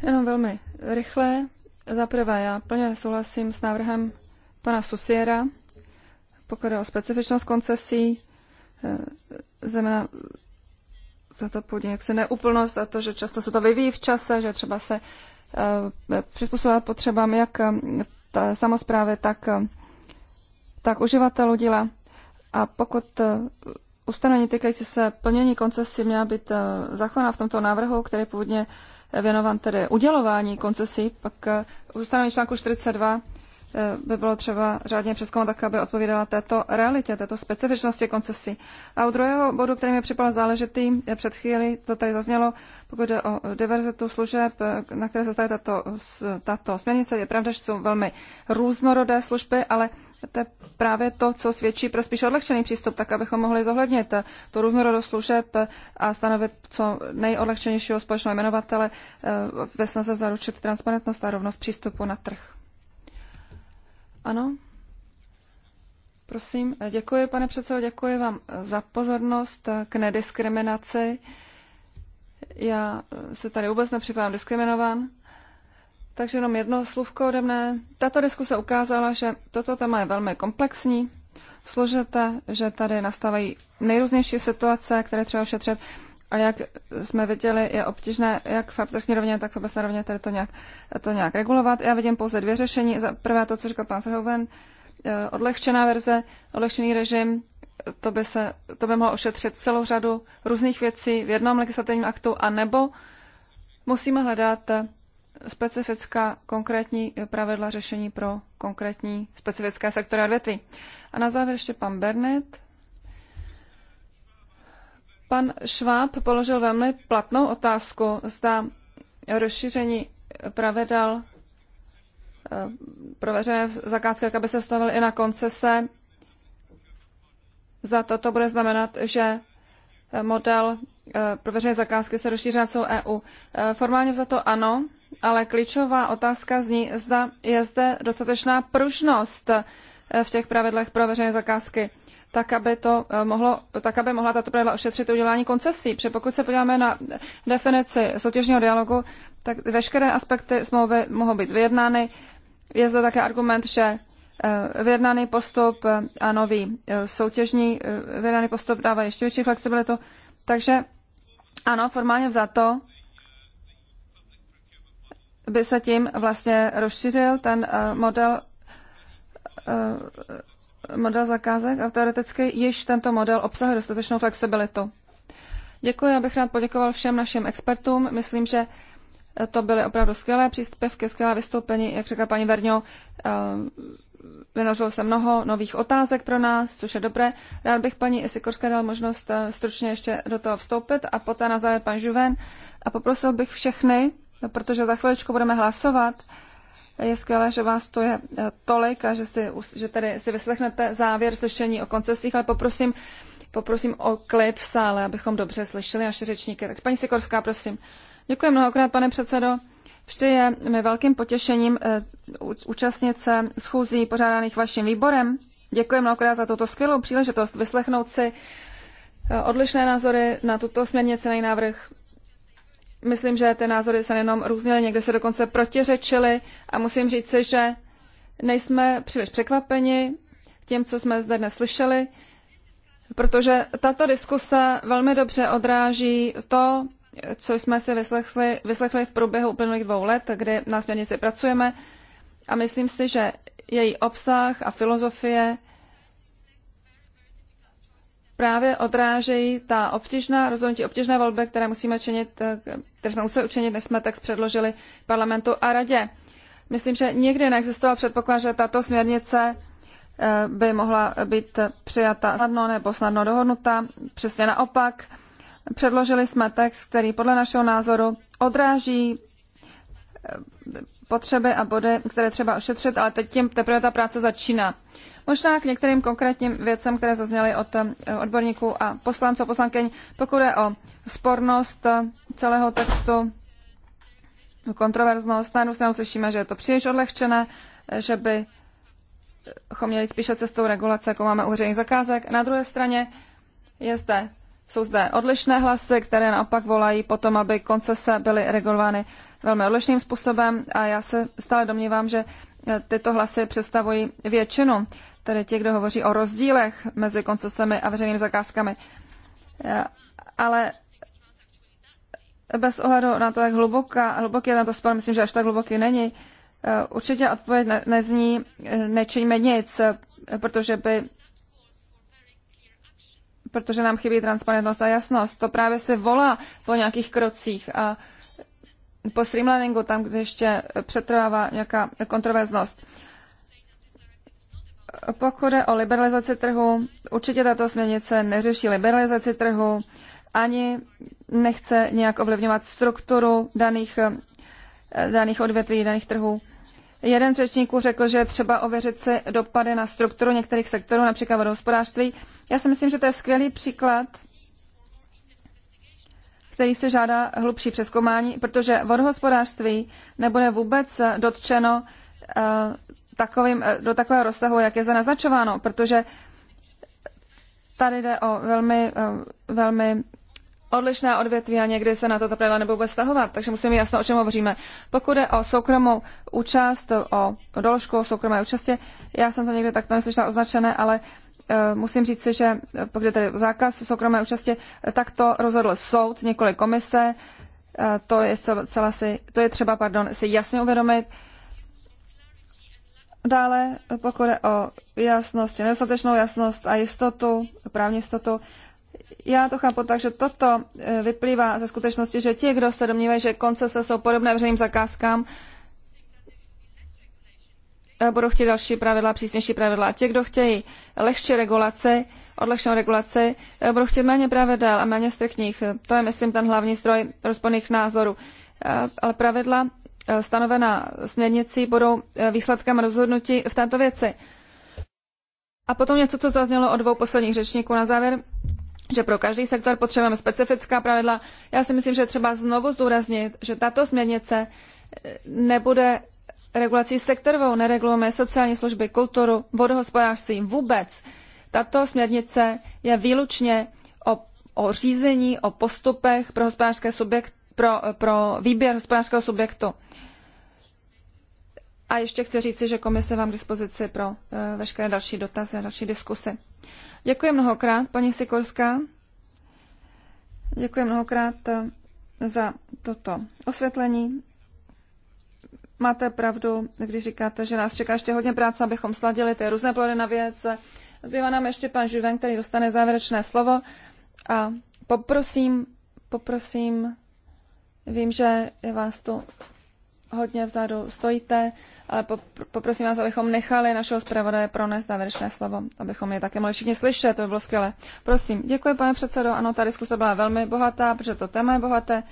Jenom velmi rychle. Zaprvé já plně souhlasím s návrhem pana Susiera, pokud je o specifičnost koncesí, eh, zejména za to půjde jaksi neúplnost a to, že často se to vyvíjí v čase, že třeba se eh, přizpůsobovat potřebám jak eh, samozprávy, tak, tak uživatelů díla. A pokud ustanovení týkající se plnění koncesí měla být zachována v tomto návrhu, který původně věnovan tedy udělování koncesí, pak ustanovení článku 42 by bylo třeba řádně přeskoumat tak, aby odpovídala této realitě, této specifičnosti koncesí. A u druhého bodu, který mi připadal záležitý je před chvíli, to tady zaznělo, pokud jde o diverzitu služeb, na které se tady tato, tato směrnice, je pravda, že jsou velmi různorodé služby, ale to je právě to, co svědčí pro spíš odlehčený přístup, tak abychom mohli zohlednit tu různorodost služeb a stanovit co nejodlehčenějšího společného jmenovatele eh, ve snaze zaručit transparentnost a rovnost přístupu na trh. Ano? Prosím, děkuji, pane předsedo, děkuji vám za pozornost k nediskriminaci. Já se tady vůbec nepřipadám diskriminován. Takže jenom jedno slůvko ode mne. Tato diskuse ukázala, že toto téma je velmi komplexní, složité, že tady nastávají nejrůznější situace, které třeba ošetřit. A jak jsme viděli, je obtížné jak v abstraktní rovně, tak v obecné rovně tady to nějak, to nějak regulovat. Já vidím pouze dvě řešení. Za prvé to, co říkal pan Verhoeven, eh, odlehčená verze, odlehčený režim, to by, se, to by mohlo ošetřit celou řadu různých věcí v jednom legislativním aktu, a nebo musíme hledat specifická konkrétní pravidla řešení pro konkrétní specifické sektory odvětví. A na závěr ještě pan Bernet Pan Schwab položil velmi platnou otázku, zda rozšíření pravidel eh, pro veřejné zakázky, aby se stavily i na koncese. Za toto bude znamenat, že eh, model eh, pro veřejné zakázky se rozšíří na celou EU. Formálně za to ano, ale klíčová otázka zní, zda je zde dostatečná pružnost v těch pravidlech pro veřejné zakázky tak aby, to eh, mohlo, tak aby mohla tato pravidla ošetřit udělání koncesí. Protože pokud se podíváme na definici soutěžního dialogu, tak veškeré aspekty smlouvy mohou být vyjednány. Je zde také argument, že eh, vyjednaný postup eh, a nový soutěžní vyjednaný postup dává ještě větší flexibilitu. Takže ano, formálně to by se tím vlastně rozšířil ten model model zakázek a teoreticky již tento model obsahuje dostatečnou flexibilitu. Děkuji, já bych rád poděkoval všem našim expertům. Myslím, že to byly opravdu skvělé příspěvky, skvělá vystoupení. Jak řekla paní Verňo, eh, vynořilo se mnoho nových otázek pro nás, což je dobré. Rád bych paní Isikorské dal možnost eh, stručně ještě do toho vstoupit a poté na závěr pan Žuven a poprosil bych všechny, protože za chviličku budeme hlasovat, je skvělé, že vás tu je eh, tolik a že, si, že tady si vyslechnete závěr slyšení o koncesích, ale poprosím, poprosím o klid v sále, abychom dobře slyšeli naše řečníky. Tak paní Sikorská, prosím. Děkuji mnohokrát, pane předsedo. Vždy je mi velkým potěšením eh, účastnit se schůzí pořádaných vaším výborem. Děkuji mnohokrát za tuto skvělou příležitost vyslechnout si eh, odlišné názory na tuto směrnici návrh myslím, že ty názory se jenom různily, někde se dokonce protiřečily a musím říct si, že nejsme příliš překvapeni tím, co jsme zde dnes slyšeli, protože tato diskuse velmi dobře odráží to, co jsme si vyslechli, vyslechli v průběhu uplynulých dvou let, kdy na směrnici pracujeme a myslím si, že její obsah a filozofie právě odrážejí ta obtížná rozhodnutí, obtížné volby, které musíme činit, eh, které jsme museli učinit, než jsme text předložili parlamentu a radě. Myslím, že nikdy neexistoval předpoklad, že tato směrnice eh, by mohla být přijata snadno nebo snadno dohodnuta. Přesně naopak, předložili jsme text, který podle našeho názoru odráží eh, potřeby a body, které třeba ošetřit, ale teď tím teprve ta práce začíná. Možná k některým konkrétním věcem, které zazněly od eh, odborníků a poslanců a poslankyň, pokud je o spornost eh, celého textu, kontroverznost, na jednu stranu slyšíme, že je to příliš odlehčené, eh, že by měli spíše cestou regulace, jako máme u veřejných zakázek. Na druhé straně je zde, jsou zde odlišné hlasy, které naopak volají potom, aby koncese byly regulovány velmi odlišným způsobem a já se stále domnívám, že tyto hlasy představují většinu tedy ti, kdo hovoří o rozdílech mezi koncesemi a veřejnými zakázkami. Ale bez ohledu na to, jak hluboká, hluboký je tento spor, myslím, že až tak hluboký není, eh, určitě odpověď ne, nezní eh, nečiňme nic, eh, protože by protože nám chybí transparentnost a jasnost. To právě se volá po nějakých krocích a po streamliningu, tam, kde ještě přetrvává nějaká kontroverznost. Pokud jde o liberalizaci trhu, určitě tato směrnice neřeší liberalizaci trhu, ani nechce nějak ovlivňovat strukturu daných, eh, daných odvětví, daných trhů. Jeden z řečníků řekl, že je třeba ověřit si dopady na strukturu některých sektorů, například vodohospodářství. Já si myslím, že to je skvělý příklad, který se žádá hlubší přeskoumání, protože vodohospodářství nebude vůbec dotčeno eh, takovým, eh, do takového rozsahu, jak je zde naznačováno, protože tady jde o velmi, eh, velmi odlišné odvětví a někdy se na toto pravidla nebudou vůbec stahovat, takže musíme mít jasno, o čem hovoříme. Pokud je o soukromou účast, o doložku o soukromé účasti, já jsem to někde takto neslyšela označené, ale eh, musím říct si, že pokud je tady zákaz soukromé účasti, tak to rozhodl soud, několik komise, to je, celá si, to je třeba pardon, si jasně uvědomit, Dále, pokud je o jasnost, nedostatečnou jasnost a jistotu, právní jistotu, já to chápu tak, že toto e, vyplývá ze skutečnosti, že ti, kdo se domnívají, že koncese jsou podobné veřejným zakázkám, e, budou chtít další pravidla, přísnější pravidla. A ti, kdo chtějí lehčí regulaci, odlehčenou regulaci, e, budou chtít méně pravidel a méně striktních. To je, myslím, ten hlavní zdroj rozporných názorů. Ale pravidla Eh, stanovená směrnicí, budou eh, výsledkem rozhodnutí v této věci. A potom něco, co zaznělo od dvou posledních řečníků na závěr, že pro každý sektor potřebujeme specifická pravidla. Já si myslím, že třeba znovu zdůraznit, že tato směrnice eh, nebude regulací sektorovou, neregulujeme sociální služby, kulturu, vodohospodářství vůbec. Tato směrnice je výlučně o, o řízení, o postupech pro hospodářské subjekt, pro, pro výběr hospodářského subjektu. A ještě chci říci, že komise vám k dispozici pro eh, veškeré další dotazy a další diskusy. Děkuji mnohokrát, paní Sikorská. Děkuji mnohokrát eh, za toto osvětlení. Máte pravdu, když říkáte, že nás čeká ještě hodně práce, abychom sladili ty různé plody na věc. Zbývá nám ještě pan Žuven, který dostane závěrečné slovo. A poprosím, poprosím, vím, že je vás tu hodně vzadu stojíte, ale poprosím vás, abychom nechali našeho zpravodaje pronést závěrečné slovo, abychom je také mohli všichni slyšet, to by bylo skvělé. Prosím, děkuji, pane předsedo. Ano, ta diskuse byla velmi bohatá, protože to téma je bohaté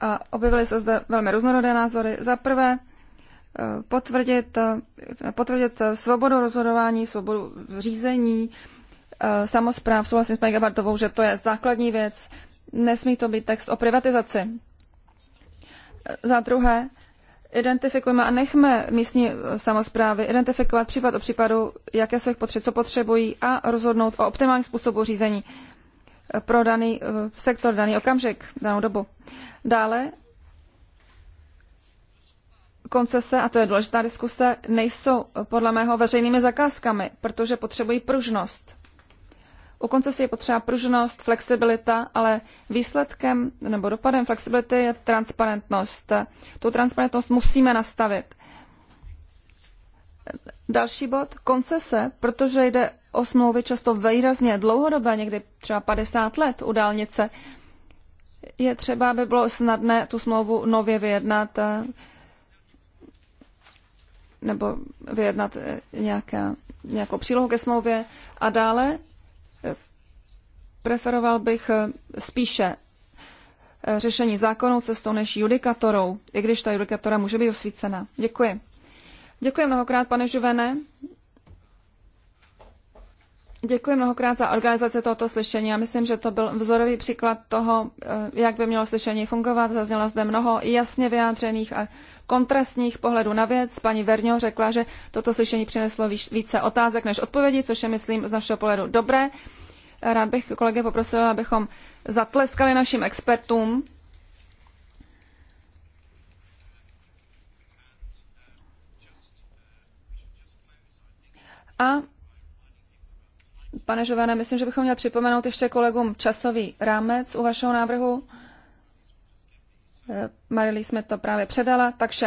a objevily se zde velmi různorodé názory. Za prvé, eh, potvrdit, eh, potvrdit svobodu rozhodování, svobodu řízení, eh, samozpráv, souhlasím s paní Gabartovou, že to je základní věc, nesmí to být text o privatizaci. Za druhé, identifikujeme a nechme místní eh, samozprávy identifikovat případ o případu, jaké jsou jejich potřeby, co potřebují a rozhodnout o optimálním způsobu řízení eh, pro daný eh, sektor, daný okamžik, danou dobu. Dále koncese, a to je důležitá diskuse, nejsou podle mého veřejnými zakázkami, protože potřebují pružnost. U koncesí je potřeba pružnost, flexibilita, ale výsledkem nebo dopadem flexibility je transparentnost. Tu transparentnost musíme nastavit. Další bod, koncese, protože jde o smlouvy často výrazně dlouhodobé, někdy třeba 50 let u dálnice, je třeba, aby bylo snadné tu smlouvu nově vyjednat nebo vyjednat nějaká, nějakou přílohu ke smlouvě. A dále Preferoval bych eh, spíše eh, řešení zákonnou cestou než judikatorou, i když ta judikatora může být osvícena. Děkuji. Děkuji mnohokrát, pane Žuvene. Děkuji mnohokrát za organizaci tohoto slyšení. Já myslím, že to byl vzorový příklad toho, eh, jak by mělo slyšení fungovat. Zaznělo zde mnoho jasně vyjádřených a kontrastních pohledů na věc. Paní Verňo řekla, že toto slyšení přineslo více otázek než odpovědí, což je, myslím, z našeho pohledu dobré. Rád bych kolegy poprosila, abychom zatleskali našim expertům. A pane Žovane, myslím, že bychom měli připomenout ještě kolegům časový rámec u vašeho návrhu. Eh, Marily jsme to právě předala, takže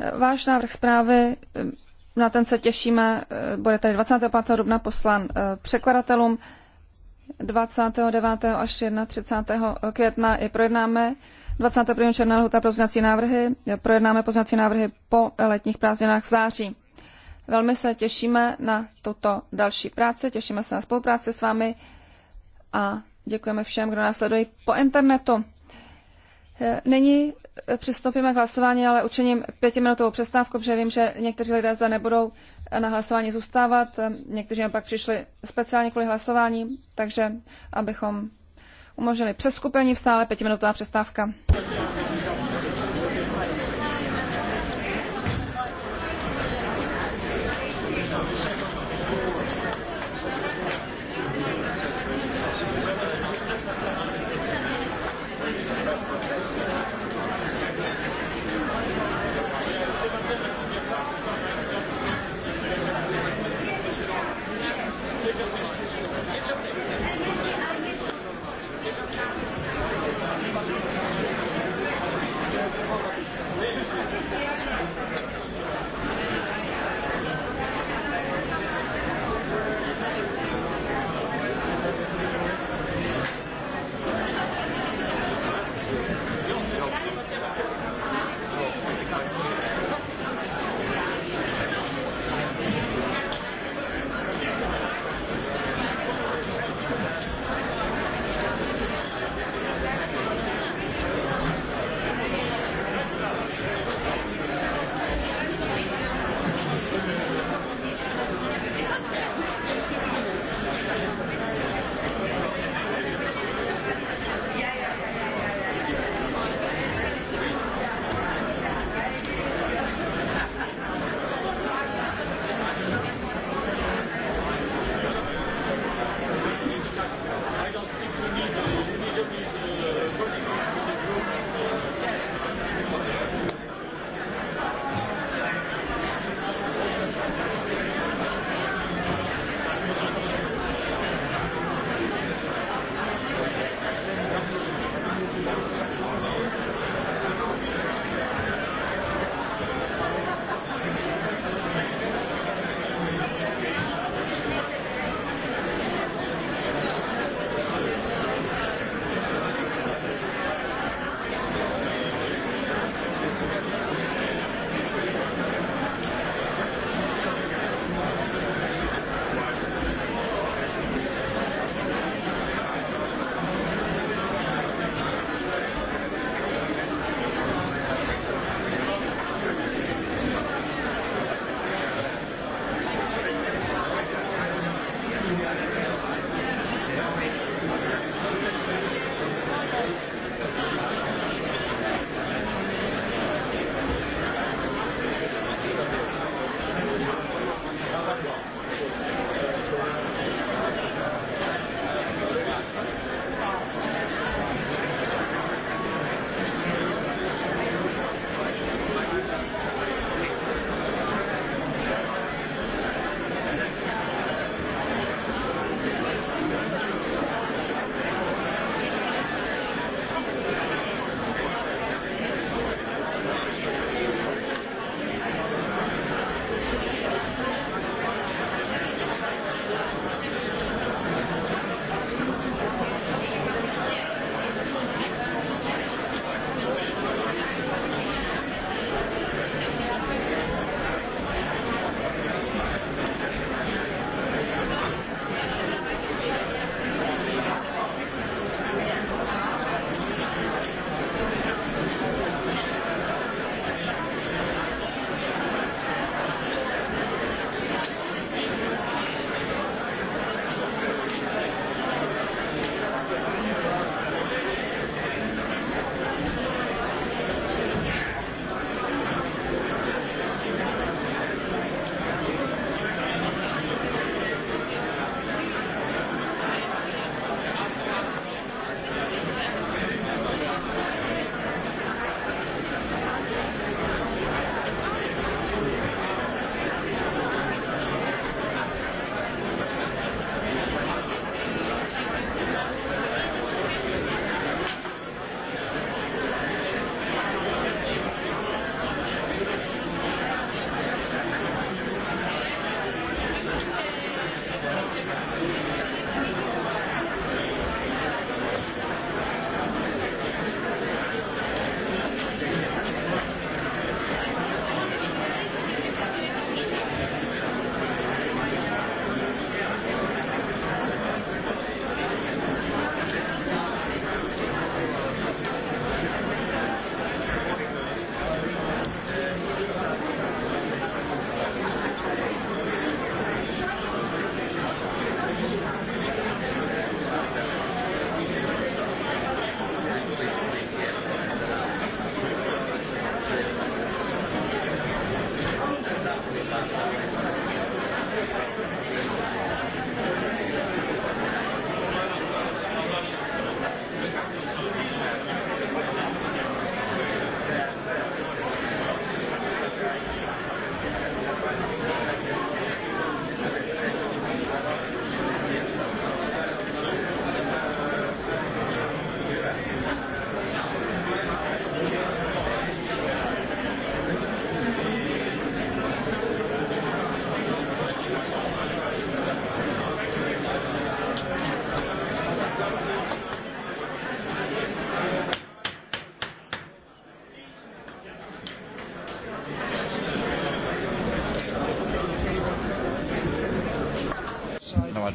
eh, váš návrh zprávy eh, na ten se těšíme, eh, bude tady 25. dubna poslán eh, překladatelům. 29. až 31. května je projednáme. 21. června lhuta pro poznací návrhy. Projednáme poznací návrhy po letních prázdninách v září. Velmi se těšíme na tuto další práci, těšíme se na spolupráci s vámi a děkujeme všem, kdo nás sledují po internetu. Eh, nyní přistoupíme k hlasování, ale učiním pětiminutovou přestávku, protože vím, že někteří lidé zde nebudou na hlasování zůstávat, někteří pak přišli speciálně kvůli hlasování, takže abychom umožnili přeskupení v sále pětiminutová přestávka.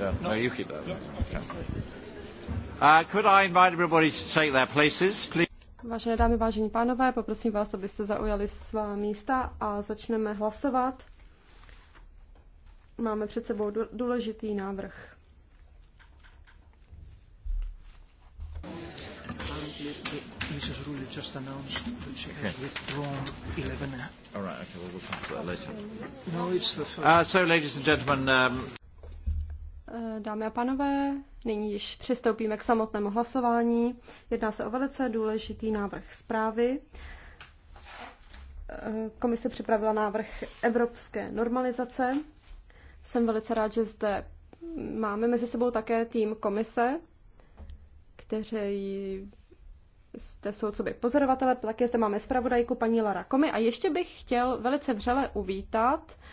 No, no you keep that. No, uh, could I invite everybody to take their places, please? Vážené dámy, vážení pánové, poprosím vás, abyste zaujali svá místa a začneme hlasovat. Máme před sebou důležitý návrh. okay. No, uh, so, ladies and gentlemen, um, Eh, dámy a pánové, nyní již přistoupíme k samotnému hlasování. Jedná se o velice důležitý návrh zprávy. Eh, komise připravila návrh evropské normalizace. Jsem velice rád, že zde máme mezi sebou také tým komise, kteří jste jsou sobě pozorovatele, také zde máme zpravodajku paní Lara Komi a ještě bych chtěl velice vřele uvítat uh,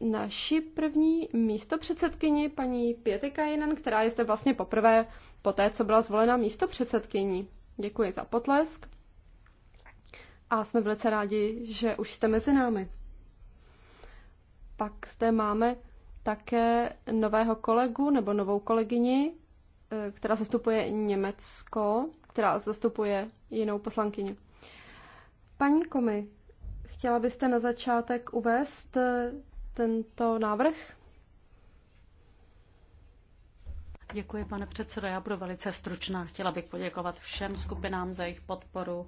naši první místo předsedkyni, paní Pětikajinen, která je zde vlastně poprvé po té, co byla zvolena místo předsedkyní. Děkuji za potlesk a jsme velice rádi, že už jste mezi námi. Pak zde máme také nového kolegu nebo novou kolegyni, eh, která zastupuje Německo, která zastupuje jinou poslankyni. Paní Komi, chtěla byste na začátek uvést eh, tento návrh? Děkuji, pane předsedo. Já budu velice stručná. Chtěla bych poděkovat všem skupinám za jejich podporu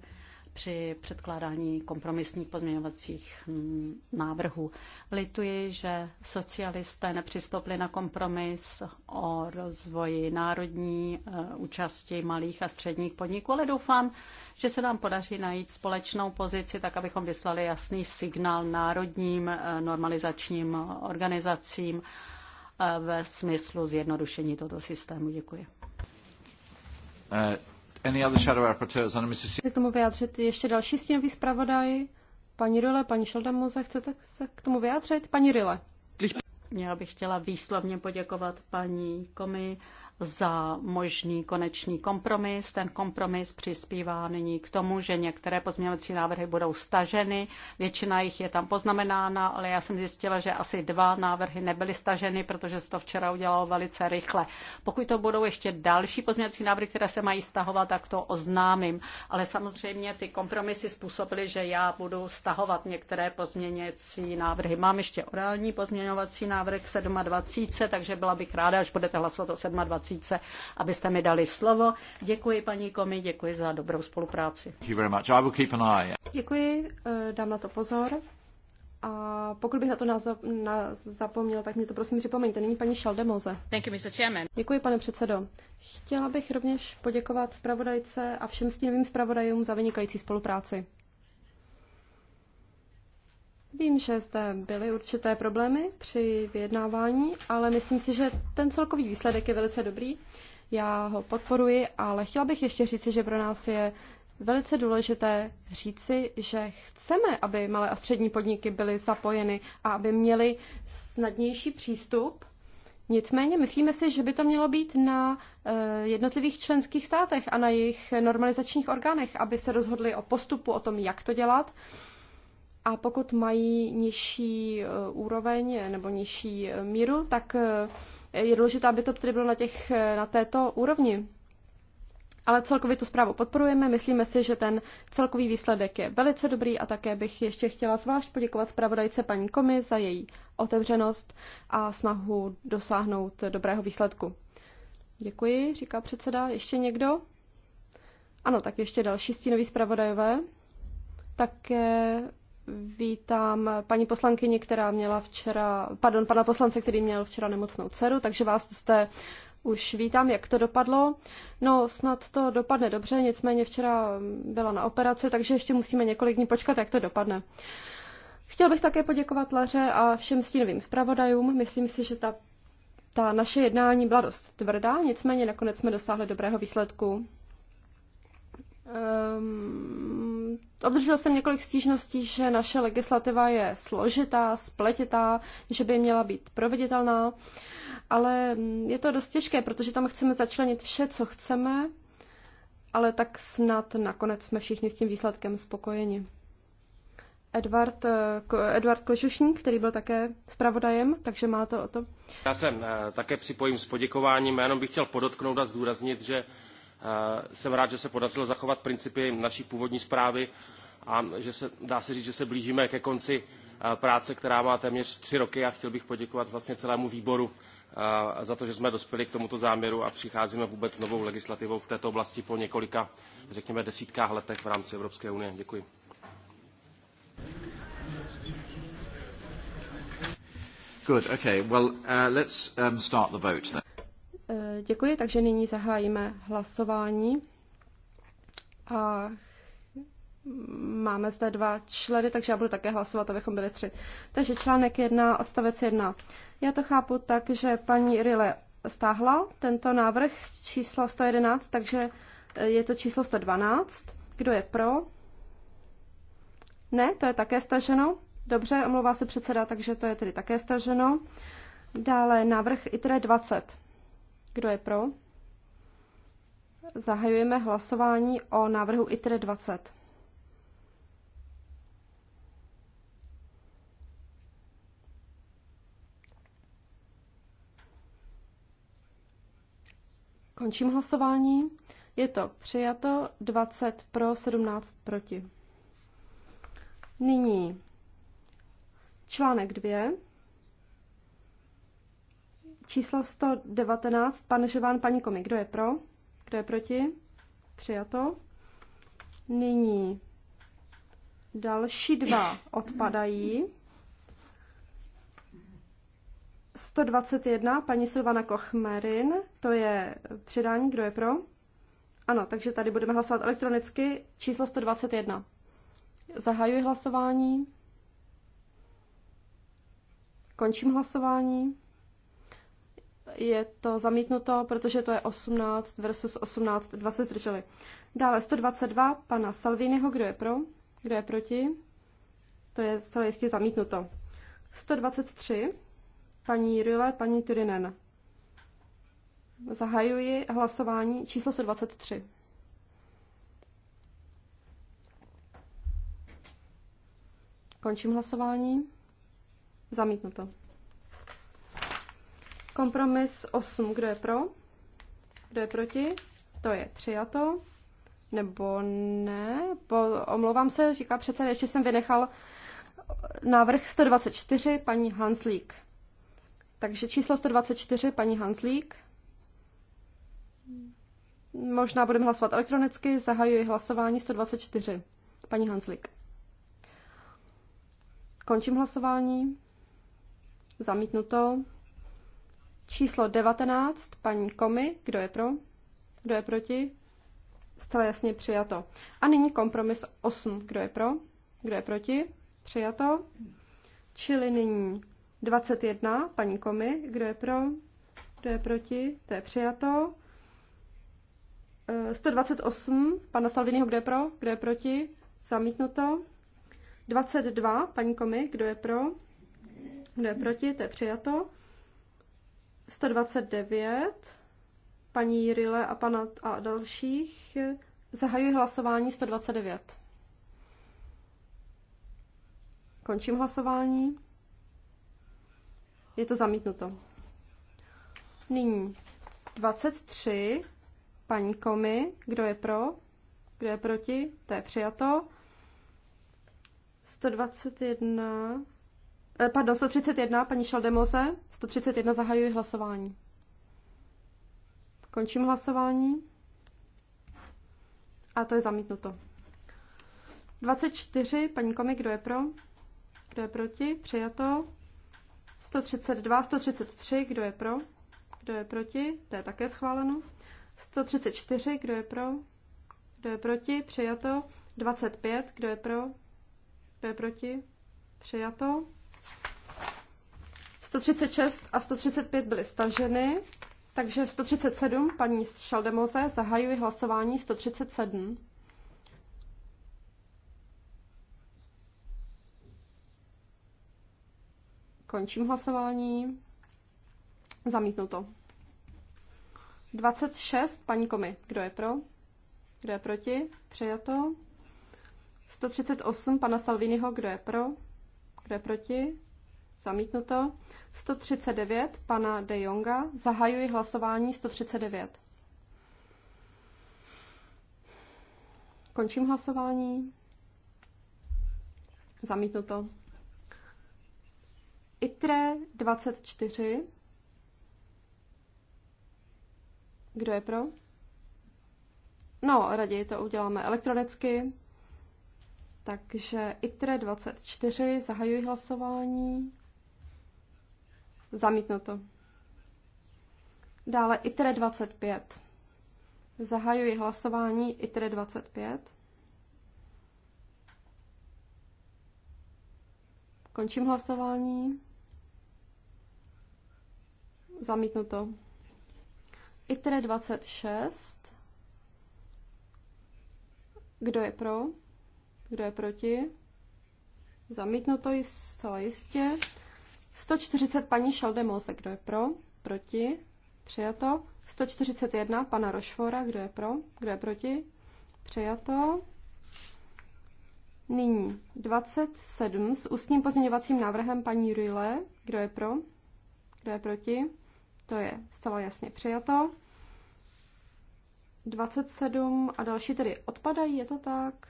při předkládání kompromisních pozměňovacích mm, návrhů. Lituji, že socialisté nepřistoupili na kompromis o rozvoji národní eh, účasti malých a středních podniků, ale doufám, že se nám podaří najít společnou pozici, tak abychom vyslali jasný signál národním eh, normalizačním organizacím eh, ve smyslu zjednodušení tohoto systému. Děkuji. Uh... K tomu vyjádřit ještě další stínový zpravodaj. Paní Rille, paní Šeldamoze, chcete se k tomu vyjádřit? Paní Rille. Já bych chtěla výslovně poděkovat paní Komi za možný konečný kompromis. Ten kompromis přispívá nyní k tomu, že některé pozměňovací návrhy budou staženy, většina jich je tam poznamenána, ale já jsem zjistila, že asi dva návrhy nebyly staženy, protože se to včera udělalo velice rychle. Pokud to budou ještě další pozměňovací návrhy, které se mají stahovat, tak to oznámím. Ale samozřejmě ty kompromisy způsobily, že já budu stahovat některé pozměňovací návrhy. Mám ještě orální pozměňovací návrh 27, takže byla bych ráda, až budete hlasovat o 27. 1.30, abyste mi dali slovo. Děkuji paní Komi, děkuji za dobrou spolupráci. Děkuji, dám na to pozor. A pokud bych na to zapomněl, tak mě to prosím připomeňte. Nyní paní Šaldemoze. Thank you, Mr. Chairman. Děkuji, pane předsedo. Chtěla bych rovněž poděkovat zpravodajce a všem stínovým zpravodajům za vynikající spolupráci. Vím, že zde byly určité problémy při vyjednávání, ale myslím si, že ten celkový výsledek je velice dobrý. Já ho podporuji, ale chtěla bych ještě říci, že pro nás je velice důležité říci, že chceme, aby malé a střední podniky byly zapojeny a aby měly snadnější přístup. Nicméně myslíme si, že by to mělo být na eh, jednotlivých členských státech a na jejich normalizačních orgánech, aby se rozhodli o postupu, o tom, jak to dělat a pokud mají nižší eh, úroveň nebo nižší eh, míru, tak eh, je důležité, aby to tedy bylo na, těch, na této úrovni. Ale celkově tu zprávu podporujeme, myslíme si, že ten celkový výsledek je velice dobrý a také bych ještě chtěla zvlášť poděkovat zpravodajce paní Komi za její otevřenost a snahu dosáhnout dobrého výsledku. Děkuji, říká předseda. Ještě někdo? Ano, tak ještě další stínový zpravodajové. Také vítám paní poslankyni, která měla včera, pardon, pana poslance, který měl včera nemocnou dceru, takže vás zde už vítám, jak to dopadlo. No, snad to dopadne dobře, nicméně včera byla na operaci, takže ještě musíme několik dní počkat, jak to dopadne. Chtěl bych také poděkovat Laře a všem stínovým zpravodajům. Myslím si, že ta, ta naše jednání byla dost tvrdá, nicméně nakonec jsme dosáhli dobrého výsledku. Um, obdržel jsem několik stížností, že naše legislativa je složitá, spletitá, že by měla být proveditelná, ale mm, je to dost těžké, protože tam chceme začlenit vše, co chceme, ale tak snad nakonec jsme všichni s tím výsledkem spokojeni. Edward, eh, Edward Kožušník, který byl také zpravodajem, takže má to o to. Já se eh, také připojím s poděkováním, jenom bych chtěl podotknout a zdůraznit, že Eh, jsem rád, že se podařilo zachovat principy naší původní zprávy a že se, dá se říct, že se blížíme ke konci eh, práce, která má téměř tři roky a chtěl bych poděkovat vlastně celému výboru eh, za to, že jsme dospěli k tomuto záměru a přicházíme vůbec s novou legislativou v této oblasti po několika, řekněme, desítkách letech v rámci Evropské unie. Děkuji. Good, okay. Well, uh, let's um, start the vote then. Děkuji, takže nyní zahájíme hlasování. A máme zde dva členy, takže já budu také hlasovat, abychom byli tři. Takže článek 1, odstavec 1. Já to chápu tak, že paní Rile stáhla tento návrh číslo 111, takže eh, je to číslo 112. Kdo je pro? Ne, to je také staženo. Dobře, omlouvá se předseda, takže to je tedy také staženo. Dále návrh ITRE 20. Kdo je pro? Zahajujeme hlasování o návrhu ITR 20. Končím hlasování. Je to přijato 20 pro, 17 proti. Nyní článek 2. Číslo 119, pan Žován, paní Komi, kdo je pro? Kdo je proti? Přijato. Nyní další dva odpadají. 121, paní Silvana Kochmerin, to je předání, kdo je pro? Ano, takže tady budeme hlasovat elektronicky číslo 121. Zahajuji hlasování. Končím hlasování je to zamítnuto, protože to je 18 versus 18, dva se zdrželi. Dále 122 pana Salviniho, kdo je pro, kdo je proti, to je celé jistě zamítnuto. 123 paní Rile, paní Tyrinen. Zahajuji hlasování číslo 123. Končím hlasování. Zamítnuto. Kompromis 8, kdo je pro? Kdo je proti? To je přijato. Nebo ne? Po, omlouvám se, říká přece, ještě jsem vynechal návrh 124, paní Hanslík. Takže číslo 124, paní Hanslík. Možná budeme hlasovat elektronicky. Zahajuji hlasování 124. Paní Hanslík. Končím hlasování. Zamítnuto. Číslo 19, paní Komi, kdo je pro? Kdo je proti? Zcela jasně přijato. A nyní kompromis 8, kdo je pro? Kdo je proti? Přijato. Čili nyní 21, paní Komi, kdo je pro? Kdo je proti? To je přijato. 128, eh, pana Salviniho, kdo je pro? Kdo je proti? Zamítnuto. 22, paní Komi, kdo je pro? Kdo je proti? To je přijato. 129 paní Jirile a, pana, a dalších. Zahajuji hlasování 129. Končím hlasování. Je to zamítnuto. Nyní 23. Paní Komy, kdo je pro? Kdo je proti? To je přijato. 121. Eh, pardon, 131, paní Šaldemose. 131 zahajuji hlasování. Končím hlasování. A to je zamítnuto. 24, paní Komi, kdo je pro? Kdo je proti? Přijato. 132, 133, kdo je pro? Kdo je proti? To je také schváleno. 134, kdo je pro? Kdo je proti? Přijato. 25, kdo je pro? Kdo je proti? Přijato. 136 a 135 byly staženy, takže 137, paní Šaldemoze, zahajuji hlasování 137. Končím hlasování. Zamítnuto. 26, paní Komi, kdo je pro? Kdo je proti? Přijato. 138, pana Salviniho, kdo je pro? Kdo je proti? Zamítnuto. 139 pana De Jonga. Zahajuji hlasování 139. Končím hlasování. Zamítnuto. ITRE 24. Kdo je pro? No, raději to uděláme elektronicky. Takže ITRE 24, zahajuji hlasování. to. Dále ITRE 25. Zahajuji hlasování ITRE 25. Končím hlasování. zamítnu to. ITRE 26. Kdo je pro? Kdo je proti? Zamítnu je zcela jistě. 140 paní Šaldemose, kdo je pro? Proti? Přijato. 141 pana Rošvora. kdo je pro? Kdo je proti? Přijato. Nyní 27 s ústním pozměňovacím návrhem paní Rile. Kdo je pro? Kdo je proti? To je zcela jasně přijato. 27 a další tedy odpadají, je to tak?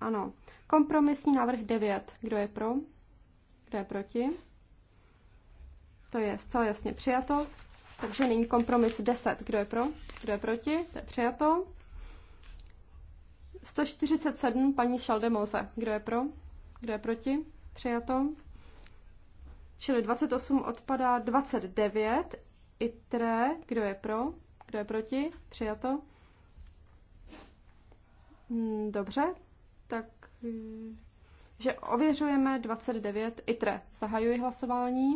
Ano. Kompromisní návrh 9. Kdo je pro? Kdo je proti? To je zcela jasně přijato. Takže nyní kompromis 10. Kdo je pro? Kdo je proti? To je přijato. 147 paní Šaldemoze. Kdo je pro? Kdo je proti? Přijato. Čili 28 odpadá 29. ITRE. Kdo je pro? Kdo je proti? Přijato. Hmm, dobře, Hmm, že ověřujeme 29 ITRE. Zahajuji hlasování.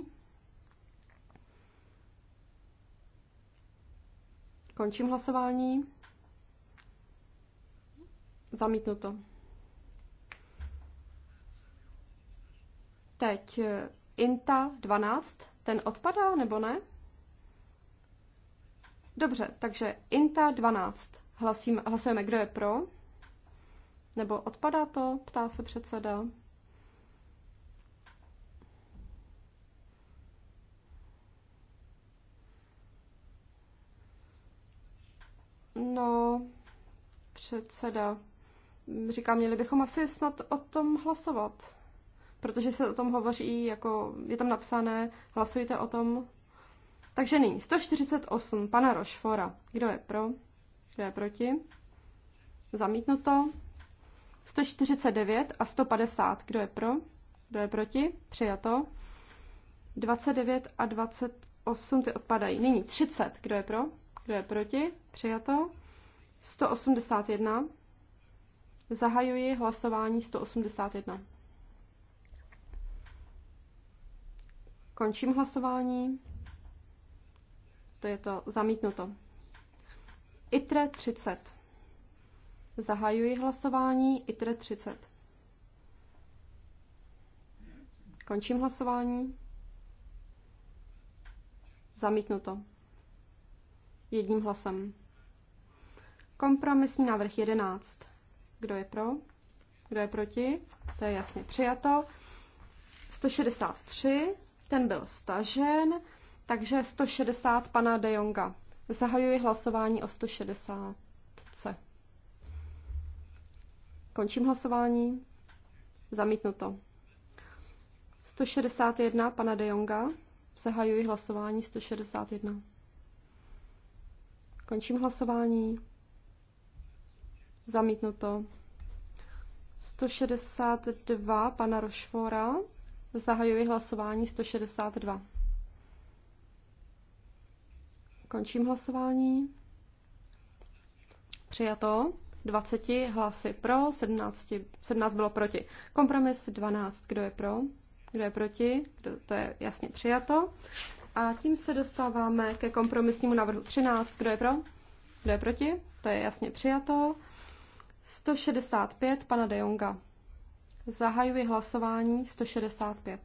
Končím hlasování. Zamítnuto. Teď eh, INTA 12, ten odpadá nebo ne? Dobře, takže INTA 12. Hlasím, hlasujeme, kdo je pro. Nebo odpadá to? Ptá se předseda. No, předseda. Říká, měli bychom asi snad o tom hlasovat. Protože se o tom hovoří, jako je tam napsané, hlasujte o tom. Takže nyní 148, pana Rošfora. Kdo je pro? Kdo je proti? Zamítnuto. 149 a 150. Kdo je pro? Kdo je proti? Přijato. 29 a 28 ty odpadají. Nyní 30. Kdo je pro? Kdo je proti? Přijato. 181. Zahajuji hlasování 181. Končím hlasování. To je to zamítnuto. ITRE 30. Zahajuji hlasování ITRE 30. Končím hlasování. Zamítnuto. Jedním hlasem. Kompromisní návrh 11. Kdo je pro? Kdo je proti? To je jasně přijato. 163, ten byl stažen, takže 160 pana De Jonga. Zahajuji hlasování o 160. Končím hlasování. Zamítnuto. 161 pana De Jonga. Zahajuji hlasování 161. Končím hlasování. Zamítnuto. 162 pana Rošvora. Zahajuji hlasování 162. Končím hlasování. Přijato. 20 hlasy pro, 17, 17 bylo proti. Kompromis 12, kdo je pro, kdo je proti, kdo, to je jasně přijato. A tím se dostáváme ke kompromisnímu návrhu 13, kdo je pro, kdo je proti, to je jasně přijato. 165 pana De Jonga. Zahajuji hlasování 165.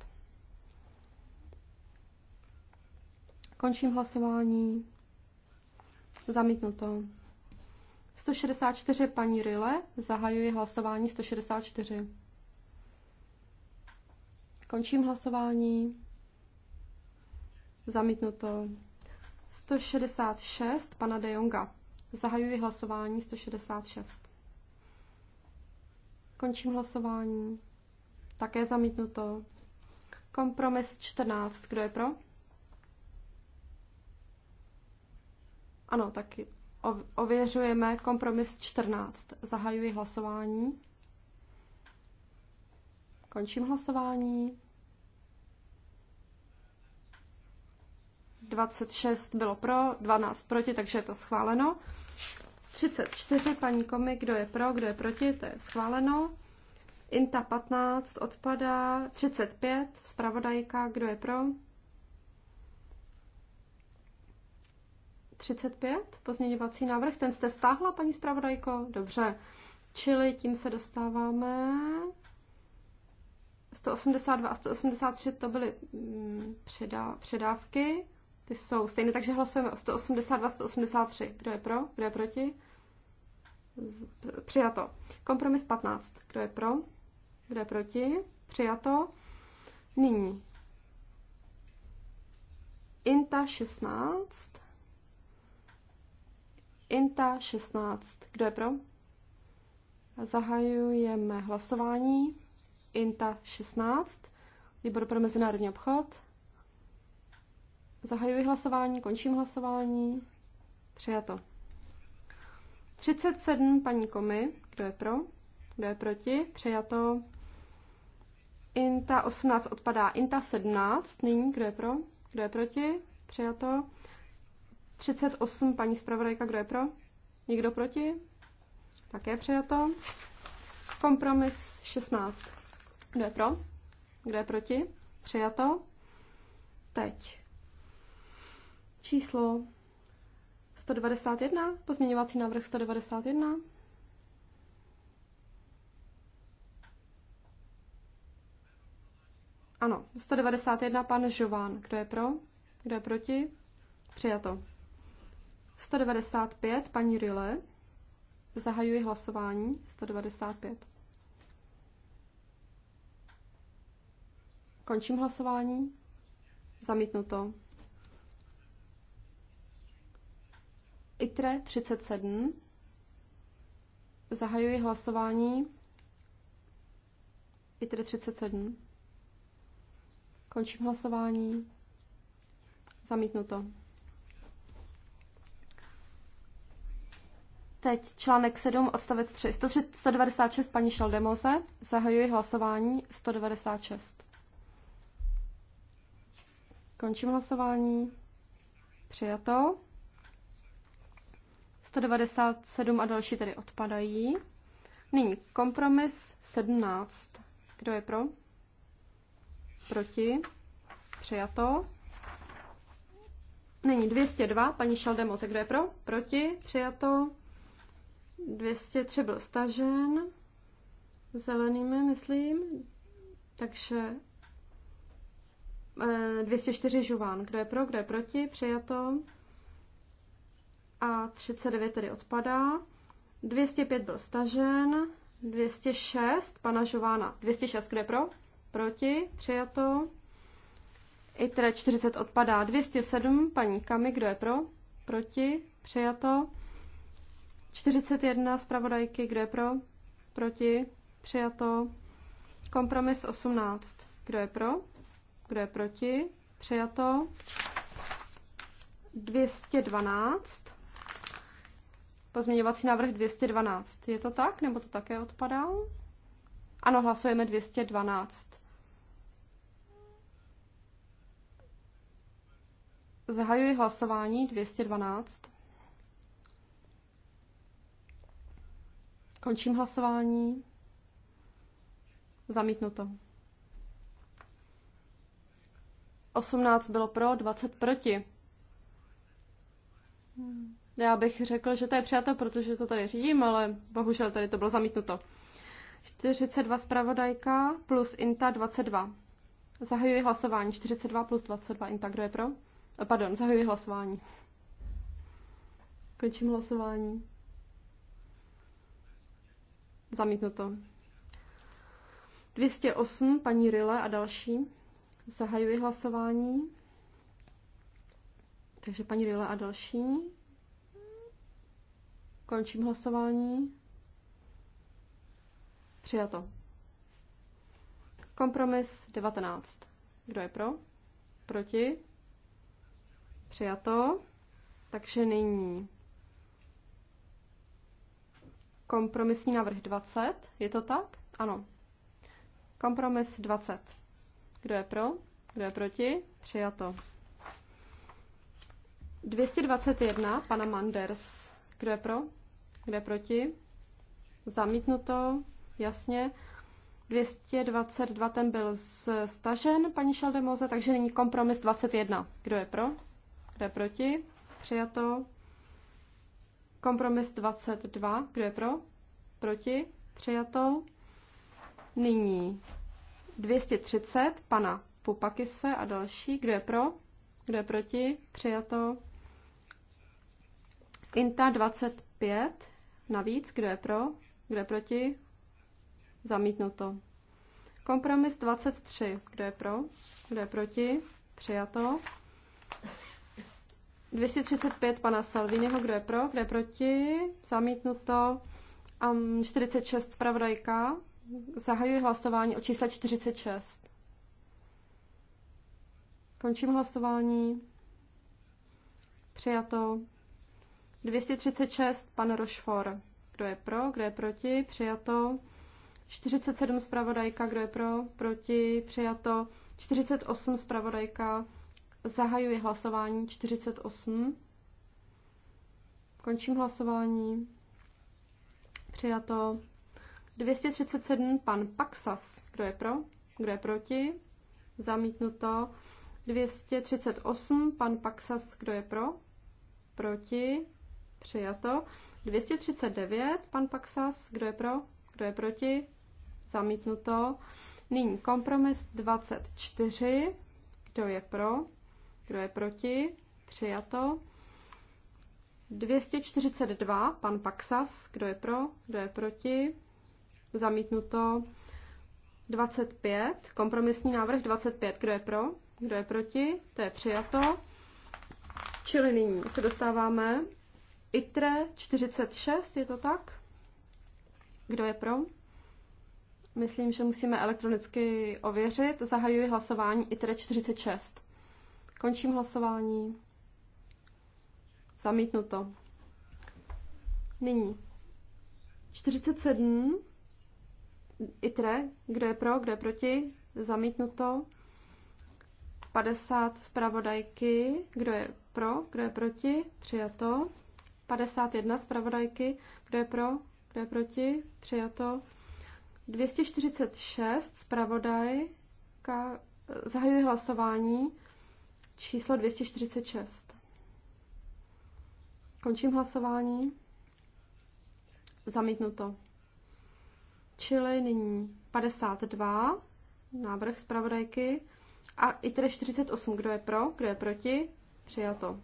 Končím hlasování. Zamítnuto. 164 paní Rile, zahajuji hlasování 164. Končím hlasování. Zamítnuto. 166 pana De Jonga. Zahajuji hlasování 166. Končím hlasování. Také zamítnuto. Kompromis 14. Kdo je pro? Ano, taky Ověřujeme kompromis 14. Zahajuji hlasování. Končím hlasování. 26 bylo pro, 12 proti, takže je to schváleno. 34 paní komik, kdo je pro, kdo je proti, to je schváleno. Inta 15 odpadá. 35 zpravodajka, kdo je pro, 35, pozměňovací návrh, ten jste stáhla, paní zpravodajko? Dobře. Čili tím se dostáváme 182 a 183 to byly mm, předá, předávky, ty jsou stejné, takže hlasujeme o 182, 183. Kdo je pro, kdo je proti? Přijato. Kompromis 15. Kdo je pro, kdo je proti? Přijato. Nyní. Inta 16. INTA 16. Kdo je pro? Zahajujeme hlasování. INTA 16. Výbor pro mezinárodní obchod. Zahajuji hlasování, končím hlasování. Přijato. 37 paní Komy. Kdo je pro? Kdo je proti? Přijato. INTA 18 odpadá. INTA 17. Nyní kdo je pro? Kdo je proti? Přijato. 38, paní zpravodajka, kdo je pro? Nikdo proti? Také přijato. Kompromis 16. Kdo je pro? Kdo je proti? Přijato. Teď. Číslo 191, pozměňovací návrh 191. Ano, 191, pan Žován. Kdo je pro? Kdo je proti? Přijato. 195, paní Rile. Zahajuji hlasování. 195. Končím hlasování. Zamítnuto. ITRE 37. Zahajuji hlasování. ITRE 37. Končím hlasování. Zamítnuto. Teď článek 7, odstavec 3. 196, paní Šaldemoze. Zahajuji hlasování 196. Končím hlasování. Přijato. 197 a další tedy odpadají. Nyní kompromis 17. Kdo je pro? Proti? Přijato. Nyní 202, paní Šaldemoze, kdo je pro? Proti? Přijato. 203 byl stažen zelenými, myslím, takže 204 eh, žuván. Kdo je pro, kdo je proti, přijato. A 39 tedy odpadá. 205 byl stažen. 206 pana Žována. 206 kde pro? Proti, přijato. I teda 40 odpadá. 207 paní Kami, kdo je pro? Proti, přijato. 41 zpravodajky, kdo je pro? Proti? Přijato. Kompromis 18. Kdo je pro? Kdo je proti? Přijato. 212. Pozměňovací návrh 212. Je to tak? Nebo to také odpadá? Ano, hlasujeme 212. Zahajuji hlasování 212. Končím hlasování. Zamítnuto. 18 bylo pro, 20 proti. Já bych řekl, že to je přijato, protože to tady řídím, ale bohužel tady to bylo zamítnuto. 42 zpravodajka plus INTA 22. Zahajuji hlasování. 42 plus 22 INTA. Kdo je pro? Pardon, zahajuji hlasování. Končím hlasování. Zamítnuto. 208, paní Rille a další. Zahajuji hlasování. Takže paní Rille a další. Končím hlasování. Přijato. Kompromis 19. Kdo je pro? Proti? Přijato. Takže nyní kompromisní návrh 20, je to tak? Ano. Kompromis 20. Kdo je pro? Kdo je proti? Přijato. 221 pana Manders. Kdo je pro? Kdo je proti? Zamítnuto, jasně. 222 ten byl stažen, paní Šaldemoze, takže nyní kompromis 21. Kdo je pro? Kdo je proti? Přijato. Kompromis 22. Kdo je pro? Proti? Přijato. Nyní 230 pana Pupakise a další. Kdo je pro? Kdo je proti? Přijato. Inta 25. Navíc. Kdo je pro? Kdo je proti? Zamítnuto. Kompromis 23. Kdo je pro? Kdo je proti? Přijato. 235 pana Salviniho, kdo je pro, kdo je proti, zamítnuto. A 46 zpravodajka, zahajuji hlasování o čísle 46. Končím hlasování. Přijato. 236 pan Rošfor, kdo je pro, kdo je proti, přijato. 47 zpravodajka, kdo je pro, proti, přijato. 48 zpravodajka, Zahajuji hlasování 48. Končím hlasování. Přijato. 237 pan Paxas. Kdo je pro? Kdo je proti? Zamítnuto. 238 pan Paxas. Kdo je pro? Proti? Přijato. 239 pan Paxas. Kdo je pro? Kdo je proti? Zamítnuto. Nyní kompromis 24. Kdo je pro? Kdo je proti? Přijato. 242, pan Paxas, kdo je pro, kdo je proti, zamítnuto 25, kompromisní návrh 25, kdo je pro, kdo je proti, to je přijato. Čili nyní se dostáváme ITRE 46, je to tak? Kdo je pro? Myslím, že musíme elektronicky ověřit. Zahajuji hlasování ITRE 46. Končím hlasování. Zamítnuto. Nyní. 47. ITRE. Kdo je pro, kdo je proti? Zamítnuto. 50 zpravodajky. Kdo je pro, kdo je proti? Přijato. 51 zpravodajky. Kdo je pro, kdo je proti? Přijato. 246 zpravodajka. Eh, zahajuje hlasování číslo 246. Končím hlasování. Zamítnuto. Čili nyní 52, návrh zpravodajky, a i tedy 48, kdo je pro, kdo je proti, přijato.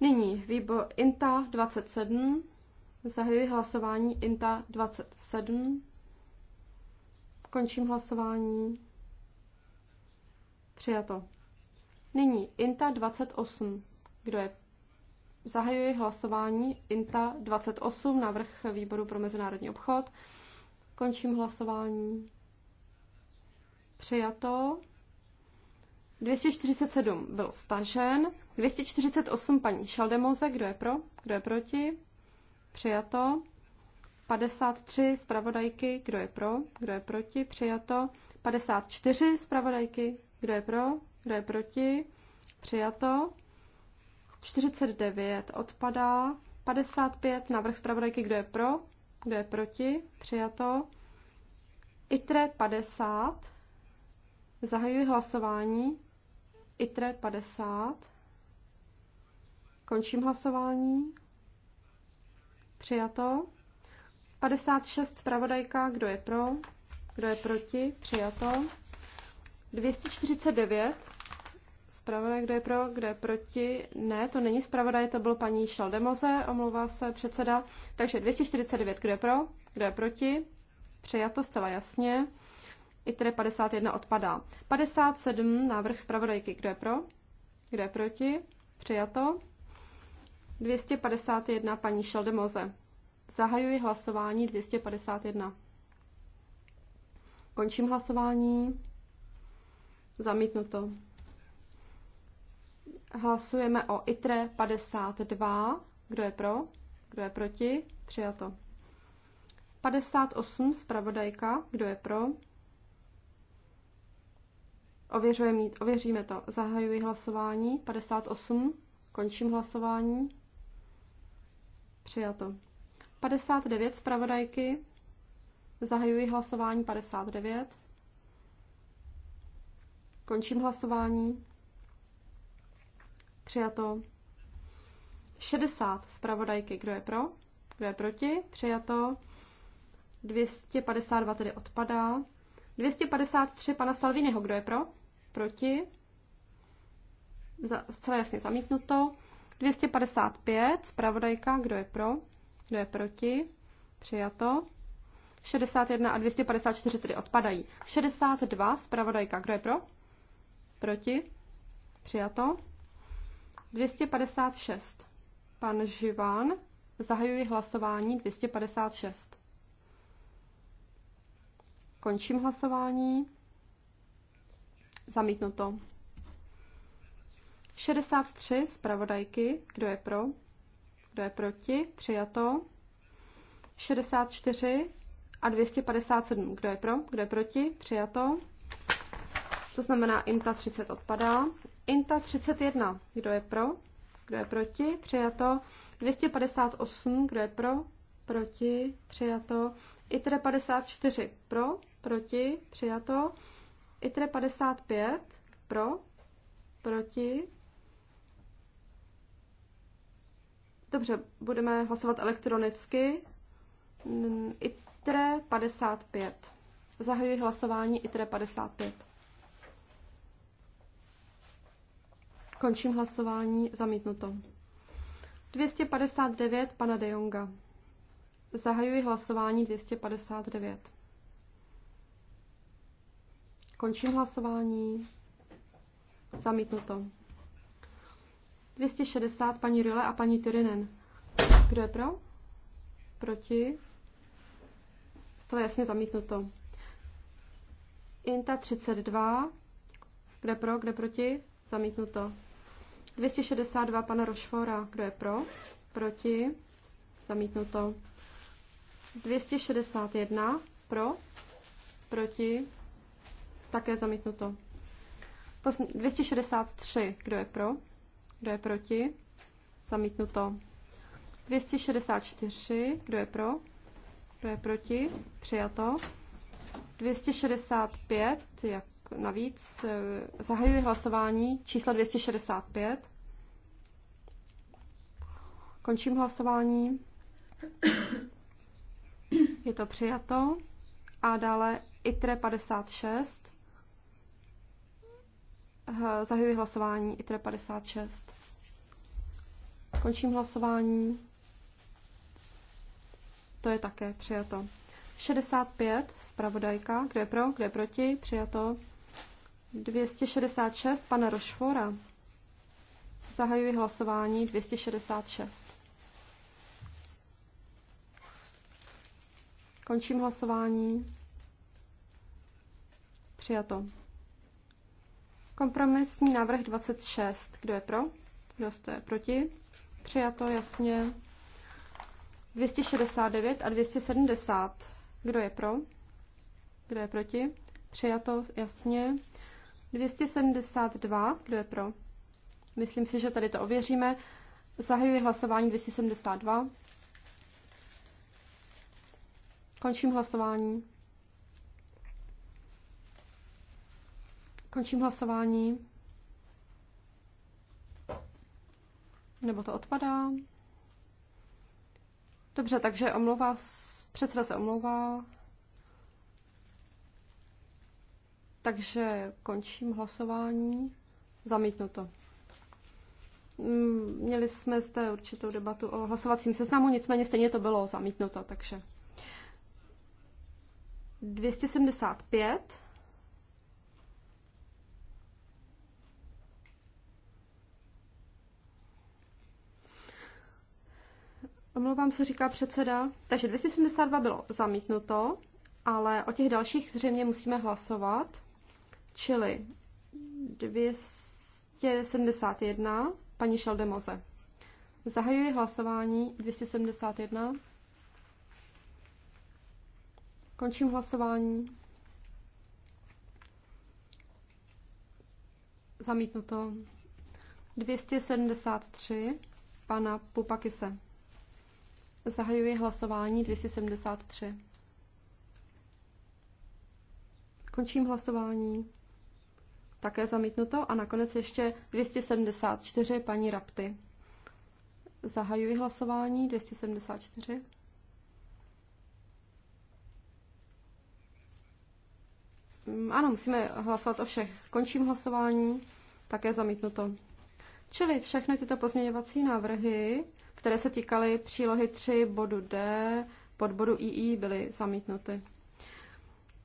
Nyní výbor INTA 27, zahajuji hlasování INTA 27, končím hlasování, přijato. Nyní INTA 28. Kdo je? Zahajuji hlasování INTA 28, návrh výboru pro mezinárodní obchod. Končím hlasování. Přijato. 247 byl stažen. 248 paní Šaldemoze, kdo je pro, kdo je proti? Přijato. 53 zpravodajky, kdo je pro, kdo je proti? Přijato. 54 zpravodajky, kdo je pro, kdo je proti? Přijato. 49 odpadá. 55 návrh zpravodajky, kdo je pro? Kdo je proti? Přijato. ITRE 50. Zahajuji hlasování. ITRE 50. Končím hlasování. Přijato. 56 zpravodajka, kdo je pro? Kdo je proti? Přijato. 249 zpravodaj, kdo je pro, kdo je proti. Ne, to není zpravodaj, to byl paní Šaldemoze, omlouvá se předseda. Takže 249, kdo je pro, kdo je proti. Přijato zcela jasně. tedy 51 odpadá. 57, návrh zpravodajky, kdo je pro, kdo je proti. Přijato. 251, paní Šaldemoze. Zahajuji hlasování 251. Končím hlasování. Zamítnuto. Hlasujeme o ITRE 52. Kdo je pro? Kdo je proti? Přijato. 58. Spravodajka. Kdo je pro? Ověřujeme, ověříme to. Zahajuji hlasování. 58. Končím hlasování. Přijato. 59. Spravodajky. Zahajuji hlasování 59. Končím hlasování. Přijato. 60 zpravodajky, kdo je pro, kdo je proti, přijato. 252 tedy odpadá. 253 pana Salviniho, kdo je pro, proti, Za, zcela jasně zamítnuto. 255 zpravodajka, kdo je pro, kdo je proti, přijato. 61 a 254 tedy odpadají. 62 zpravodajka, kdo je pro, proti, přijato. 256. Pan Živán. Zahajuji hlasování 256. Končím hlasování. Zamítnuto. 63 zpravodajky. Kdo je pro? Kdo je proti? Přijato. 64 a 257. Kdo je pro? Kdo je proti? Přijato. To znamená, INTA 30 odpadá. INTA 31. Kdo je pro? Kdo je proti? Přijato. 258. Kdo je pro? Proti? Přijato. ITRE 54. Pro? Proti? Přijato. ITRE 55. Pro? Proti? Dobře, budeme hlasovat elektronicky. ITRE 55. Zahajuji hlasování ITRE 55. Končím hlasování. Zamítnuto. 259 pana De Jonga. Zahajuji hlasování 259. Končím hlasování. Zamítnuto. 260 paní Rile a paní Tyrinen. Kdo je pro? Proti? Zcela jasně zamítnuto. Inta 32. Kde pro, kde proti? Zamítnuto. 262 pana Rošfora, kdo je pro? Proti? Zamítnuto. 261 pro? Proti? Také zamítnuto. 263, kdo je pro? Kdo je proti? Zamítnuto. 264, kdo je pro? Kdo je proti? Přijato. 265, jak navíc. Eh, zahajuji hlasování číslo 265. Končím hlasování. Je to přijato. A dále ITRE 56. Zahajuji hlasování ITRE 56. Končím hlasování. To je také přijato. 65, zpravodajka, kdo je pro, kdo je proti, přijato. 266 pana Rošfora. Zahajuji hlasování 266. Končím hlasování. Přijato. Kompromisní návrh 26. Kdo je pro? Kdo jste proti? Přijato, jasně. 269 a 270. Kdo je pro? Kdo je proti? Přijato, jasně. 272, kdo je pro? Myslím si, že tady to ověříme. Zahajuji hlasování 272. Končím hlasování. Končím hlasování. Nebo to odpadá. Dobře, takže omlouvá, předseda se omlouvá. Takže končím hlasování. Zamítnuto. Mm, měli jsme zde určitou debatu o hlasovacím seznamu, nicméně stejně to bylo zamítnuto, takže 275 Omlouvám se, říká předseda. Takže 272 bylo zamítnuto, ale o těch dalších zřejmě musíme hlasovat čili 271, paní Šaldemoze. Zahajuji hlasování 271. Končím hlasování. Zamítnuto. 273 pana Pupakise. Zahajuji hlasování 273. Končím hlasování také zamítnuto. A nakonec ještě 274 paní Rapty. Zahajuji hlasování 274. Mm, ano, musíme hlasovat o všech. Končím hlasování, také zamítnuto. Čili všechny tyto pozměňovací návrhy, které se týkaly přílohy 3 bodu D pod bodu II, byly zamítnuty.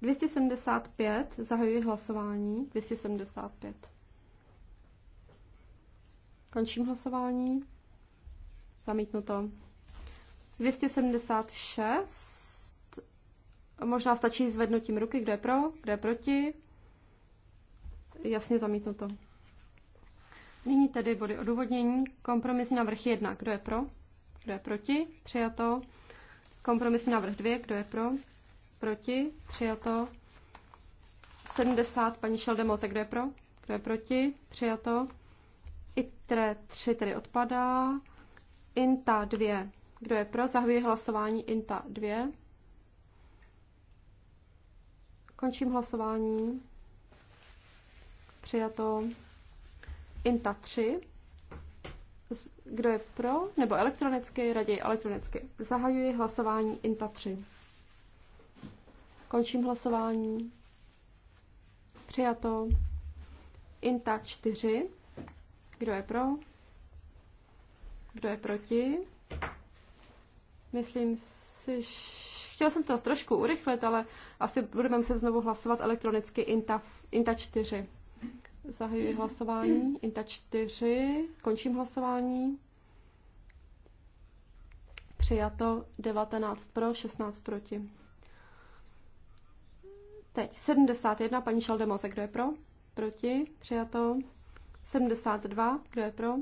275, zahajuji hlasování. 275. Končím hlasování. Zamítnuto. 276. Možná stačí zvednutím ruky, kdo je pro, kdo je proti. Jasně zamítnuto. Nyní tedy body odůvodnění. Kompromisní návrh 1. Kdo je pro? Kdo je proti? Přijato. Kompromisní návrh 2. Kdo je pro? proti, přijato. 70, paní Šeldemoze, kdo je pro? Kdo je proti? Přijato. ITRE 3 tedy odpadá. INTA 2. Kdo je pro? Zahvíjí hlasování INTA 2. Končím hlasování. Přijato. INTA 3. Kdo je pro? Nebo elektronicky? Raději elektronicky. Zahajuji hlasování INTA 3. Končím hlasování. Přijato. Inta 4. Kdo je pro? Kdo je proti? Myslím si, chtěla jsem to trošku urychlit, ale asi budeme se znovu hlasovat elektronicky INTA, INTA 4. Zahajuji hlasování. INTA 4. Končím hlasování. Přijato 19 pro, 16 proti. Teď 71, paní Šaldemose, kdo je pro? Proti, přijato. 72, kdo je pro?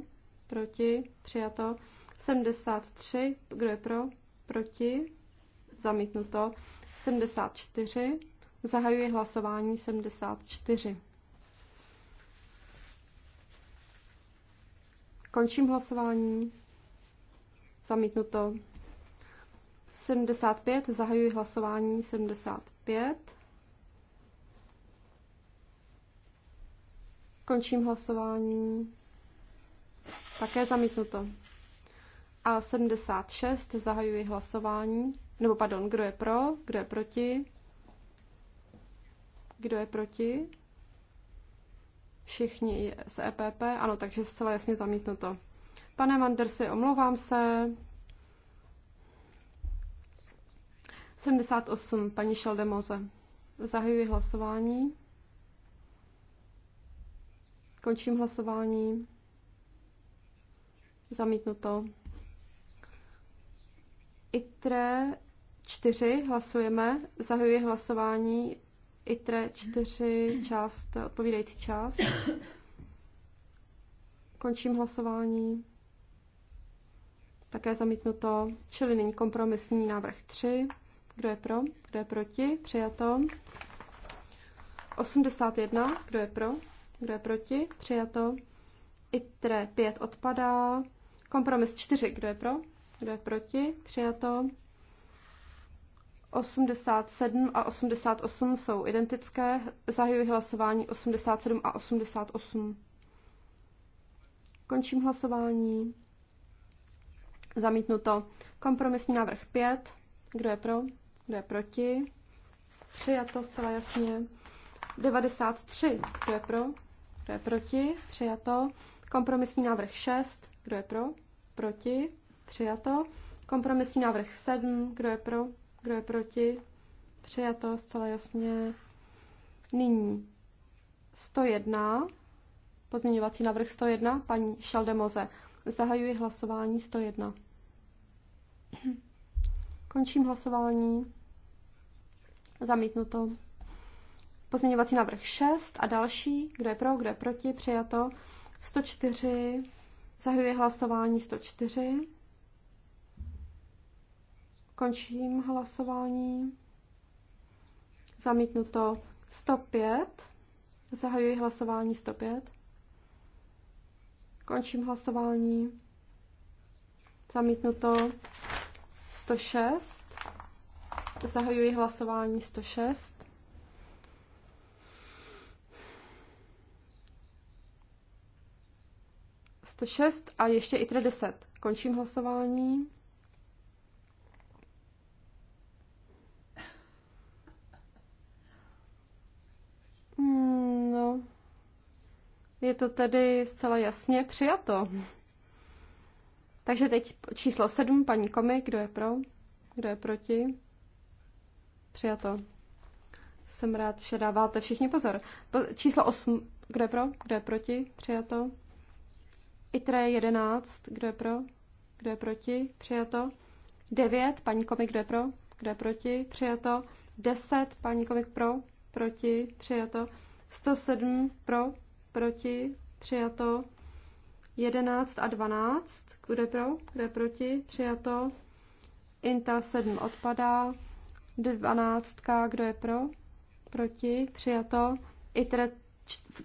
Proti, přijato. 73, kdo je pro? Proti, zamítnuto. 74, zahajuji hlasování 74. Končím hlasování. Zamítnuto. 75, zahajuji hlasování 75. Končím hlasování. Také zamítnuto. A 76 zahajuji hlasování. Nebo pardon, kdo je pro, kdo je proti? Kdo je proti? Všichni z EPP, ano, takže zcela jasně zamítnuto. Pane Mandersi, omlouvám se. 78, paní Šeldemoze. Zahajuji hlasování. Končím hlasování. Zamítnuto. ITRE 4 hlasujeme. Zahajuji hlasování ITRE 4 část, odpovídající část. Končím hlasování. Také zamítnuto, čili nyní kompromisní návrh 3. Kdo je pro? Kdo je proti? Přijato. 81. Kdo je pro? Kdo je proti? Přijato. ITRE 5 odpadá. Kompromis 4. Kdo je pro? Kdo je proti? Přijato. 87 a 88 jsou identické. Zahajuji hlasování 87 a 88. Končím hlasování. Zamítnuto. Kompromisní návrh 5. Kdo je pro? Kdo je proti? Přijato zcela jasně. 93. Kdo je pro? Kdo je proti? Přijato. Kompromisní návrh 6. Kdo je pro? Proti? Přijato. Kompromisní návrh 7. Kdo je pro? Kdo je proti? Přijato zcela jasně. Nyní 101. Pozměňovací návrh 101. Paní Šaldemoze. Zahajuji hlasování 101. Končím hlasování. Zamítnuto. Pozměňovací návrh 6 a další. Kdo je pro, kdo je proti? Přijato. 104. Zahajuji hlasování 104. Končím hlasování. Zamítnuto 105. Zahajuji hlasování 105. Končím hlasování. Zamítnuto 106. Zahajuji hlasování 106. 106 a ještě i 10. Končím hlasování. Hmm, no, je to tedy zcela jasně přijato. Takže teď číslo 7, paní Komi, kdo je pro, kdo je proti. Přijato. Jsem rád, že dáváte všichni pozor. Po, číslo 8, kdo je pro, kdo je proti, přijato. ITRE 11, kdo je pro? Kdo je proti? Přijato. 9, paní komik, kdo je pro? Kdo je proti? Přijato. 10, paní komik pro? Proti? Přijato. 107 pro? Proti? Přijato. 11 a 12, kdo je pro? Kdo je proti? Přijato. Inta 7 odpadá. 12, kdo je pro? Proti? Přijato. ITRE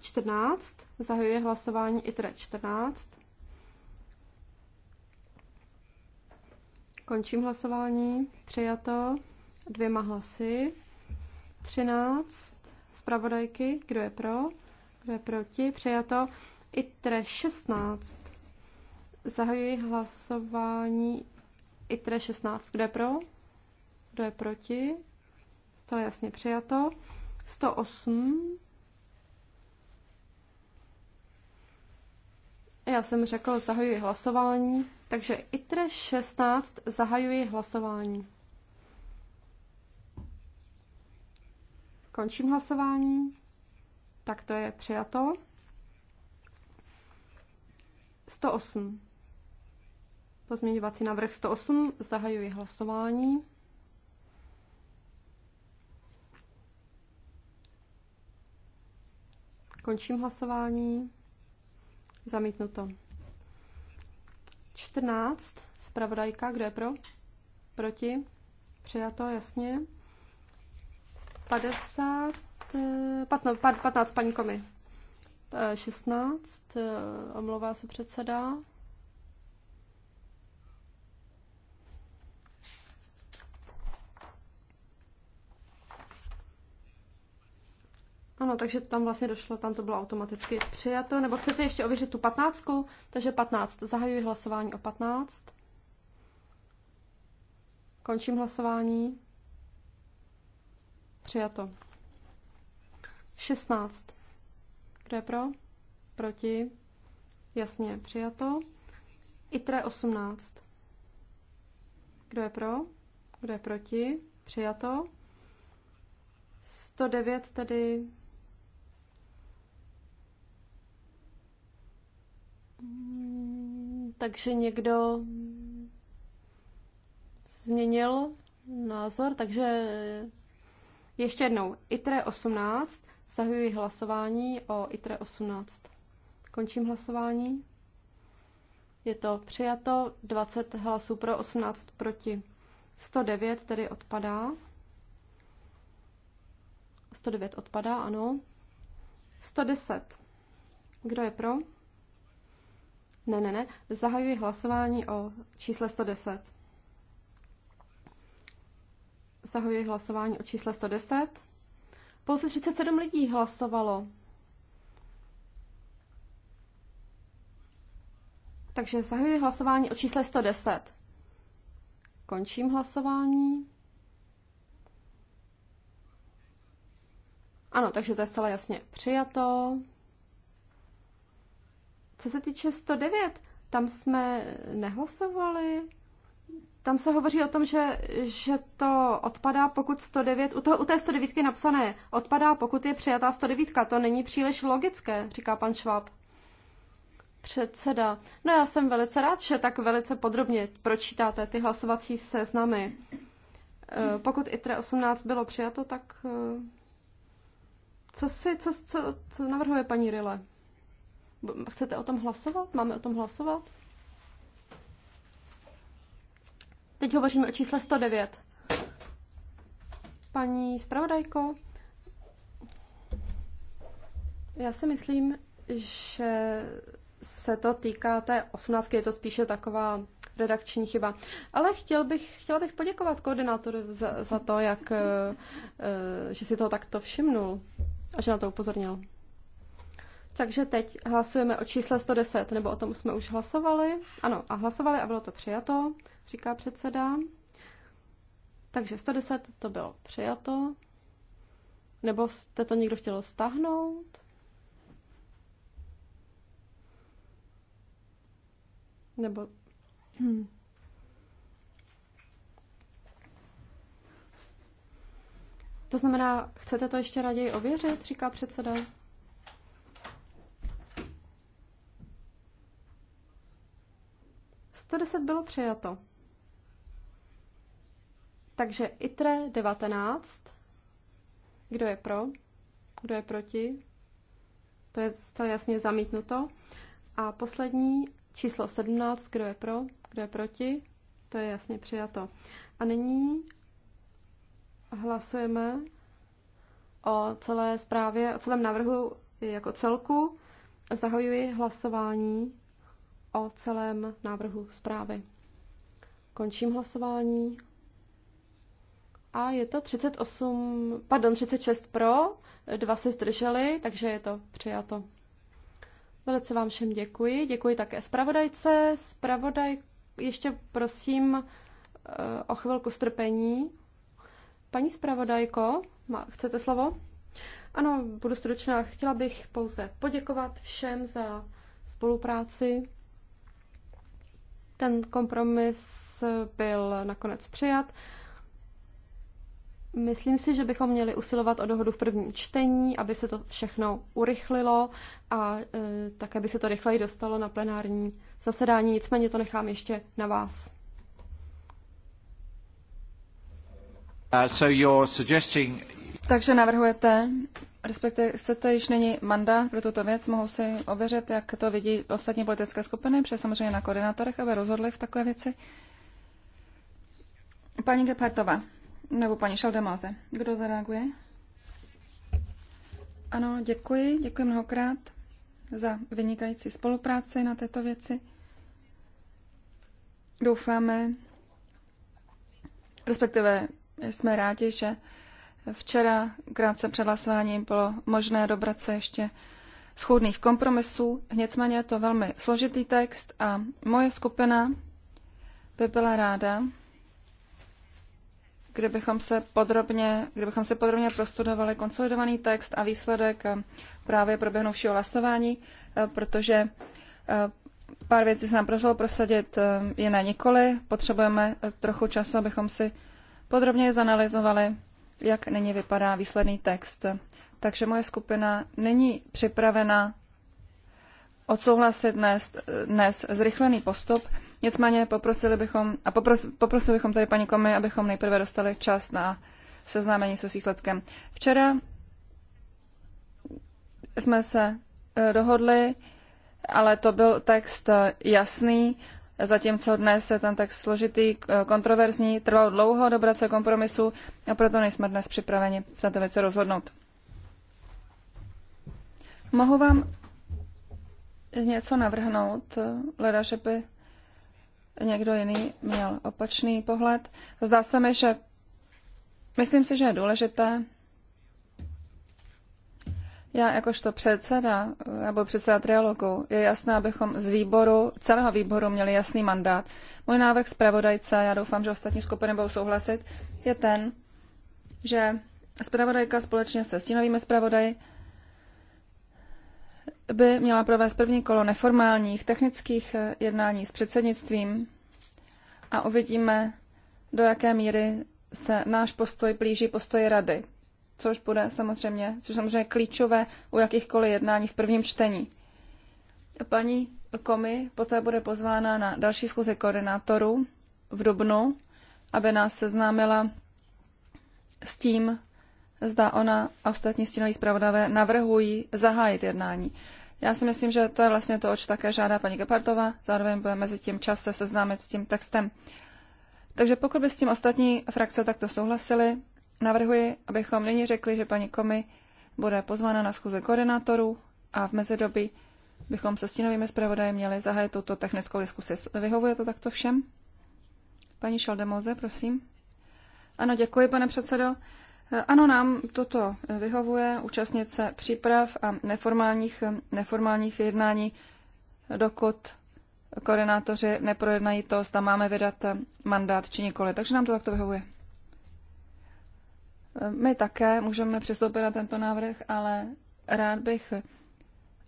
14, zahajuje hlasování ITRE 14. Končím hlasování. Přijato dvěma hlasy. 13 zpravodajky. Kdo je pro? Kdo je proti? Přijato. ITRE 16. Zahajuji hlasování ITRE 16. Kdo je pro? Kdo je proti? Zcela jasně přijato. 108. Já jsem řekl, zahajuji hlasování. Takže ITRE 16 zahajuji hlasování. Končím hlasování. Tak to je přijato. 108. Pozměňovací návrh 108. Zahajuji hlasování. Končím hlasování. Zamítnuto. 14, zpravodajka, kdo je pro? Proti? Přijato, jasně. 50, 15, 15 paní komy. 16, eh, eh, omlouvá se předseda. Ano, takže tam vlastně došlo, tam to bylo automaticky přijato. Nebo chcete ještě ověřit tu patnáctku? Takže 15. Zahajuji hlasování o 15. Končím hlasování. Přijato. 16. Kdo je pro? Proti? Jasně, přijato. ITRE 18. Kdo je pro? Kdo je proti? Přijato. 109 tedy Takže někdo změnil názor, takže ještě jednou. ITRE 18, zahajuji hlasování o ITRE 18. Končím hlasování. Je to přijato, 20 hlasů pro, 18 proti. 109 tedy odpadá. 109 odpadá, ano. 110. Kdo je pro? Ne, ne, ne. Zahajuji hlasování o čísle 110. Zahajuji hlasování o čísle 110. Pouze 37 lidí hlasovalo. Takže zahajuji hlasování o čísle 110. Končím hlasování. Ano, takže to je zcela jasně přijato. Co se týče 109, tam jsme nehlasovali. Tam se hovoří o tom, že, že to odpadá, pokud 109, u, toho, u té 109 je napsané, odpadá, pokud je přijatá 109. To není příliš logické, říká pan Šváb. Předseda. No já jsem velice rád, že tak velice podrobně pročítáte ty hlasovací seznamy. E, pokud ITRE 18 bylo přijato, tak e, co si, co, co, co navrhuje paní Rile? Chcete o tom hlasovat? Máme o tom hlasovat? Teď hovoříme o čísle 109. Paní zpravodajko, já si myslím, že se to týká té osmnáctky, je to spíše taková redakční chyba. Ale chtěl bych, chtěla bych poděkovat koordinátoru za, za to, jak, eh, že si toho takto všimnul a že na to upozornil. Takže teď hlasujeme o čísle 110, nebo o tom jsme už hlasovali. Ano, a hlasovali a bylo to přijato, říká předseda. Takže 110 to bylo přijato. Nebo jste to někdo chtěl stáhnout? Nebo... Hm. To znamená, chcete to ještě raději ověřit, říká předseda. 110 bylo přijato. Takže ITRE 19. Kdo je pro? Kdo je proti? To je zcela jasně zamítnuto. A poslední číslo 17. Kdo je pro? Kdo je proti? To je jasně přijato. A nyní hlasujeme o celé zprávě, o celém návrhu jako celku. Zahajuji hlasování o celém návrhu zprávy. Končím hlasování. A je to 38, pardon, 36 pro, dva se zdrželi, takže je to přijato. Velice vám všem děkuji. Děkuji také zpravodajce. Zpravodaj, ještě prosím eh, o chvilku strpení. Paní zpravodajko, chcete slovo? Ano, budu stručná. Chtěla bych pouze poděkovat všem za spolupráci. Ten kompromis byl nakonec přijat. Myslím si, že bychom měli usilovat o dohodu v prvním čtení, aby se to všechno urychlilo a e, také by se to rychleji dostalo na plenární zasedání. Nicméně to nechám ještě na vás. Uh, so you're suggesting... Takže navrhujete, respektive chcete, již není mandát pro tuto věc, mohou si ověřit, jak to vidí ostatní politické skupiny, protože samozřejmě na koordinátorech, aby rozhodli v takové věci. Paní Gepartová, nebo paní Šaldemáze, kdo zareaguje? Ano, děkuji, děkuji mnohokrát za vynikající spolupráci na této věci. Doufáme, respektive jsme rádi, že Včera, krátce před hlasováním, bylo možné dobrat se ještě schůdných kompromisů. Nicméně je to velmi složitý text a moje skupina by byla ráda, kdybychom se podrobně, kdybychom se podrobně prostudovali konsolidovaný text a výsledek eh, právě proběhnuvšího hlasování, eh, protože eh, pár věcí se nám prozalo prosadit, jiné nikoli. Potřebujeme trochu času, abychom si podrobně zanalizovali jak nyní vypadá výsledný text. Takže moje skupina není připravena odsouhlasit dnes, dnes zrychlený postup. Nicméně poprosili bychom, a popros, poprosili bychom tady paní Komi, abychom nejprve dostali čas na seznámení se s výsledkem. Včera jsme se eh, dohodli, ale to byl text eh, jasný zatímco dnes je ten tak složitý, kontroverzní, trval dlouho dobrat se kompromisu a proto nejsme dnes připraveni v této věci rozhodnout. Mohu vám něco navrhnout, leda, že by někdo jiný měl opačný pohled. Zdá se mi, že myslím si, že je důležité, já jakožto předseda nebo předseda trialogu je jasné, abychom z výboru, celého výboru měli jasný mandát. Můj návrh zpravodajce, já doufám, že ostatní skupiny budou souhlasit, je ten, že zpravodajka společně se stínovými zpravodaj by měla provést první kolo neformálních technických eh, jednání s předsednictvím a uvidíme, do jaké míry se náš postoj blíží postoji rady což bude samozřejmě, což samozřejmě klíčové u jakýchkoliv jednání v prvním čtení. Paní Komi poté bude pozvána na další schůzi koordinátorů v Dubnu, aby nás seznámila s tím, zda ona a ostatní stínoví zpravodavé navrhují zahájit jednání. Já si myslím, že to je vlastně to, oč také žádá paní Gepardová. Zároveň bude mezi tím čas se seznámit s tím textem. Takže pokud by s tím ostatní frakce takto souhlasili, Navrhuji, abychom nyní řekli, že paní Komi bude pozvána na schůze koordinátorů a v mezidobí bychom se stínovými zpravodaji měli zahájit tuto technickou diskusi. Vyhovuje to takto všem? Paní Šaldemoze, prosím. Ano, děkuji, pane předsedo. Ano, nám toto vyhovuje, účastnit se příprav a neformálních, neformálních jednání, dokud koordinátoři neprojednají to, zda máme vydat mandát či nikoli. Takže nám to takto vyhovuje. My také můžeme přistoupit na tento návrh, ale rád bych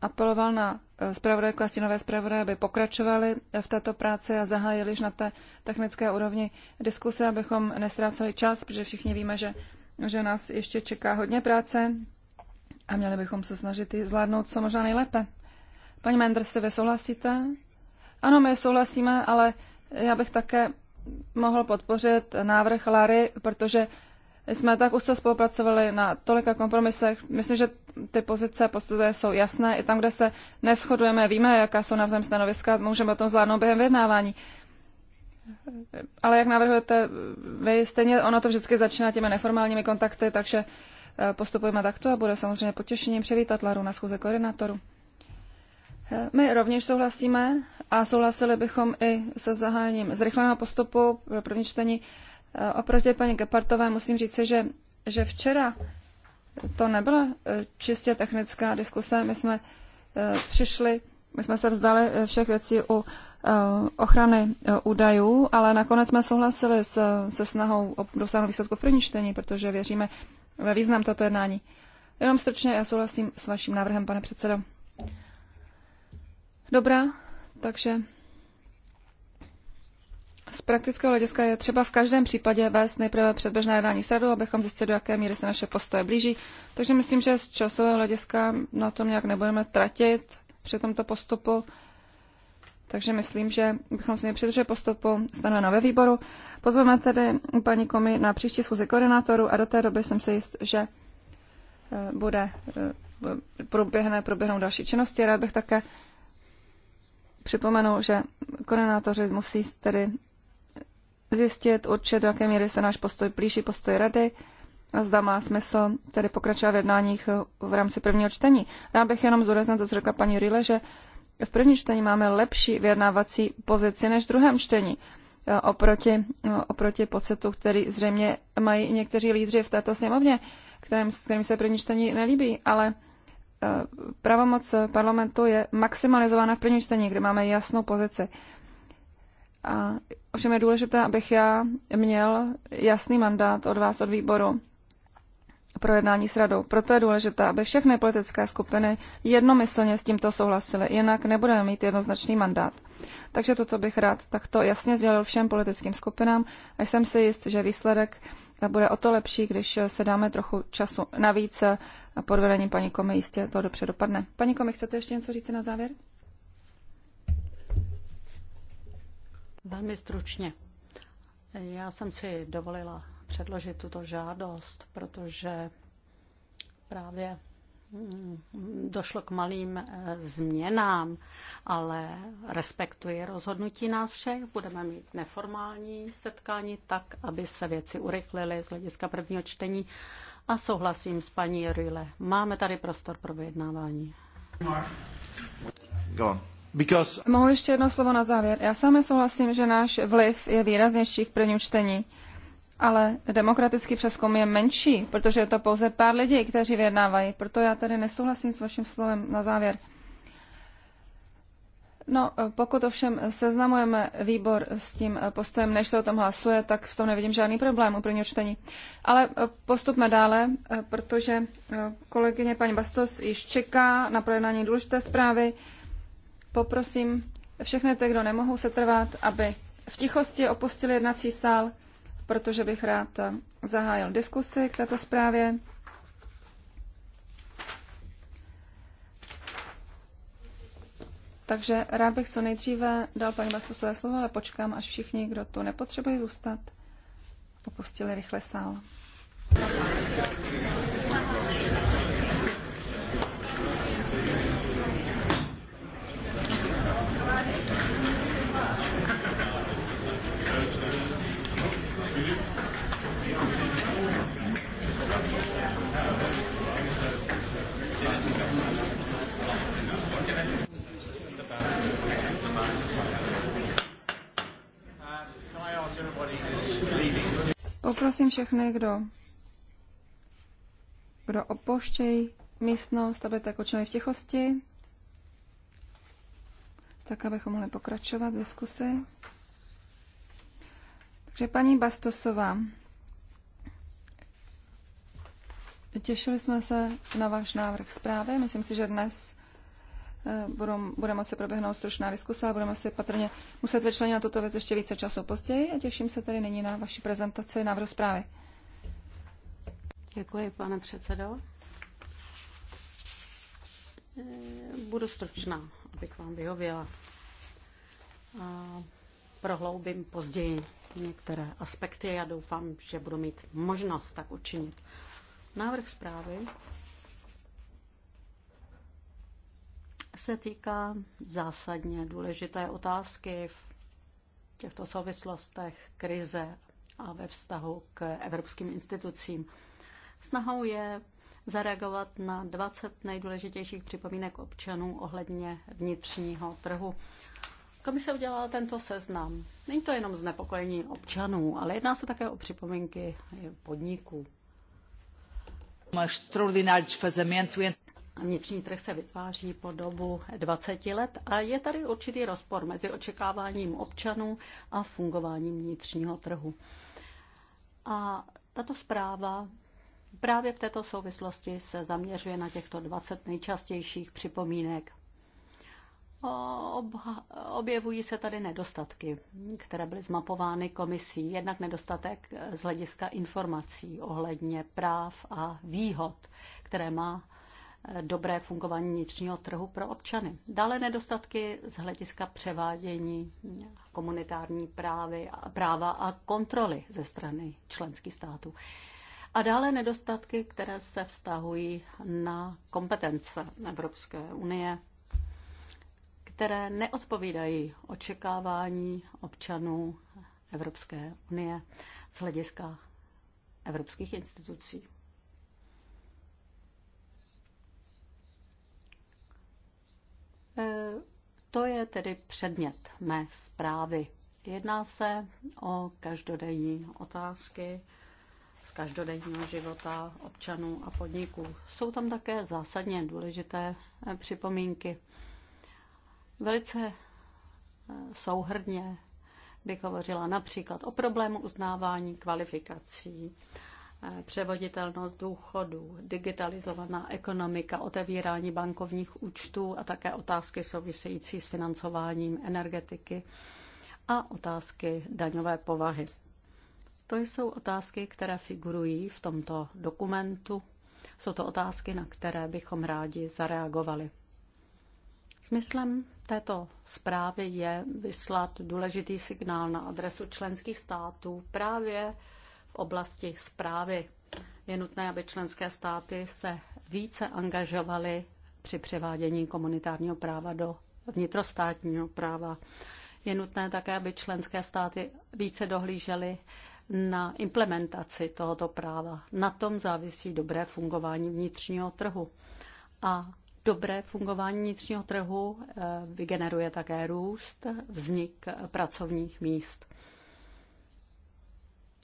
apeloval na eh, zpravodajku a stínové zpravodaje, aby pokračovali v této práci a zahájili již na té technické úrovni diskuse, abychom nestráceli čas, protože všichni víme, že, že nás ještě čeká hodně práce a měli bychom se snažit ji zvládnout co možná nejlépe. Paní se vy souhlasíte? Ano, my souhlasíme, ale já bych také mohl podpořit návrh Lary, protože jsme tak úzce spolupracovali na tolika kompromisech. Myslím, že ty pozice postupy jsou jasné. I tam, kde se neschodujeme, víme, jaká jsou navzájem stanoviska, můžeme o tom zvládnout během vyjednávání. Ale jak navrhujete vy, stejně ono to vždycky začíná těmi neformálními kontakty, takže eh, postupujeme takto a bude samozřejmě potěšením přivítat Laru na schůze koordinátoru. Eh, my rovněž souhlasíme a souhlasili bychom i se zahájením zrychleného postupu pro první čtení Eh, oproti paní Gepartové musím říct, že, že včera to nebyla eh, čistě technická diskuse. My jsme eh, přišli, my jsme se vzdali všech věcí u ochrany údajů, ale nakonec jsme souhlasili se snahou o dosáhnout výsledku v první čtení, protože věříme ve význam toto jednání. Jenom stručně, já souhlasím s vaším návrhem, pane předsedo. Dobrá, takže z praktického hlediska je třeba v každém případě vést nejprve předběžné jednání s radou, abychom zjistili, do jaké míry se naše postoje blíží. Takže myslím, že z časového hlediska na tom nějak nebudeme tratit při tomto postupu. Takže myslím, že bychom se měli přidržet postupu stanoveno ve výboru. Pozveme tedy paní Komi na příští schůzi koordinátoru a do té doby jsem si jist, že e, bude, e, proběhne, proběhnou další činnosti. Rád bych také připomenul, že koordinátoři musí tedy zjistit, určit, do jaké míry se náš postoj blíží postoj rady a zda má smysl tedy pokračovat v jednáních eh, v rámci prvního čtení. Já bych jenom zúraznil to, co řekla paní Rile, že v prvním čtení máme lepší vyjednávací pozici než v druhém čtení eh, oproti, eh, oproti pocitu, který zřejmě mají někteří lídři v této sněmovně, kterým, kterým se první čtení nelíbí, ale pravomoc parlamentu je maximalizována v první čtení, kde máme jasnou pozici. A ovšem je důležité, abych já měl jasný mandát od vás, od výboru pro jednání s radou. Proto je důležité, aby všechny politické skupiny jednomyslně s tímto souhlasily, jinak nebudeme mít jednoznačný mandát. Takže toto bych rád takto jasně sdělil všem politickým skupinám a jsem si jist, že výsledek bude o to lepší, když se dáme trochu času navíc a pod vedením paní Komy jistě to dobře dopadne. Paní Komy, chcete ještě něco říct na závěr? Velmi stručně. Já jsem si dovolila předložit tuto žádost, protože právě mm, došlo k malým eh, změnám, ale respektuji rozhodnutí nás všech. Budeme mít neformální setkání tak, aby se věci urychlily z hlediska prvního čtení. A souhlasím s paní ryle. Máme tady prostor pro vyjednávání. Go on. Mohu ještě jedno slovo na závěr. Já sami souhlasím, že náš vliv je výraznější v prvním čtení, ale demokratický přeskum je menší, protože je to pouze pár lidí, kteří vyjednávají. Proto já tady nesouhlasím s vaším slovem na závěr. No, pokud ovšem seznamujeme výbor s tím postojem, než se o tom hlasuje, tak v tom nevidím žádný problém u prvního čtení. Ale postupme dále, protože kolegyně paní Bastos již čeká na projednání důležité zprávy. Poprosím všechny ty, kdo nemohou se trvat, aby v tichosti opustili jednací sál, protože bych rád eh, zahájil diskusi k této zprávě. Takže rád bych co nejdříve dal paní Bastosové slovo, ale počkám, až všichni, kdo tu nepotřebují zůstat, opustili rychle sál. Poprosím všechny, kdo, kdo opouštějí místnost, aby tak v tichosti, tak abychom mohli pokračovat v diskusi. Takže paní Bastosová, těšili jsme se na váš návrh zprávy. Myslím si, že dnes Eh, budou, bude moci proběhnout stručná diskuse a budeme si patrně muset vyčlenit na tuto věc ještě více času později a těším se tedy nyní na vaši prezentaci návrhu zprávy. Děkuji, pane předsedo. Eh, budu stručná, abych vám vyhověla. A prohloubím později některé aspekty a doufám, že budu mít možnost tak učinit. Návrh zprávy se týká zásadně důležité otázky v těchto souvislostech krize a ve vztahu k evropským institucím. Snahou je zareagovat na 20 nejdůležitějších připomínek občanů ohledně vnitřního trhu. Komise udělala tento seznam. Není to jenom znepokojení občanů, ale jedná se také o připomínky podniků. Vnitřní trh se vytváří po dobu 20 let a je tady určitý rozpor mezi očekáváním občanů a fungováním vnitřního trhu. A tato zpráva právě v této souvislosti se zaměřuje na těchto 20 nejčastějších připomínek. Objevují se tady nedostatky, které byly zmapovány komisí. Jednak nedostatek eh, z hlediska informací ohledně práv a výhod, které má dobré fungování vnitřního trhu pro občany. Dále nedostatky z hlediska převádění komunitární právy, práva a kontroly ze strany členských států. A dále nedostatky, které se vztahují na kompetence Evropské unie, které neodpovídají očekávání občanů Evropské unie z hlediska evropských institucí. Eh, to je tedy předmět mé zprávy. Jedná se o každodenní otázky z každodenního života občanů a podniků. Jsou tam také zásadně důležité eh, připomínky. Velice eh, souhrdně bych hovořila například o problému uznávání kvalifikací, Eh, převoditelnost důchodů, digitalizovaná ekonomika, otevírání bankovních účtů a také otázky související s financováním energetiky a otázky daňové povahy. To jsou otázky, které figurují v tomto dokumentu. Jsou to otázky, na které bychom rádi zareagovali. Smyslem této zprávy je vyslat důležitý signál na adresu členských států právě v oblasti zprávy. Je nutné, aby členské státy se více angažovaly při převádění komunitárního práva do vnitrostátního práva. Je nutné také, aby členské státy více dohlížely na implementaci tohoto práva. Na tom závisí dobré fungování vnitřního trhu. A dobré fungování vnitřního trhu eh, vygeneruje také růst, vznik pracovních míst.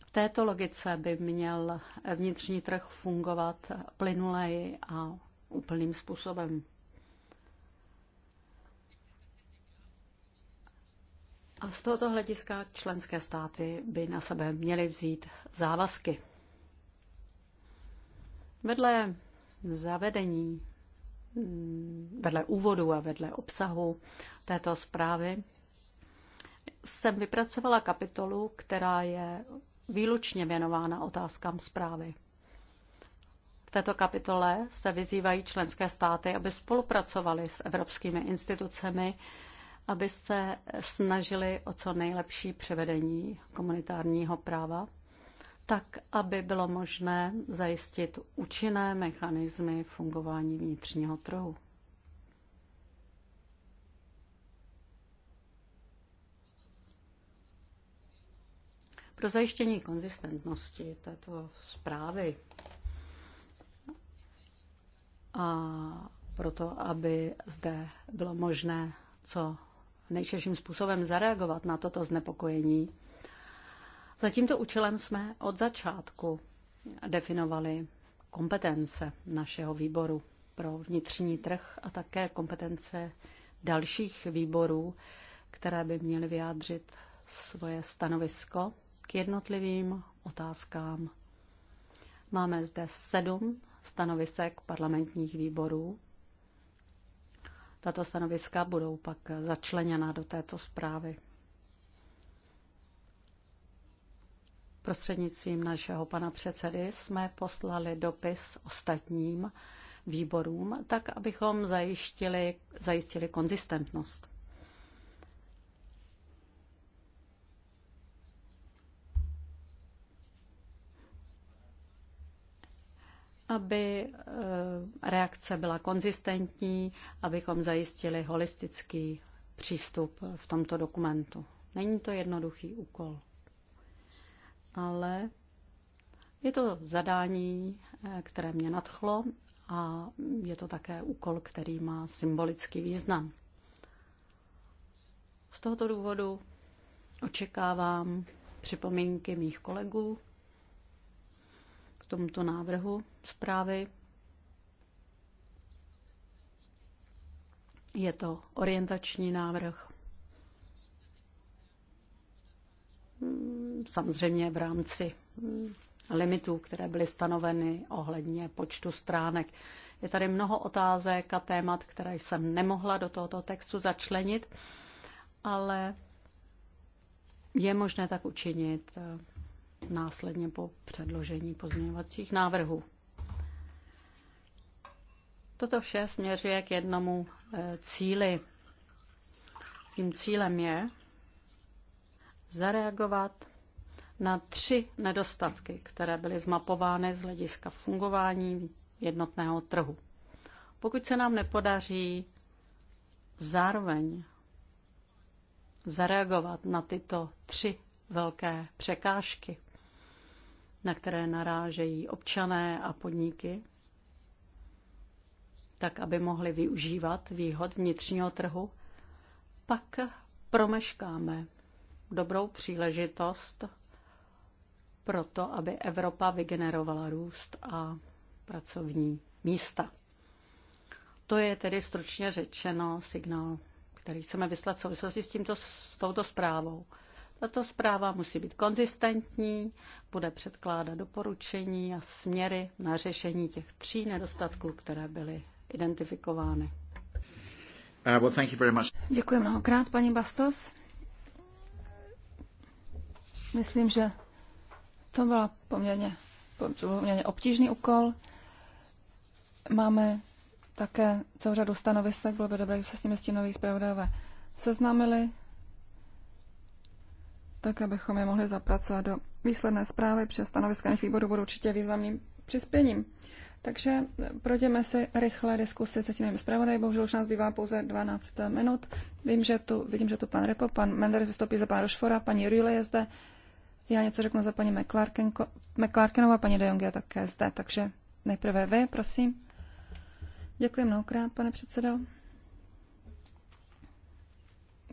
V této logice by měl vnitřní trh fungovat plynuleji a úplným způsobem. A z tohoto hlediska členské státy by na sebe měly vzít závazky. Vedle zavedení, vedle úvodu a vedle obsahu této zprávy jsem vypracovala kapitolu, která je výlučně věnována otázkám zprávy. V této kapitole se vyzývají členské státy, aby spolupracovali s evropskými institucemi, aby se snažili o co nejlepší převedení komunitárního práva, tak aby bylo možné zajistit účinné mechanismy fungování vnitřního trhu. Pro zajištění konzistentnosti této zprávy a proto, aby zde bylo možné co nejširším způsobem zareagovat na toto znepokojení. Za tímto účelem jsme od začátku definovali kompetence našeho výboru pro vnitřní trh a také kompetence dalších výborů, které by měly vyjádřit svoje stanovisko k jednotlivým otázkám. Máme zde sedm stanovisek parlamentních výborů. Tato stanoviska budou pak začleněna do této zprávy. Prostřednictvím našeho pana předsedy jsme poslali dopis ostatním výborům, tak abychom zajistili, zajistili konzistentnost. aby eh, reakce byla konzistentní, abychom zajistili holistický přístup v tomto dokumentu. Není to jednoduchý úkol, ale je to zadání, eh, které mě nadchlo a je to také úkol, který má symbolický význam. Z tohoto důvodu očekávám připomínky mých kolegů tomuto návrhu zprávy. Je to orientační návrh. Samozřejmě v rámci limitů, které byly stanoveny ohledně počtu stránek. Je tady mnoho otázek a témat, které jsem nemohla do tohoto textu začlenit, ale je možné tak učinit následně po předložení pozměňovacích návrhů. Toto vše směřuje k jednomu eh, cíli. Tím cílem je zareagovat na tři nedostatky, které byly zmapovány z hlediska fungování jednotného trhu. Pokud se nám nepodaří zároveň zareagovat na tyto tři velké překážky, na které narážejí občané a podniky, tak aby mohli využívat výhod vnitřního trhu, pak promeškáme dobrou příležitost pro to, aby Evropa vygenerovala růst a pracovní místa. To je tedy stručně řečeno signál, který chceme vyslat v souvislosti s, tímto, s touto zprávou. Tato zpráva musí být konzistentní, bude předkládat doporučení a směry na řešení těch tří nedostatků, které byly identifikovány. Uh, well, thank you very much. Děkuji mnohokrát, paní Bastos. Myslím, že to byl poměrně, poměrně obtížný úkol. Máme také celou řadu stanovisek, bylo by dobré, že se s nimi stínoví zpravodajové seznámili tak abychom je mohli zapracovat do výsledné zprávy přes stanoviska výboru budou určitě významným přispěním. Takže eh, projdeme si rychle diskusy se tím zpravodaj. Bohužel už nás bývá pouze 12 eh, minut. Vím, že tu, vidím, že tu pan Repo, pan Mender vystoupí za pana Rošfora, paní Rüle je zde. Já něco řeknu za paní McClarkenová, paní De Jong je také zde. Takže nejprve vy, prosím. Děkuji mnohokrát, pane předsedo.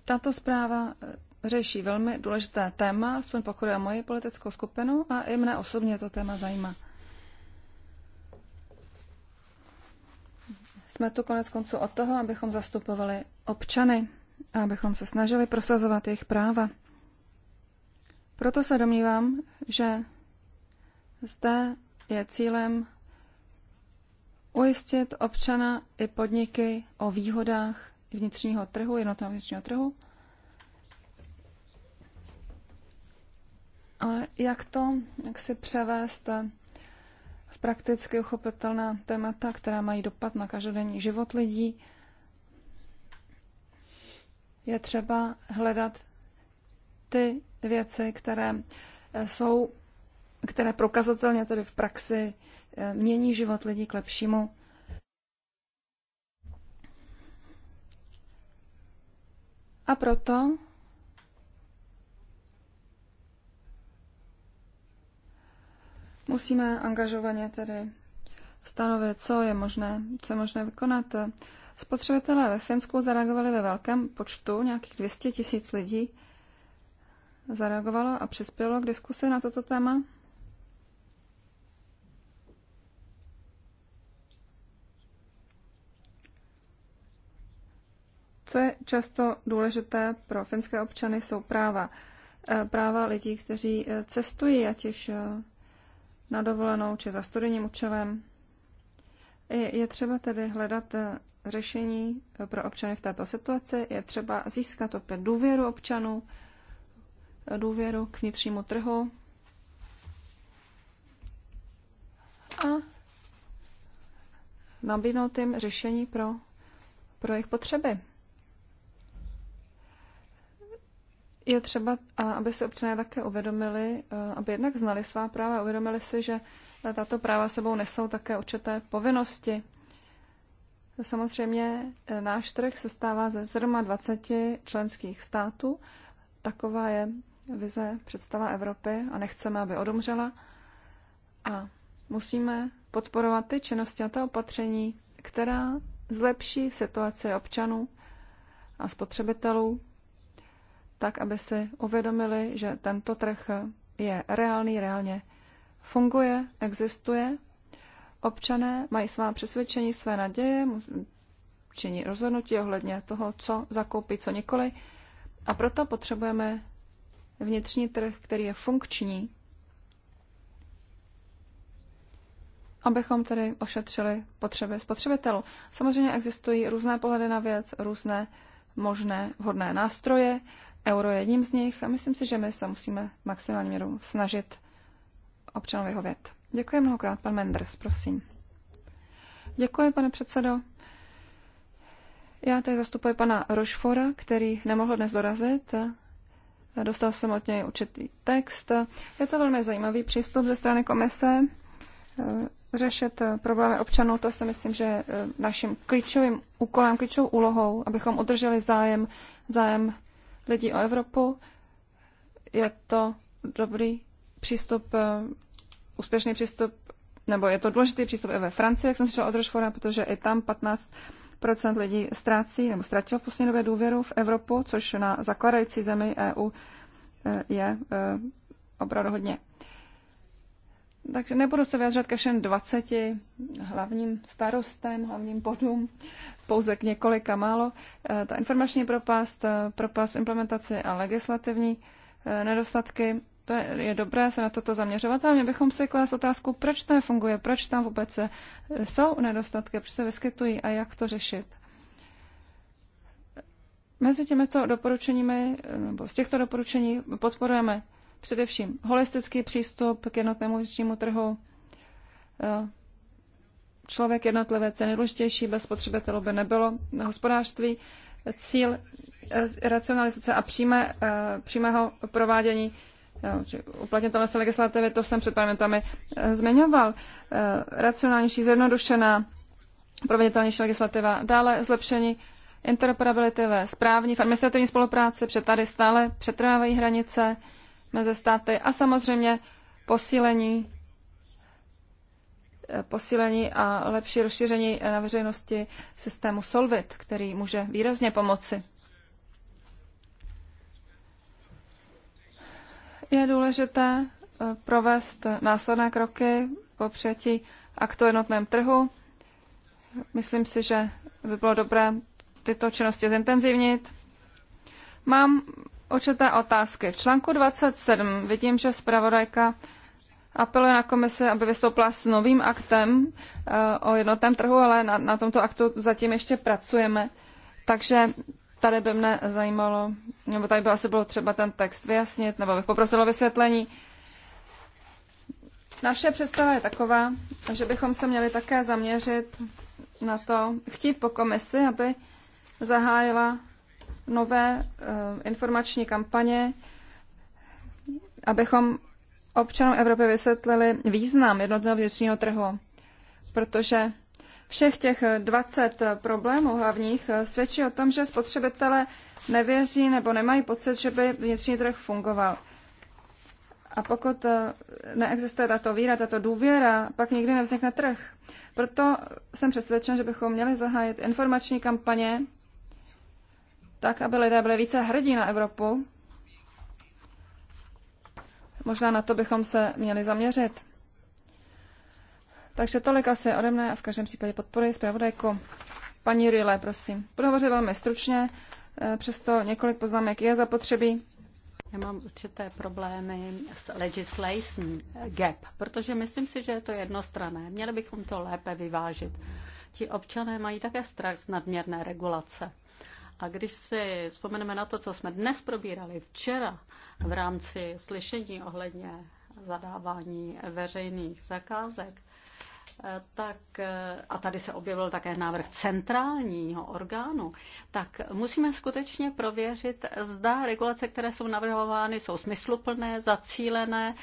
Tato zpráva eh, řeší velmi důležité téma, aspoň pokud je moji politickou skupinu a i mne osobně to téma zajímá. Jsme tu konec konců od toho, abychom zastupovali občany a abychom se snažili prosazovat jejich práva. Proto se domnívám, že zde je cílem ujistit občana i podniky o výhodách vnitřního trhu, jednotného vnitřního trhu, A jak to, jak si převést eh, v prakticky uchopitelná témata, která mají dopad na každodenní život lidí, je třeba hledat ty věci, které eh, jsou, které prokazatelně tedy v praxi eh, mění život lidí k lepšímu. A proto Musíme angažovaně tedy stanovit, co je možné, co je možné vykonat. Spotřebitelé ve Finsku zareagovali ve velkém počtu, nějakých 200 tisíc lidí zareagovalo a přispělo k diskusi na toto téma. Co je často důležité pro finské občany, jsou práva. E, práva lidí, kteří e, cestují, ať už na dovolenou či za studijním účelem. Je třeba tedy hledat eh, řešení eh, pro občany v této situaci, je třeba získat opět důvěru občanů, eh, důvěru k vnitřnímu trhu a nabídnout jim řešení pro, pro jejich potřeby. je třeba, aby si občané také uvědomili, eh, aby jednak znali svá práva a uvědomili si, že eh, tato práva sebou nesou také určité povinnosti. Samozřejmě eh, náš trh se stává ze 27 členských států. Taková je vize, představa Evropy a nechceme, aby odumřela. A musíme podporovat ty činnosti a ta opatření, která zlepší situaci občanů a spotřebitelů tak aby si uvědomili, že tento trh je reálný, reálně funguje, existuje. Občané mají svá přesvědčení, své naděje, činí rozhodnutí ohledně toho, co zakoupí, co nikoli. A proto potřebujeme vnitřní trh, který je funkční, abychom tedy ošetřili potřeby spotřebitelů. Samozřejmě existují různé pohledy na věc, různé možné vhodné nástroje, Euro je jedním z nich a myslím si, že my se musíme maximálně měru snažit občanů vyhovět. Děkuji mnohokrát, pan Menders, prosím. Děkuji, pane předsedo. Já tady zastupuji pana Rošfora, který nemohl dnes dorazit. Dostal jsem od něj určitý text. Je to velmi zajímavý přístup ze strany komise. Eh, řešit eh, problémy občanů, to si myslím, že eh, naším klíčovým úkolem, klíčovou úlohou, abychom udrželi zájem, zájem lidí o Evropu. Je to dobrý přístup, eh, úspěšný přístup, nebo je to důležitý přístup i ve Francii, jak jsem slyšela od Rošfora, protože i tam 15 lidí ztrácí nebo ztratilo v poslední době důvěru v Evropu, což na zakladající zemi EU eh, je eh, opravdu hodně. Takže nebudu se vyjadřovat ke všem 20 hlavním starostem, hlavním bodům, pouze k několika málo. Eh, ta informační propast, eh, propast implementaci a legislativní eh, nedostatky, to je, je dobré se na toto zaměřovat, ale mě bychom si klást otázku, proč to nefunguje, proč tam vůbec jsou nedostatky, proč se vyskytují a jak to řešit. Mezi těmito doporučeními, nebo z těchto doporučení podporujeme Především holistický přístup k jednotnému vnitřnímu trhu. Eh, člověk jednotlivec ceny důležitější, bez spotřebitelů by nebylo hospodářství. Cíl eh, racionalizace a přímé, eh, přímého provádění uplatnitelnost legislativy, to jsem před parlamentami zmiňoval. Racionálnější, zjednodušená, proveditelnější legislativa. Dále zlepšení interoperability ve správní, v administrativní spolupráci, protože tady stále přetrvávají hranice mezi státy a samozřejmě posílení eh, posílení a lepší rozšíření eh, na veřejnosti systému Solvit, který může výrazně pomoci. Je důležité eh, provést následné kroky po přijetí aktu jednotném trhu. Myslím si, že by bylo dobré tyto činnosti zintenzivnit. Mám určité otázky. V článku 27 vidím, že zpravodajka apeluje na komise, aby vystoupila s novým aktem eh, o jednotném trhu, ale na, na tomto aktu zatím ještě pracujeme. Takže tady by mne zajímalo, nebo tady by asi bylo třeba ten text vyjasnit, nebo bych poprosila vysvětlení. Naše představa je taková, že bychom se měli také zaměřit na to, chtít po komisi, aby zahájila nové eh, informační kampaně, abychom občanům Evropy vysvětlili význam jednotného vnitřního trhu, protože všech těch 20 problémů hlavních eh, svědčí o tom, že spotřebitelé nevěří nebo nemají pocit, že by vnitřní trh fungoval. A pokud eh, neexistuje tato víra, tato důvěra, pak nikdy nevznikne trh. Proto jsem přesvědčen, že bychom měli zahájit informační kampaně, tak, aby lidé byli více hrdí na Evropu. Možná na to bychom se měli zaměřit. Takže tolik asi ode mne a v každém případě podpory zpravodajku. Paní Rile, prosím. Budu hovořit velmi stručně, eh, přesto několik poznámek je zapotřebí. Já mám určité problémy s legislation gap, protože myslím si, že je to jednostrané. Měli bychom to lépe vyvážit. Ti občané mají také strach z nadměrné regulace. A když si vzpomeneme na to, co jsme dnes probírali včera v rámci slyšení ohledně zadávání veřejných zakázek, tak, a tady se objevil také návrh centrálního orgánu, tak musíme skutečně prověřit, zda regulace, které jsou navrhovány, jsou smysluplné, zacílené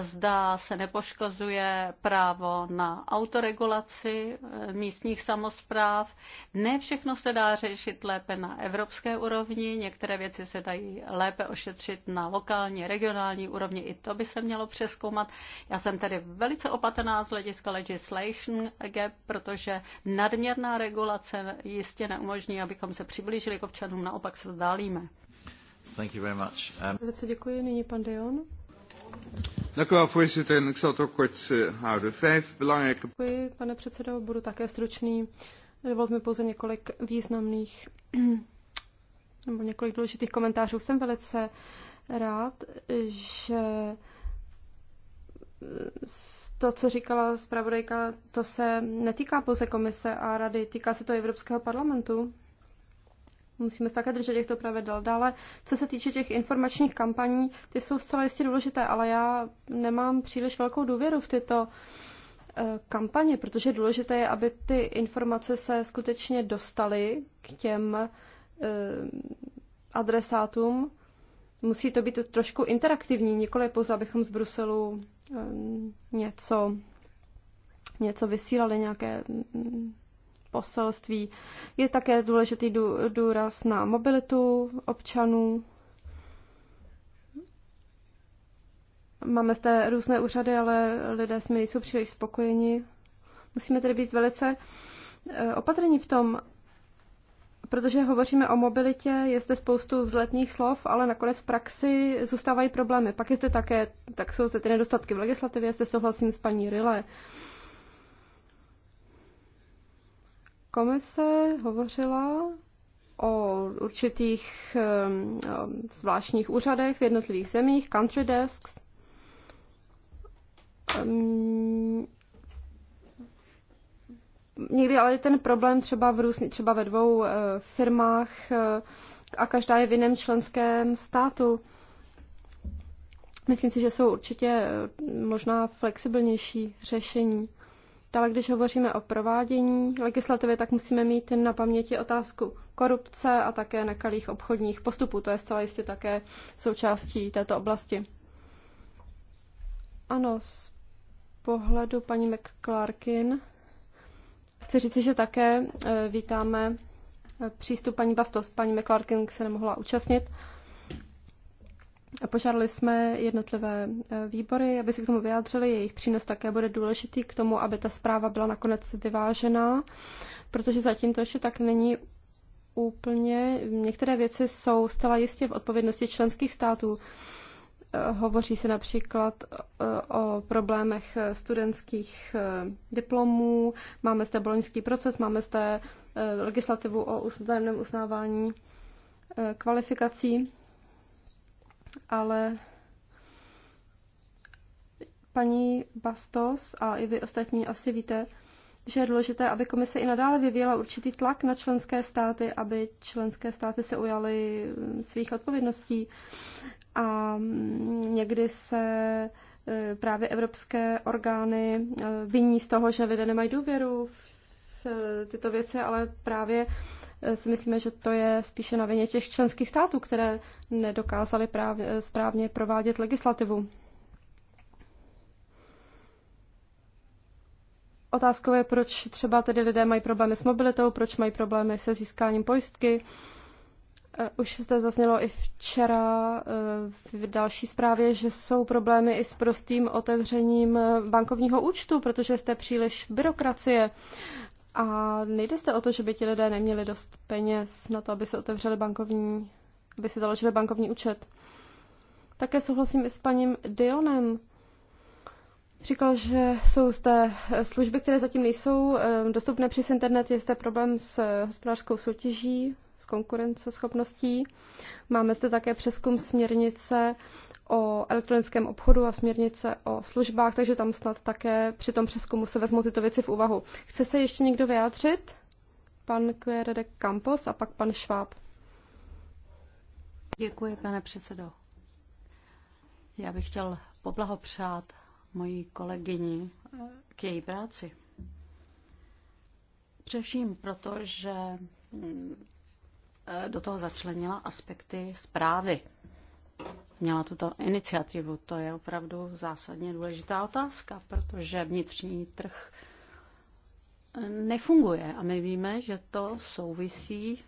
zda se nepoškozuje právo na autoregulaci eh, místních samozpráv. Ne všechno se dá řešit lépe na evropské úrovni, některé věci se dají lépe ošetřit na lokální, regionální úrovni, i to by se mělo přeskoumat. Já jsem tedy velice opatrná z hlediska legislation gap, protože nadměrná regulace jistě neumožní, abychom se přiblížili k občanům, naopak se vzdálíme. Thank you very much. Um... Velice děkuji. Nyní pan Deon. Dank u wel, voorzitter. En ik zal het ook kort uh, houden. Vijf belangrijke... Děkuji, pane předsedo, budu také stručný. Dovolte mi pouze několik významných [CLEARS THROAT] nebo několik důležitých komentářů. Jsem velice rád, že to, co říkala zpravodajka, to se netýká pouze komise a rady, týká se to Evropského parlamentu musíme se také držet těchto pravidel. Dále, co se týče těch informačních kampaní, ty jsou zcela jistě důležité, ale já nemám příliš velkou důvěru v tyto eh, kampaně, protože důležité je, aby ty informace se skutečně dostaly k těm eh, adresátům. Musí to být trošku interaktivní, nikoli pouze, abychom z Bruselu eh, něco, něco vysílali, nějaké mm, poselství. Je také důležitý důraz na mobilitu občanů. Máme zde různé úřady, ale lidé s nejsou příliš spokojeni. Musíme tedy být velice eh, opatrní v tom, protože hovoříme o mobilitě, je zde spoustu vzletních slov, ale nakonec v praxi zůstávají problémy. Pak je zde také, tak jsou zde ty nedostatky v legislativě, zde souhlasím s paní Rile. Komise hovořila o určitých ehm, ehm, zvláštních úřadech v jednotlivých zemích, country desks. Ehm, někdy ale je ten problém třeba, v různý, třeba ve dvou eh, firmách eh, a každá je v jiném členském státu. Myslím si, že jsou určitě eh, možná flexibilnější řešení. Dále, když hovoříme o provádění legislativy, tak musíme mít na paměti otázku korupce a také nekalých obchodních postupů. To je zcela jistě také součástí této oblasti. Ano, z pohledu paní McClarkin chci říci, že také eh, vítáme eh, přístup paní Bastos. Paní McClarkin se nemohla účastnit. Požádali jsme jednotlivé eh, výbory, aby se k tomu vyjádřili. Jejich přínos také bude důležitý k tomu, aby ta zpráva byla nakonec vyvážená, protože zatím to ještě tak není úplně. Některé věci jsou zcela jistě v odpovědnosti členských států. Eh, hovoří se například eh, o problémech studentských diplomů, máme zde boloňský proces, máme zde legislativu o vzájemném uznávání kvalifikací ale paní Bastos a i vy ostatní asi víte, že je důležité, aby komise i nadále vyvíjela určitý tlak na členské státy, aby členské státy se ujaly mm, svých odpovědností. A mm, někdy se e, právě evropské orgány e, viní z toho, že lidé nemají důvěru v e, tyto věci, ale právě Eh, si myslíme, že to je spíše na vině těch členských států, které nedokázaly eh, správně provádět legislativu. Otázkou je, proč třeba tedy lidé mají problémy s mobilitou, proč mají problémy se získáním pojistky. Eh, už zde zaznělo i včera v další zprávě, že jsou problémy i s prostým otevřením bankovního účtu, protože jste příliš byrokracie. A nejde zde o to, že by ti lidé neměli dost peněz na to, aby se otevřeli bankovní, aby si založili bankovní účet. Také souhlasím i s paním Dionem. Říkal, že jsou zde služby, které zatím nejsou ehm, dostupné přes internet, je zde problém s hospodářskou soutěží, s konkurenceschopností. Máme zde také přeskum směrnice o elektronickém obchodu a směrnice o službách, takže tam snad také při tom přeskumu se vezmou tyto věci v úvahu. Chce se ještě někdo vyjádřit? Pan Quere Kampos Campos a pak pan Šváb. Děkuji, pane předsedo. Já bych chtěl poblahopřát mojí kolegyni k její práci. Především proto, že Eh, do toho začlenila aspekty zprávy. Měla tuto iniciativu. To je opravdu zásadně důležitá otázka, protože vnitřní trh nefunguje a my víme, že to souvisí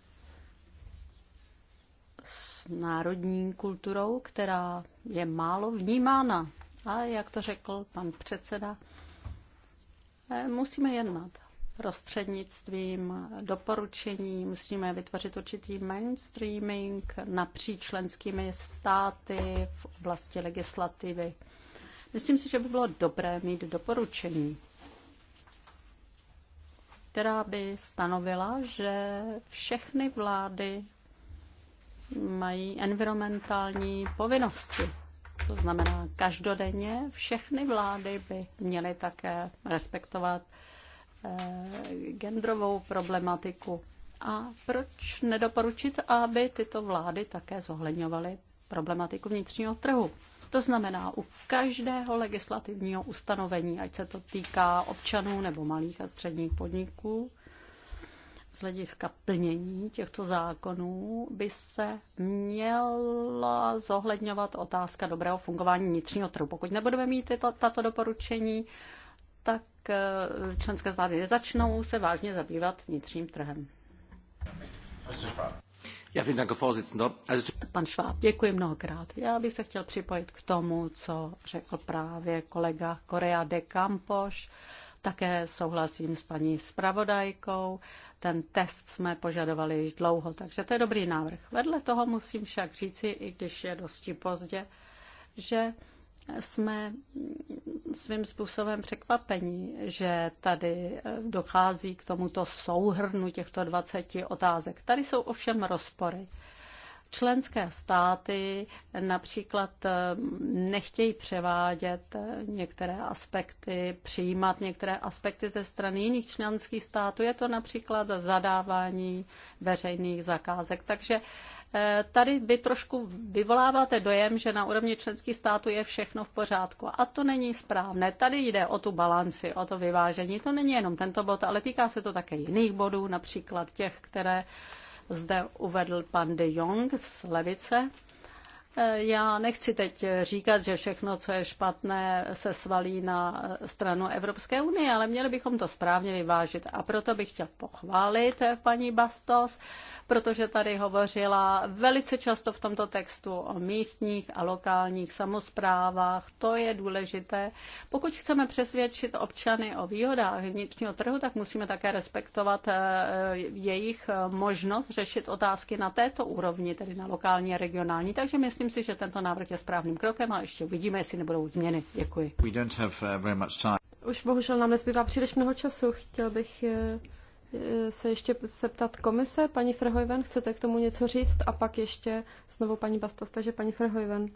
s národní kulturou, která je málo vnímána. A jak to řekl pan předseda, eh, musíme jednat prostřednictvím doporučení musíme vytvořit určitý mainstreaming napříč členskými státy v oblasti legislativy. Myslím si, že by bylo dobré mít doporučení, která by stanovila, že všechny vlády mají environmentální povinnosti. To znamená, každodenně všechny vlády by měly také respektovat Eh, genderovou problematiku. A proč nedoporučit, aby tyto vlády také zohledňovaly problematiku vnitřního trhu? To znamená, u každého legislativního ustanovení, ať se to týká občanů nebo malých a středních podniků, z hlediska plnění těchto zákonů by se měla zohledňovat otázka dobrého fungování vnitřního trhu. Pokud nebudeme mít tyto, tato doporučení, tak eh, členské státy nezačnou se vážně zabývat vnitřním trhem. Pan Šváb, děkuji mnohokrát. Já bych se chtěl připojit k tomu, co řekl právě kolega Korea de Campos. Také souhlasím s paní zpravodajkou. Ten test jsme požadovali již dlouho, takže to je dobrý návrh. Vedle toho musím však říci, i když je dosti pozdě, že jsme svým způsobem překvapení, že tady eh, dochází k tomuto souhrnu těchto 20 otázek. Tady jsou ovšem rozpory. Členské státy například eh, nechtějí převádět eh, některé aspekty, přijímat některé aspekty ze strany jiných členských států. Je to například zadávání veřejných zakázek. Takže Eh, tady vy trošku vyvoláváte dojem, že na úrovni členských států je všechno v pořádku. A to není správné. Tady jde o tu balanci, o to vyvážení. To není jenom tento bod, ale týká se to také jiných bodů, například těch, které zde uvedl pan de Jong z Levice. Eh, já nechci teď říkat, že všechno, co je špatné, se svalí na eh, stranu Evropské unie, ale měli bychom to správně vyvážit. A proto bych chtěl pochválit eh, paní Bastos, protože tady hovořila velice často v tomto textu o místních a lokálních samozprávách. To je důležité. Pokud chceme přesvědčit občany o výhodách vnitřního trhu, tak musíme také respektovat jejich možnost řešit otázky na této úrovni, tedy na lokální a regionální. Takže myslím, Myslím si, že tento návrh je správným krokem a ještě uvidíme, jestli nebudou změny. Děkuji. We don't have uh, very much time. Už bohužel nám nezbývá příliš mnoho času. Chtěl bych eh, eh, se ještě zeptat komise. Paní Frhojven, chcete k tomu něco říct? A pak ještě znovu paní Bastos, takže paní Frhojven.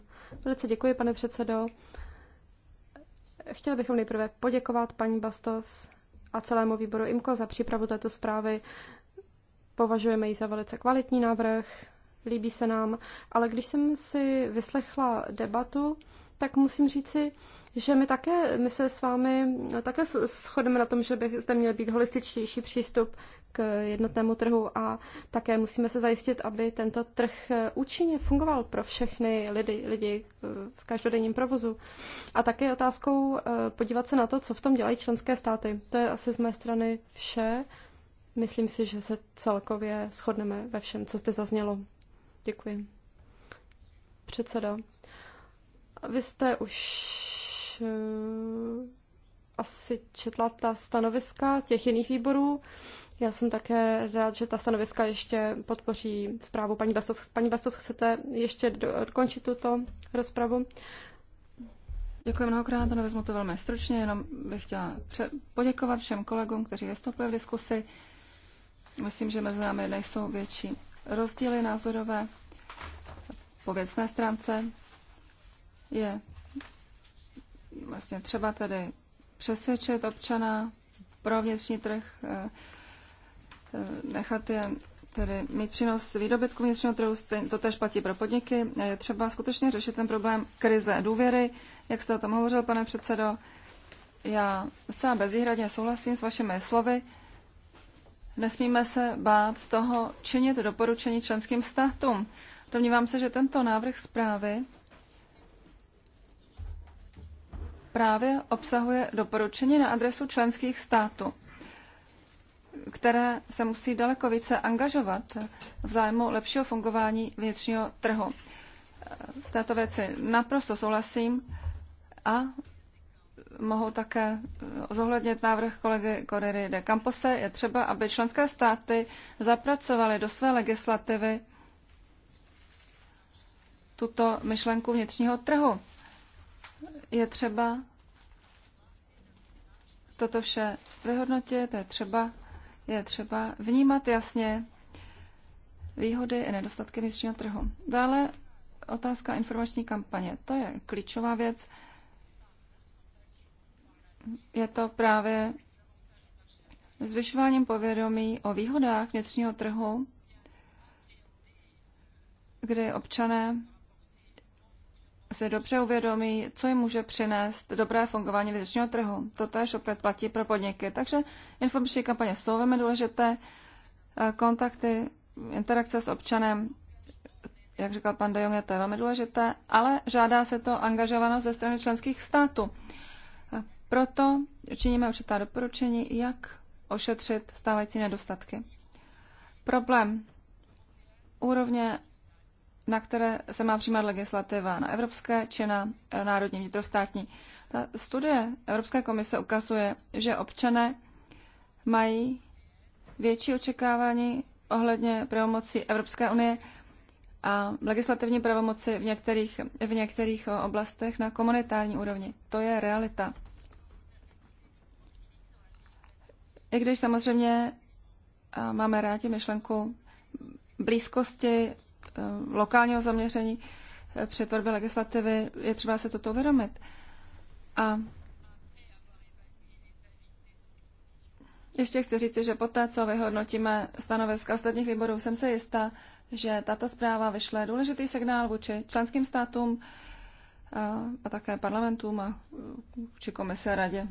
Velice děkuji, pane předsedo. Chtěli bychom nejprve poděkovat paní Bastos a celému výboru IMKO za přípravu této zprávy. Považujeme ji za velice kvalitní návrh líbí se nám. Ale když jsem si vyslechla debatu, tak musím říci, že my také, my se s vámi také shodeme na tom, že by zde měl být holističtější přístup k jednotnému trhu a také musíme se zajistit, aby tento trh účinně fungoval pro všechny lidi, lidi eh, v každodenním provozu. A také otázkou eh, podívat se na to, co v tom dělají členské státy. To je asi z mé strany vše. Myslím si, že se celkově shodneme ve všem, co zde zaznělo. Děkuji. Předseda, vy jste už eh, asi četla ta stanoviska těch jiných výborů. Já jsem také rád, že ta stanoviska ještě podpoří zprávu. Paní Bastos, paní Bastos chcete ještě dokončit tuto rozpravu? Děkuji mnohokrát, ano, vezmu to velmi stručně, jenom bych chtěla poděkovat všem kolegům, kteří vystoupili v diskusi. Myslím, že mezi námi nejsou větší rozdíly názorové po věcné stránce je vlastně třeba tedy přesvědčit občana pro vnitřní trh, eh, eh, nechat je tedy mít přínos výdobytku vnitřního trhu, to tež platí pro podniky. Je třeba skutečně řešit ten problém krize důvěry, jak jste o tom hovořil, pane předsedo. Já se bezvýhradně souhlasím s vašimi slovy. Nesmíme se bát toho činit doporučení členským státům. Domnívám se, že tento návrh zprávy právě obsahuje doporučení na adresu členských států, které se musí daleko více angažovat v zájmu lepšího fungování vnitřního trhu. V této věci naprosto souhlasím a mohou také eh, zohlednit návrh kolegy Corriere de Campose, je třeba, aby členské státy zapracovaly do své legislativy tuto myšlenku vnitřního trhu. Je třeba toto vše vyhodnotit, je třeba, je třeba vnímat jasně výhody i nedostatky vnitřního trhu. Dále otázka informační kampaně. To je klíčová věc je to právě zvyšováním povědomí o výhodách vnitřního trhu, kdy občané se dobře uvědomí, co jim může přinést dobré fungování vnitřního trhu. To též opět platí pro podniky. Takže informační kampaně jsou velmi důležité. Kontakty, interakce s občanem, jak říkal pan De Jong, je to velmi důležité, ale žádá se to angažovanost ze strany členských států. Proto činíme určitá doporučení, jak ošetřit stávající nedostatky. Problém úrovně, na které se má přijímat legislativa na evropské či na eh, národní vnitrostátní. Ta studie Evropské komise ukazuje, že občané mají větší očekávání ohledně pravomocí Evropské unie a legislativní pravomoci v některých, v některých eh, oblastech na komunitární úrovni. To je realita. I když samozřejmě máme rádi myšlenku blízkosti e, lokálního zaměření e, při tvorbě legislativy, je třeba se toto uvědomit. A ještě chci říct, že poté, co vyhodnotíme stanoviska ostatních výborů, jsem se jistá, že tato zpráva vyšle důležitý signál vůči členským státům a, e, a také parlamentům a či komise radě.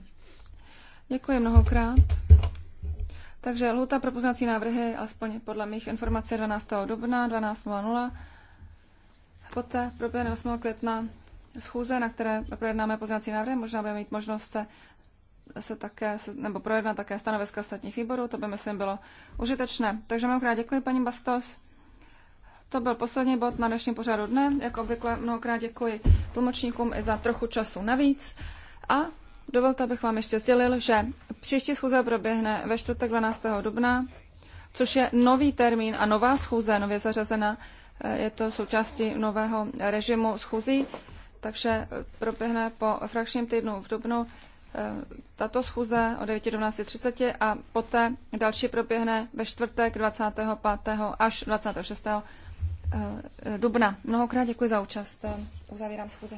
Děkuji mnohokrát. Takže lhuta pro poznací návrhy, alespoň podle mých informací, 12. dubna 12.00. Poté proběhne 8. května schůze, na které projednáme poznací návrhy. Možná budeme mít možnost se, se také, se, nebo projednat také stanoviska ostatních výborů. To by, myslím, bylo užitečné. Takže mnohokrát děkuji, paní Bastos. To byl poslední bod na dnešním pořadu dne. Jak obvykle mnohokrát děkuji tlumočníkům i za trochu času navíc. A Dovolte, abych vám ještě sdělil, že příští schůze proběhne ve čtvrtek 12. dubna, což je nový termín a nová schůze, nově zařazena. Eh, je to součástí nového režimu schůzí, takže eh, proběhne po frakčním týdnu v dubnu eh, tato schůze od 9 do 12.30 a poté další proběhne ve čtvrtek 25. až 26. dubna. Mnohokrát děkuji za účast. Uzavírám schůze.